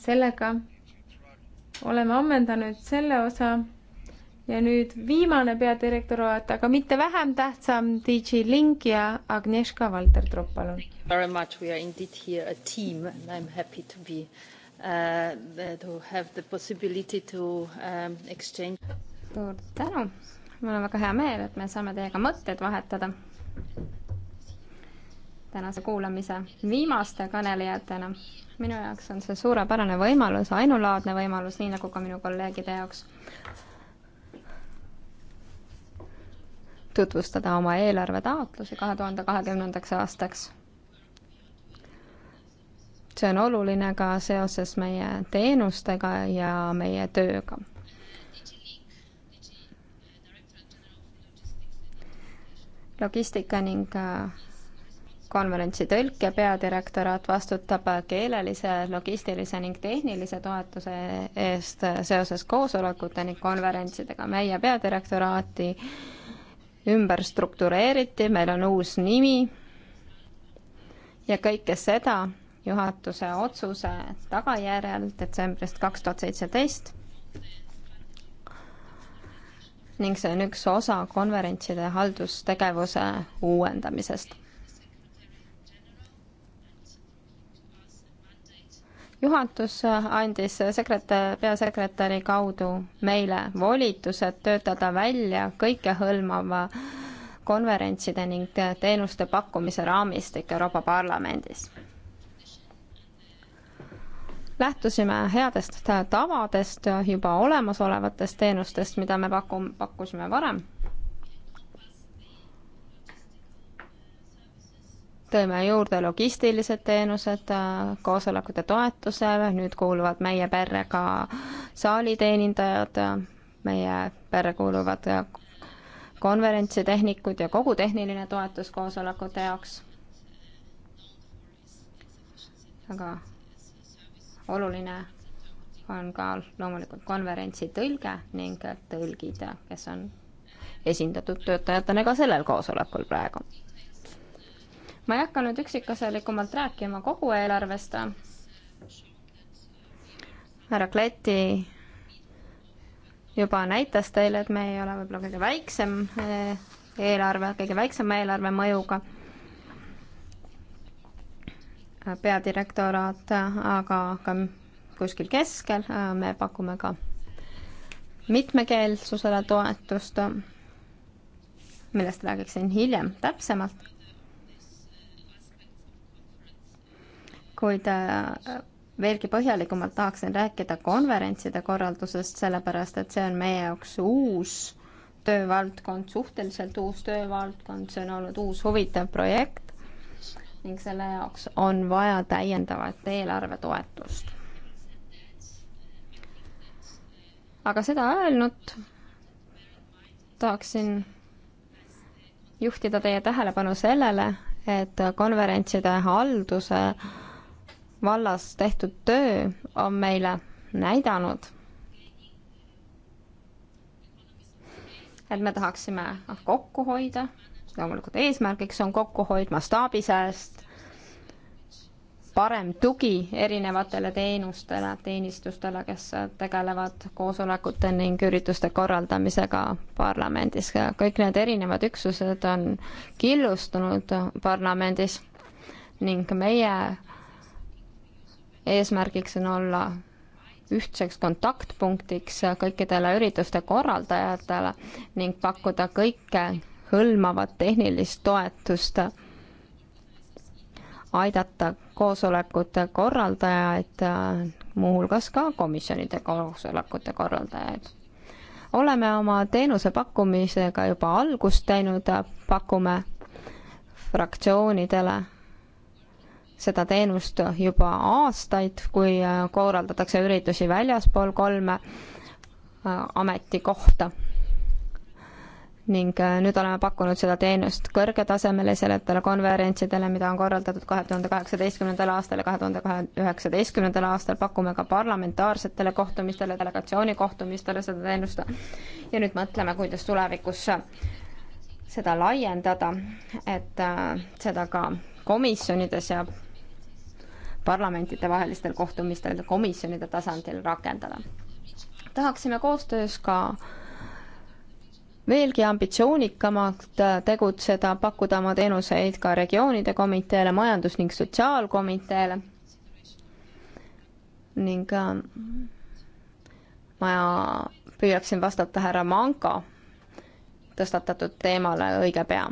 sellega oleme ammendanud selle osa ja nüüd viimane peadirektoraat, aga mitte vähem tähtsam, DJ Link ja Agnieszka Valter-Tropp, palun. Very much, we are indeed here a team and I am happy to be uh, to have the possibility to um, exchange. suur tänu, mul on väga hea meel, et me saame teiega mõtteid vahetada tänase kuulamise viimaste kõnelejatena. minu jaoks on see suurepärane võimalus, ainulaadne võimalus, nii nagu ka minu kolleegide jaoks tutvustada oma eelarvetaotlusi kahe tuhande kahekümnendaks aastaks. see on oluline ka seoses meie teenustega ja meie tööga. logistika ning äh, konverentsi tõlke peadirektoraat vastutab keelelise, logistilise ning tehnilise toetuse eest seoses koosolekute ning konverentsidega. meie peadirektoraati ümber struktureeriti, meil on uus nimi ja kõike seda juhatuse otsuse tagajärjel detsembrist kaks tuhat seitseteist ning see on üks osa konverentside haldustegevuse uuendamisest juhatus andis sekretär, peasekretäri kaudu meile volitused töötada välja kõikehõlmava konverentside ning teenuste pakkumise raamistik Euroopa Parlamendis. lähtusime headest tavadest juba olemasolevatest teenustest, mida me pakum-, pakkusime varem tõime juurde logistilised teenused, äh, koosolekute toetuse, nüüd kuuluvad meie perre ka saaliteenindajad, meie perre kuuluvad äh, konverentsitehnikud ja kogu tehniline toetus koosolekute jaoks. aga oluline on ka loomulikult konverentsi tõlge ning tõlgid, kes on esindatud töötajatena ka sellel koosolekul praegu ma ei hakka nüüd üksikasjalikumalt rääkima kogu eelarvest. härra Kleti juba näitas teile, et me ei ole võib-olla kõige väiksem eh, eelarve, kõige väiksema eelarve mõjuga peadirektoraat, aga ka kuskil keskel eh, me pakume ka mitmekeelsusele toetust, millest räägiksin hiljem täpsemalt kuid äh, veelgi põhjalikumalt tahaksin rääkida konverentside korraldusest, sellepärast et see on meie jaoks uus töövaldkond, suhteliselt uus töövaldkond, see on olnud uus huvitav projekt ning selle jaoks on vaja täiendavat eelarvetoetust. aga seda öelnud tahaksin juhtida teie tähelepanu sellele, et konverentside halduse äh, vallas tehtud töö on meile näidanud, et me tahaksime kokku hoida, loomulikult eesmärgiks on kokku hoid mastaabisääst, parem tugi erinevatele teenustele, teenistustele, kes tegelevad koosolekute ning ürituste korraldamisega parlamendis. kõik need erinevad üksused on killustunud parlamendis ning meie eesmärgiks on olla ühtseks kontaktpunktiks kõikidele ürituste korraldajatele ning pakkuda kõike hõlmavat tehnilist toetust, aidata koosolekute korraldajaid, muuhulgas ka komisjonide koosolekute korraldajaid. oleme oma teenuse pakkumisega juba algust teinud, pakume fraktsioonidele seda teenust juba aastaid, kui äh, korraldatakse üritusi väljaspool kolme äh, ametikohta. ning äh, nüüd oleme pakkunud seda teenust kõrgetasemeliseletele konverentsidele, mida on korraldatud kahe tuhande kaheksateistkümnendal aastal ja kahe tuhande üheksateistkümnendal aastal, pakume ka parlamentaarsetele kohtumistele, delegatsiooni kohtumistele seda teenust ja nüüd mõtleme, kuidas tulevikus seda laiendada, et seda ka komisjonides ja parlamentidevahelistel kohtumistel komisjonide tasandil rakendada. tahaksime koostöös ka veelgi ambitsioonikamalt tegutseda, pakkuda oma teenuseid ka regioonide komiteele majandus, majandus- ning sotsiaalkomiteele ning äh, ma püüaksin vastata härra Manka tõstatatud teemale õige pea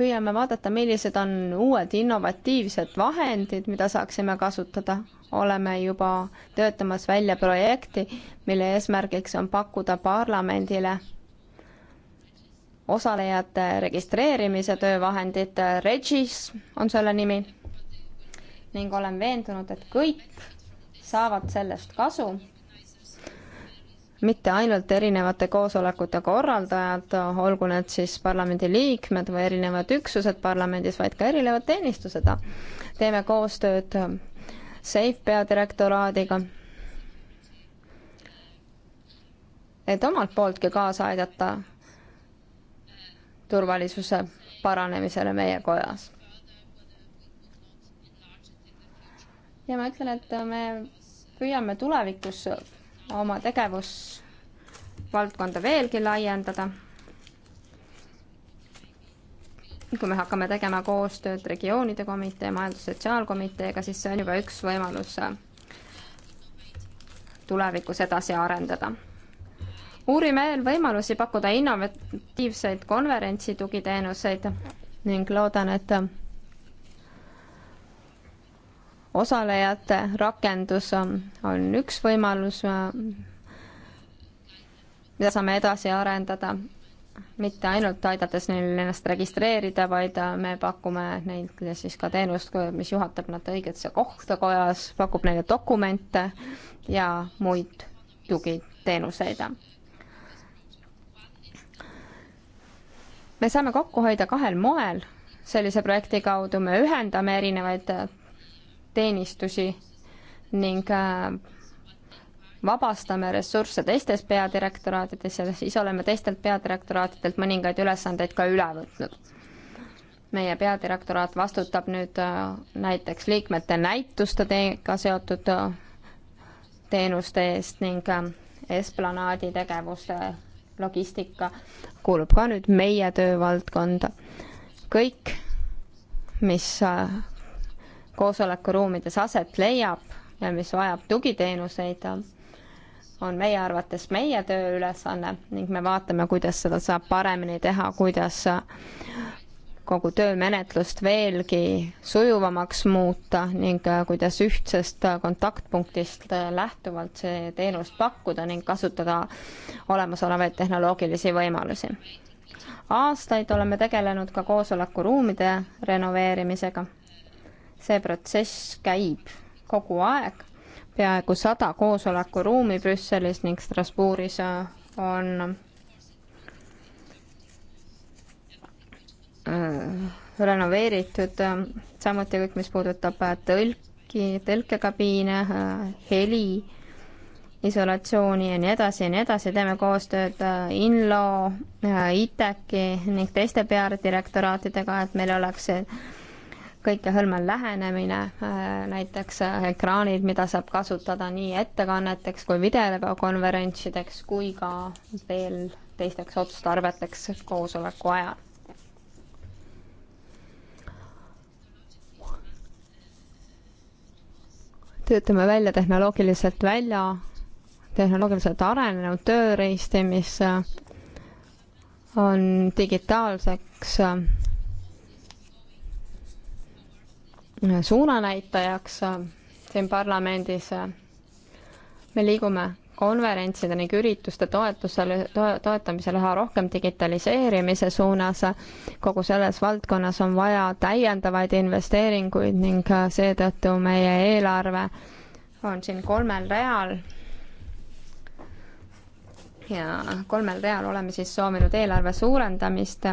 püüame vaadata, millised on uued innovatiivsed vahendid, mida saaksime kasutada. oleme juba töötamas välja projekti, mille eesmärgiks on pakkuda parlamendile osalejate registreerimise töövahendit, Regis on selle nimi, ning olen veendunud, et kõik saavad sellest kasu mitte ainult erinevate koosolekute korraldajad, olgu need siis parlamendi liikmed või erinevad üksused parlamendis, vaid ka erinevad teenistused. teeme koostööd SAFE peadirektoraadiga, et omalt pooltki kaasa aidata turvalisuse paranemisele meie kojas. ja ma ütlen, et me püüame tulevikus oma tegevusvaldkonda veelgi laiendada. kui me hakkame tegema koostööd regioonide komitee, majandus-sotsiaalkomiteega, siis see on juba üks võimalus tulevikus edasi arendada. uurime veel võimalusi pakkuda innovatiivseid konverentsi tugiteenuseid ning loodan, et osalejate rakendus on üks võimalus, mida saame edasi arendada, mitte ainult aidates neil ennast registreerida, vaid me pakume neile siis ka teenust, mis juhatab nad õigesse kohta kojas, pakub neile dokumente ja muid tugiteenuseid. me saame kokku hoida kahel moel sellise projekti kaudu, me ühendame erinevaid teenistusi ning äh, vabastame ressursse teistes peadirektoraatides ja siis oleme teistelt peadirektoraatidelt mõningaid ülesandeid ka üle võtnud. meie peadirektoraat vastutab nüüd äh, näiteks liikmete näitustega seotud äh, teenuste eest ning esplanaadi tegevuste logistika kuulub ka nüüd meie töövaldkonda. kõik, mis koosolekuruumides aset leiab ja mis vajab tugiteenuseid, on meie arvates meie tööülesanne ning me vaatame, kuidas seda saab paremini teha, kuidas kogu töömenetlust veelgi sujuvamaks muuta ning kuidas ühtsest kontaktpunktist lähtuvalt see teenust pakkuda ning kasutada olemasolevaid tehnoloogilisi võimalusi. aastaid oleme tegelenud ka koosolekuruumide renoveerimisega see protsess käib kogu aeg, peaaegu sada koosolekuruumi Brüsselis ning Strasbourgis on äh, renoveeritud, samuti kõik, mis puudutab äh, tõlki, tõlkekabiine, äh, heli, isolatsiooni ja nii edasi ja nii edasi, teeme koostööd Inlo, ITEC-i ning teiste peadirektoraatidega, et meil oleks kõikehõlmav lähenemine, äh, näiteks äh, ekraanid, mida saab kasutada nii ettekanneteks kui videokonverentsideks kui ka veel teisteks otstarveteks koosoleku ajal. töötame välja tehnoloogiliselt välja, tehnoloogiliselt arenenud tööriisti, mis äh, on digitaalseks suunanäitajaks äh, siin parlamendis. Äh, me liigume konverentside ning ürituste toetusel to,, toetamisel üha rohkem digitaliseerimise suunas. kogu selles valdkonnas on vaja täiendavaid investeeringuid ning äh, seetõttu meie eelarve on siin kolmel real. ja kolmel real oleme siis soovinud eelarve suurendamist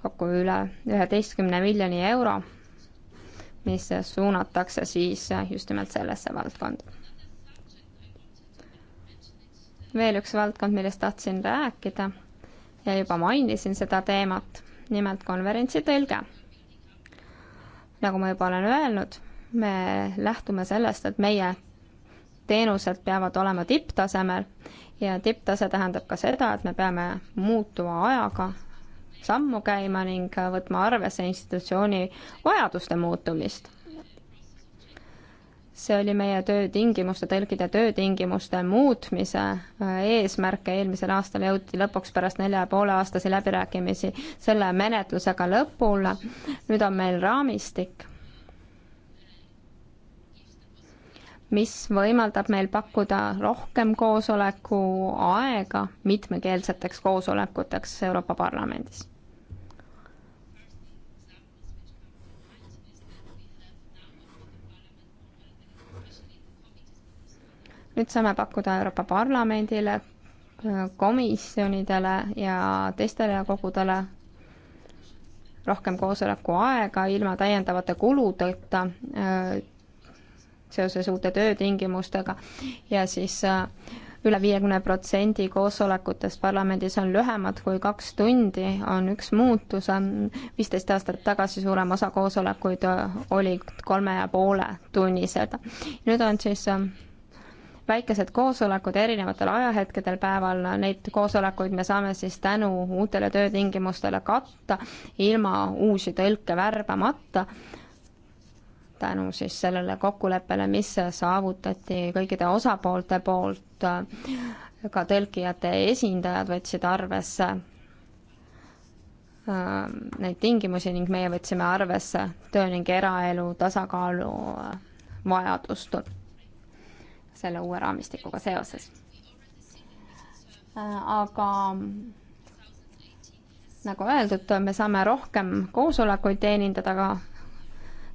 kokku üle üheteistkümne miljoni euro mis suunatakse siis just nimelt sellesse valdkonda. veel üks valdkond, millest tahtsin rääkida ja juba mainisin seda teemat, nimelt konverentsi tõlge. nagu ma juba olen öelnud, me lähtume sellest, et meie teenused peavad olema tipptasemel ja tipptase tähendab ka seda, et me peame muutuva ajaga sammu käima ning võtma arvesse institutsiooni vajaduste muutumist. see oli meie töötingimuste, tõlkide töötingimuste muutmise äh, eesmärk ja eelmisel aastal jõuti lõpuks pärast nelja ja poole aastasi läbirääkimisi selle menetlusega lõpule. nüüd on meil raamistik, mis võimaldab meil pakkuda rohkem koosoleku aega mitmekeelseteks koosolekuteks Euroopa Parlamendis nüüd saame pakkuda Euroopa Parlamendile, komisjonidele ja teistele kogudele rohkem koosoleku aega ilma täiendavate kuludeta äh, seoses uute töötingimustega ja siis äh, üle viiekümne protsendi koosolekutest parlamendis on lühemad kui kaks tundi, on üks muutus, on viisteist aastat tagasi suurem osa koosolekuid äh, olid kolme ja poole tunnised. nüüd on siis väikesed koosolekud erinevatel ajahetkedel päeval, neid koosolekuid me saame siis tänu uutele töötingimustele katta ilma uusi tõlke värbamata, tänu siis sellele kokkuleppele, mis saavutati kõikide osapoolte poolt, ka tõlkijate esindajad võtsid arvesse äh, neid tingimusi ning meie võtsime arvesse töö ning eraelu tasakaalu äh, vajadust selle uue raamistikuga seoses. aga nagu öeldud, me saame rohkem koosolekuid teenindada ka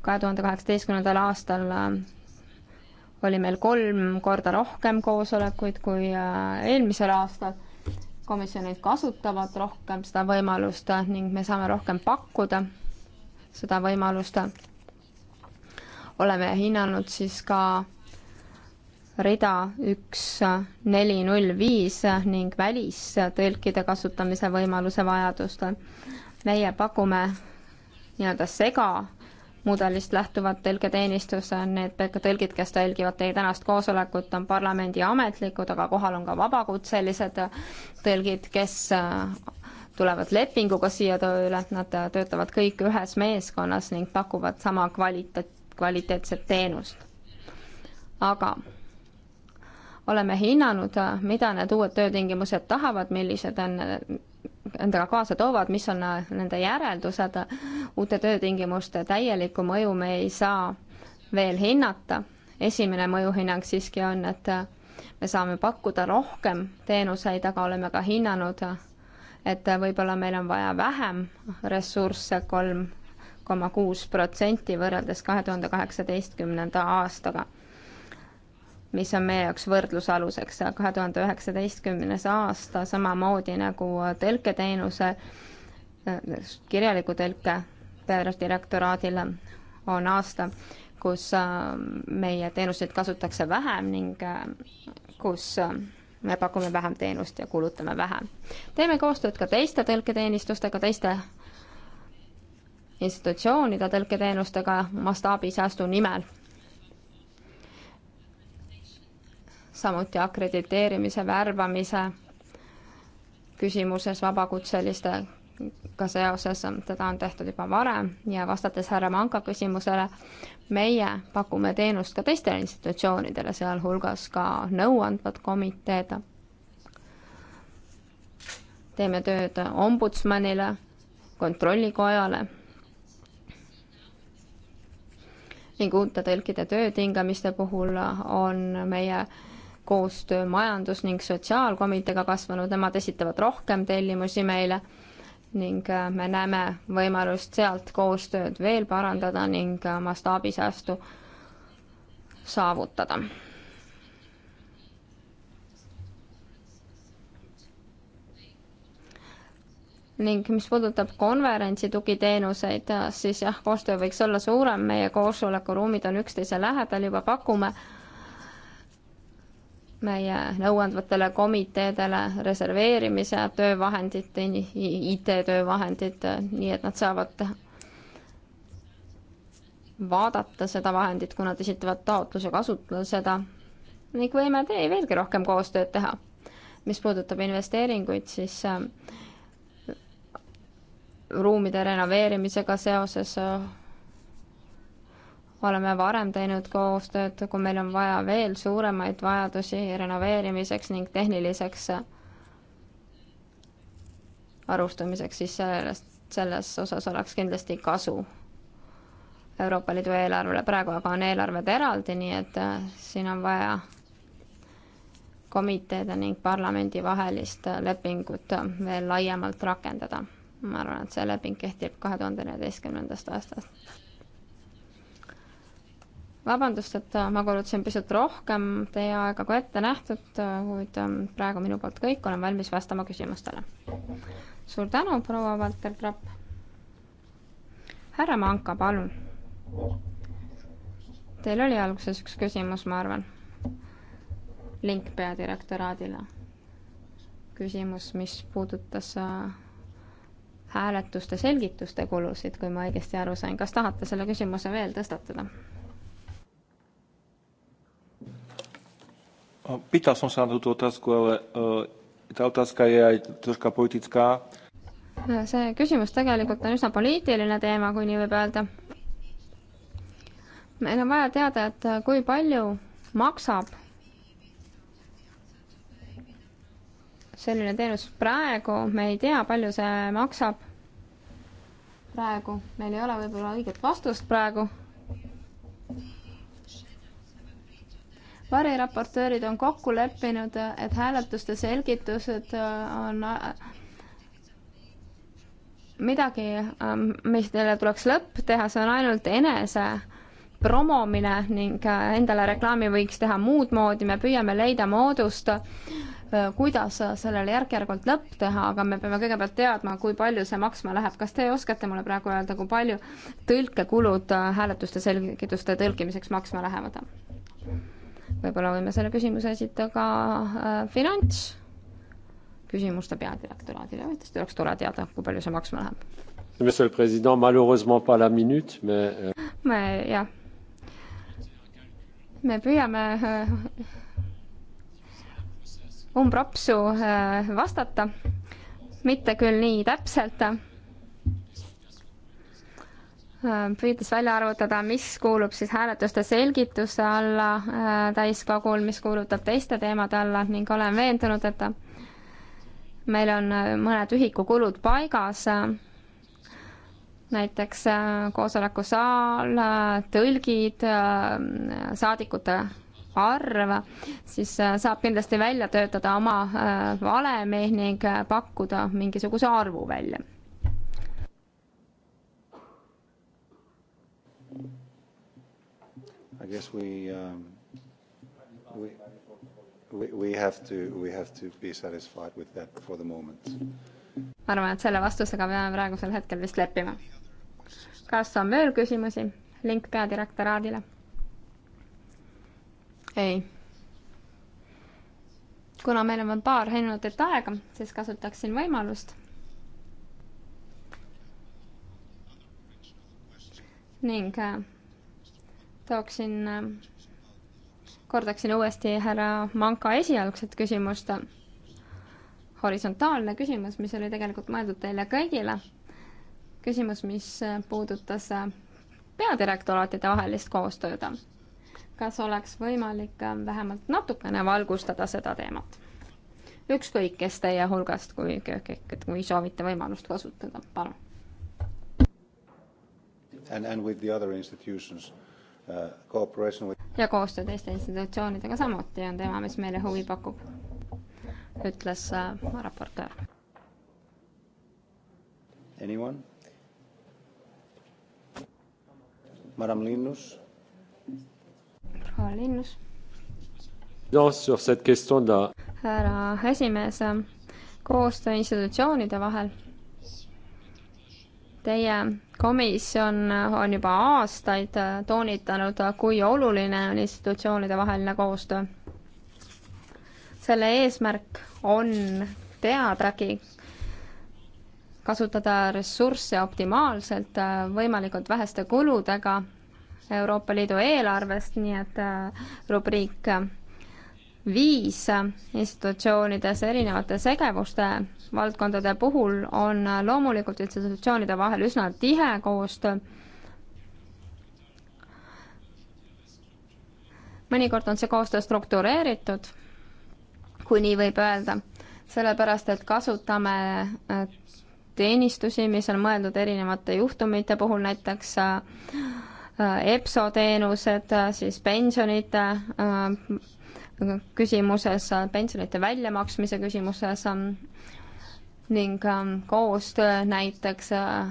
kahe tuhande kaheksateistkümnendal aastal oli meil kolm korda rohkem koosolekuid kui eelmisel aastal. komisjonid kasutavad rohkem seda võimalust ning me saame rohkem pakkuda seda võimalust. oleme hinnanud siis ka rida üks neli null viis ning välistõlkide kasutamise võimaluse vajadust. meie pakume nii-öelda segamudelist lähtuvat tõlketeenistust, need tõlgid, kes tõlgivad teie tänast koosolekut, on parlamendi ametlikud, aga kohal on ka vabakutselised tõlgid, kes tulevad lepinguga siia tööle, nad töötavad kõik ühes meeskonnas ning pakuvad sama kvaliteet, kvaliteetset teenust. aga oleme hinnanud, mida need uued töötingimused tahavad, millised on endaga kaasa toovad, mis on nende järeldused, uute töötingimuste täielikku mõju me ei saa veel hinnata. esimene mõjuhinnang siiski on, et me saame pakkuda rohkem teenuseid, aga oleme ka hinnanud, et võib-olla meil on vaja vähem ressursse, kolm koma kuus protsenti võrreldes kahe tuhande kaheksateistkümnenda aastaga mis on meie jaoks võrdlusaluseks. kahe tuhande üheksateistkümnes aasta samamoodi nagu tõlketeenuse, kirjaliku tõlke peadirektoraadil on aasta, kus ähm, meie teenuseid kasutatakse vähem ning äh, kus ähm, me pakume vähem teenust ja kulutame vähem. teeme koostööd ka teiste tõlketeenistustega, teiste institutsioonide tõlketeenustega mastaabisäästu nimel samuti akrediteerimise, värbamise küsimuses vabakutselistega seoses, seda on tehtud juba varem ja vastates härra Manka küsimusele, meie pakume teenust ka teistele institutsioonidele, sealhulgas ka nõuandvad komiteed. teeme tööd ombudsmanile, kontrollikojale ning uute tõlkide töötingimuste puhul on meie koostöö majandus- ning sotsiaalkomiteega kasvanud, nemad esitavad rohkem tellimusi meile ning äh, me näeme võimalust sealt koostööd veel parandada ning äh, mastaabisäästu saavutada. ning mis puudutab konverentsi tugiteenuseid, äh, siis jah, koostöö võiks olla suurem, meie koosolekuruumid on üksteise lähedal, juba pakume äh, meie nõuandvatele komiteedele reserveerimise töövahendite, IT-töövahendite, nii et nad saavad vaadata seda vahendit, kui nad esitavad taotluse kasutada seda ning võime tee veelgi rohkem koostööd teha. mis puudutab investeeringuid, siis äh, ruumide renoveerimisega seoses äh, oleme varem teinud koostööd, kui meil on vaja veel suuremaid vajadusi renoveerimiseks ning tehniliseks varustamiseks, siis sellest, selles osas oleks kindlasti kasu Euroopa Liidu eelarvele. praegu aga on eelarved eraldi, nii et äh, siin on vaja komiteede ning parlamendi vahelist äh, lepingut äh, veel laiemalt rakendada. ma arvan, et see leping kehtib kahe tuhande neljateistkümnendast aastast vabandust, et äh, ma kulutasin pisut rohkem teie aega kui ette nähtud, äh, kuid ähm, praegu minu poolt kõik, olen valmis vastama küsimustele. suur tänu, proua Valter Trapp. härra Manka, palun. Teil oli alguses üks küsimus, ma arvan. link peadirektoraadile. küsimus, mis puudutas äh, hääletuste selgituste kulusid, kui ma õigesti aru sain. kas tahate selle küsimuse veel tõstatada? Pýtal som sa na túto otázku, ale e, tá otázka je aj troška politická. see küsimus tegelikult on üsna poliitiline teema, kui nii võib öelda. meil on vaja teada, et kui palju maksab selline teenus praegu, me ei tea, palju see maksab praegu, meil ei ole võib-olla õiget vastust praegu variraportöörid on kokku leppinud, et hääletuste selgitused äh, on äh, midagi, äh, mis neile tuleks lõpp teha, see on ainult enese promomine ning endale reklaami võiks teha muud moodi, me püüame leida moodust, kuidas sellele järk-järgult lõpp teha, aga me peame kõigepealt teadma, kui palju see maksma läheb. kas te oskate mulle praegu öelda, kui palju tõlkekulud hääletuste selgituste tõlkimiseks maksma lähevad? võib-olla võime selle küsimuse esitada ka äh, finantsküsimuste peadirektoraadile, et oleks tore teada, kui palju see maksma läheb. Monsieur le Président, malheureusement pas la minute, mais... Euh, me jah, me püüame äh, umbropsu äh, vastata, mitte küll nii täpselt Äh, püüdes välja arvutada, mis kuulub siis hääletuste selgituse alla äh, täiskogul, mis kuulutab teiste teemade alla ning olen veendunud, et meil on äh, mõned ühikukulud paigas, näiteks koosolekusaal, tõlgid, saadikute arv, siis saab kindlasti välja töötada oma valemi ning pakkuda mingisuguse arvu välja I guess we, um, we, we, we have to, we have to be satisfied with that for the moment. ma arvan, et selle vastusega peame praegusel hetkel vist leppima. kas on veel küsimusi link peadirektoraadile? ei. kuna meil on veel paar minutit aega, siis kasutaksin võimalust ning äh, tooksin, äh, kordaksin uuesti härra Manka esialgset küsimust. horisontaalne küsimus, mis oli tegelikult mõeldud teile kõigile. küsimus, mis äh, puudutas äh, peadirektoraatide vahelist koostööd. kas oleks võimalik vähemalt natukene valgustada seda teemat? ükskõik, kes teie hulgast, kui, kui soovite võimalust kasutada, palun. And, and with the other institutions Äh, ja koostöö teiste institutsioonidega samuti on teema, mis meile huvi pakub, ütles äh, raportöör. Anyone? Madame Linnus. proua Linnus. härra esimees, koostöö institutsioonide vahel Teie komisjon on juba aastaid toonitanud, kui oluline on institutsioonide vaheline koostöö. selle eesmärk on teadagi kasutada ressursse optimaalselt, võimalikult väheste kuludega Euroopa Liidu eelarvest, nii et äh, rubriik viis institutsioonides erinevate segevuste valdkondade puhul on loomulikult institutsioonide vahel üsna tihe koostöö. mõnikord on see koostöö struktureeritud, kui nii võib öelda, sellepärast et kasutame äh, teenistusi, mis on mõeldud erinevate juhtumite puhul, näiteks äh, äh, EPSO teenused, siis pensionite küsimuses, pensionite väljamaksmise küsimuses ähm, ning ähm, koostöö näiteks äh,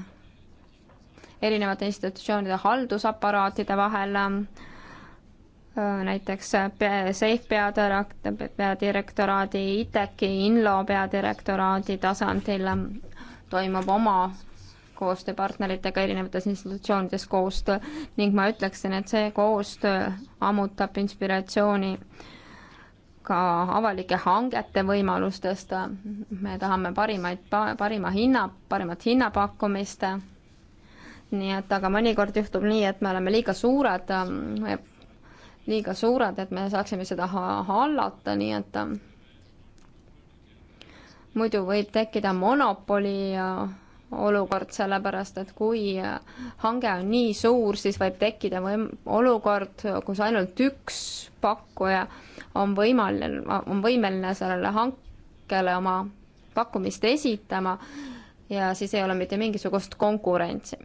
erinevate institutsioonide haldusaparaatide vahel, ähm, äh, näiteks äh, Safe peadirektoraadi, ITEC-i, Inlo peadirektoraadi tasandil toimub oma koostööpartneritega erinevates institutsioonides koostöö ning ma ütleksin, et see koostöö ammutab inspiratsiooni äh, ka avalike hangete võimalustest. me tahame parimaid, parima hinna, parimat hinnapakkumist. nii et, aga mõnikord juhtub nii, et me oleme liiga suured, eh, liiga suured, et me saaksime seda hallata, nii et muidu võib tekkida monopoli ja olukord, sellepärast et kui hange on nii suur, siis võib tekkida võim-, olukord, kus ainult üks pakkuja on võimaline, on võimeline sellele hankele oma pakkumist esitama ja siis ei ole mitte mingisugust konkurentsi.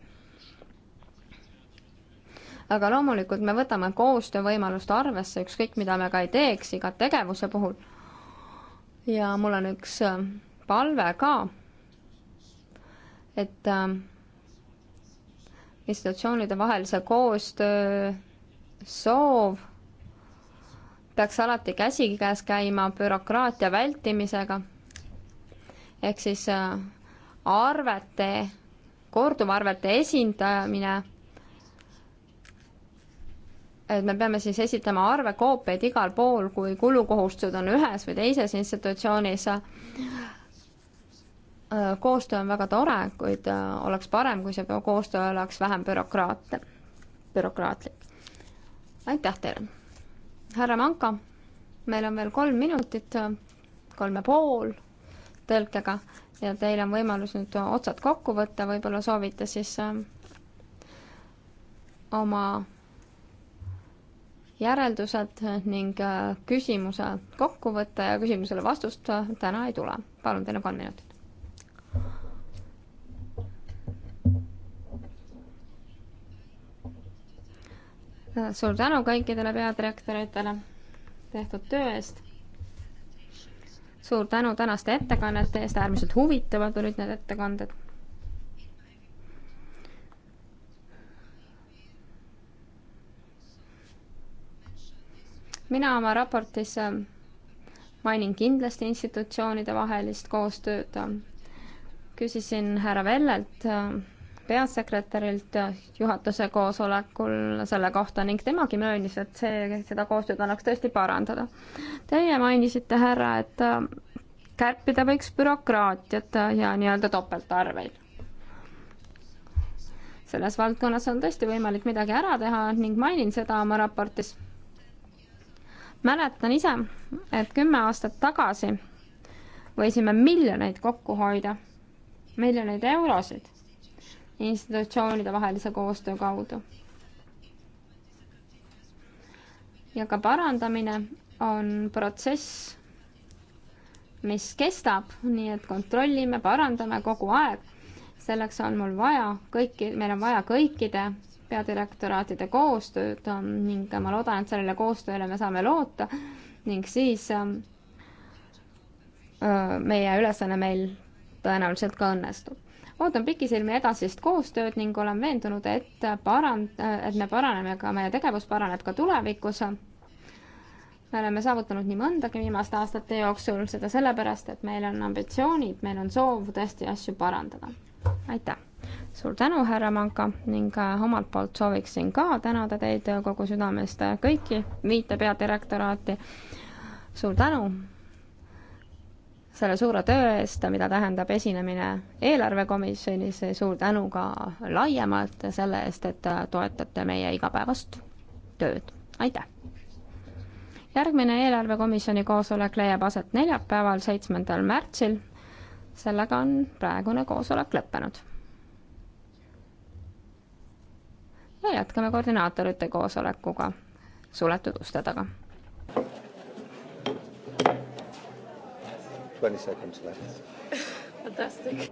aga loomulikult me võtame koostöövõimalust arvesse, ükskõik mida me ka ei teeks iga tegevuse puhul. ja mul on üks palve ka et ähm, institutsioonide vahelise koostöö soov peaks alati käsikäes käima bürokraatia vältimisega, ehk siis äh, arvete, korduvarvete esindamine, et me peame siis esitama arvekoopiaid igal pool, kui kulukohustused on ühes või teises institutsioonis, Äh, koostöö on väga tore, kuid äh, oleks parem, kui see koostöö oleks vähem bürokraatne, bürokraatlik. aitäh teile! härra Manka, meil on veel kolm minutit, äh, kolm ja pool tõlkega ja teil on võimalus nüüd otsad kokku võtta, võib-olla soovite siis oma järeldused ning küsimuse kokkuvõte ja küsimusele vastust täna ei tule. palun, teil on kolm minutit. suur tänu kõikidele peadirektoritele tehtud töö eest. suur tänu tänaste ettekannete eest, äärmiselt huvitavad olid need ettekanded. mina oma raportis ähm, mainin kindlasti institutsioonide vahelist koostööd. küsisin härra Vellelt ähm, peasekretärilt juhatuse koosolekul selle kohta ning temagi möönis, et see, seda koostööd annaks tõesti parandada. Teie mainisite, härra, et äh, kärpida võiks bürokraatiat ja nii-öelda topeltarveid. selles valdkonnas on tõesti võimalik midagi ära teha ning mainin seda oma raportis. mäletan ise, et kümme aastat tagasi võisime miljoneid kokku hoida, miljoneid eurosid institutsioonide vahelise koostöö kaudu. ja ka parandamine on protsess, mis kestab, nii et kontrollime, parandame kogu aeg. selleks on mul vaja kõiki, meil on vaja kõikide peadirektoraatide koostööd ähm, ning ma loodan, et sellele koostööle me saame loota ning siis ähm, äh, meie ülesanne meil tõenäoliselt ka õnnestub ootan pikisilmi edasist koostööd ning olen veendunud, et paran-, et me paraneme ka, meie tegevus paraneb ka tulevikus. me oleme saavutanud nii mõndagi viimaste aastate jooksul, seda sellepärast, et meil on ambitsioonid, meil on soov tõesti asju parandada. aitäh! suur tänu, härra Manka ning äh, omalt poolt sooviksin ka tänada teid kogu südamest, kõiki viite peadirektoraati. suur tänu! selle suure töö eest, mida tähendab esinemine eelarvekomisjonis, suur tänu ka laiemalt selle eest, et toetate meie igapäevast tööd, aitäh! järgmine eelarvekomisjoni koosolek leiab aset neljapäeval, seitsmendal märtsil. sellega on praegune koosolek lõppenud. ja jätkame koordinaatorite koosolekuga suletud uste taga. 20 seconds left. Fantastic.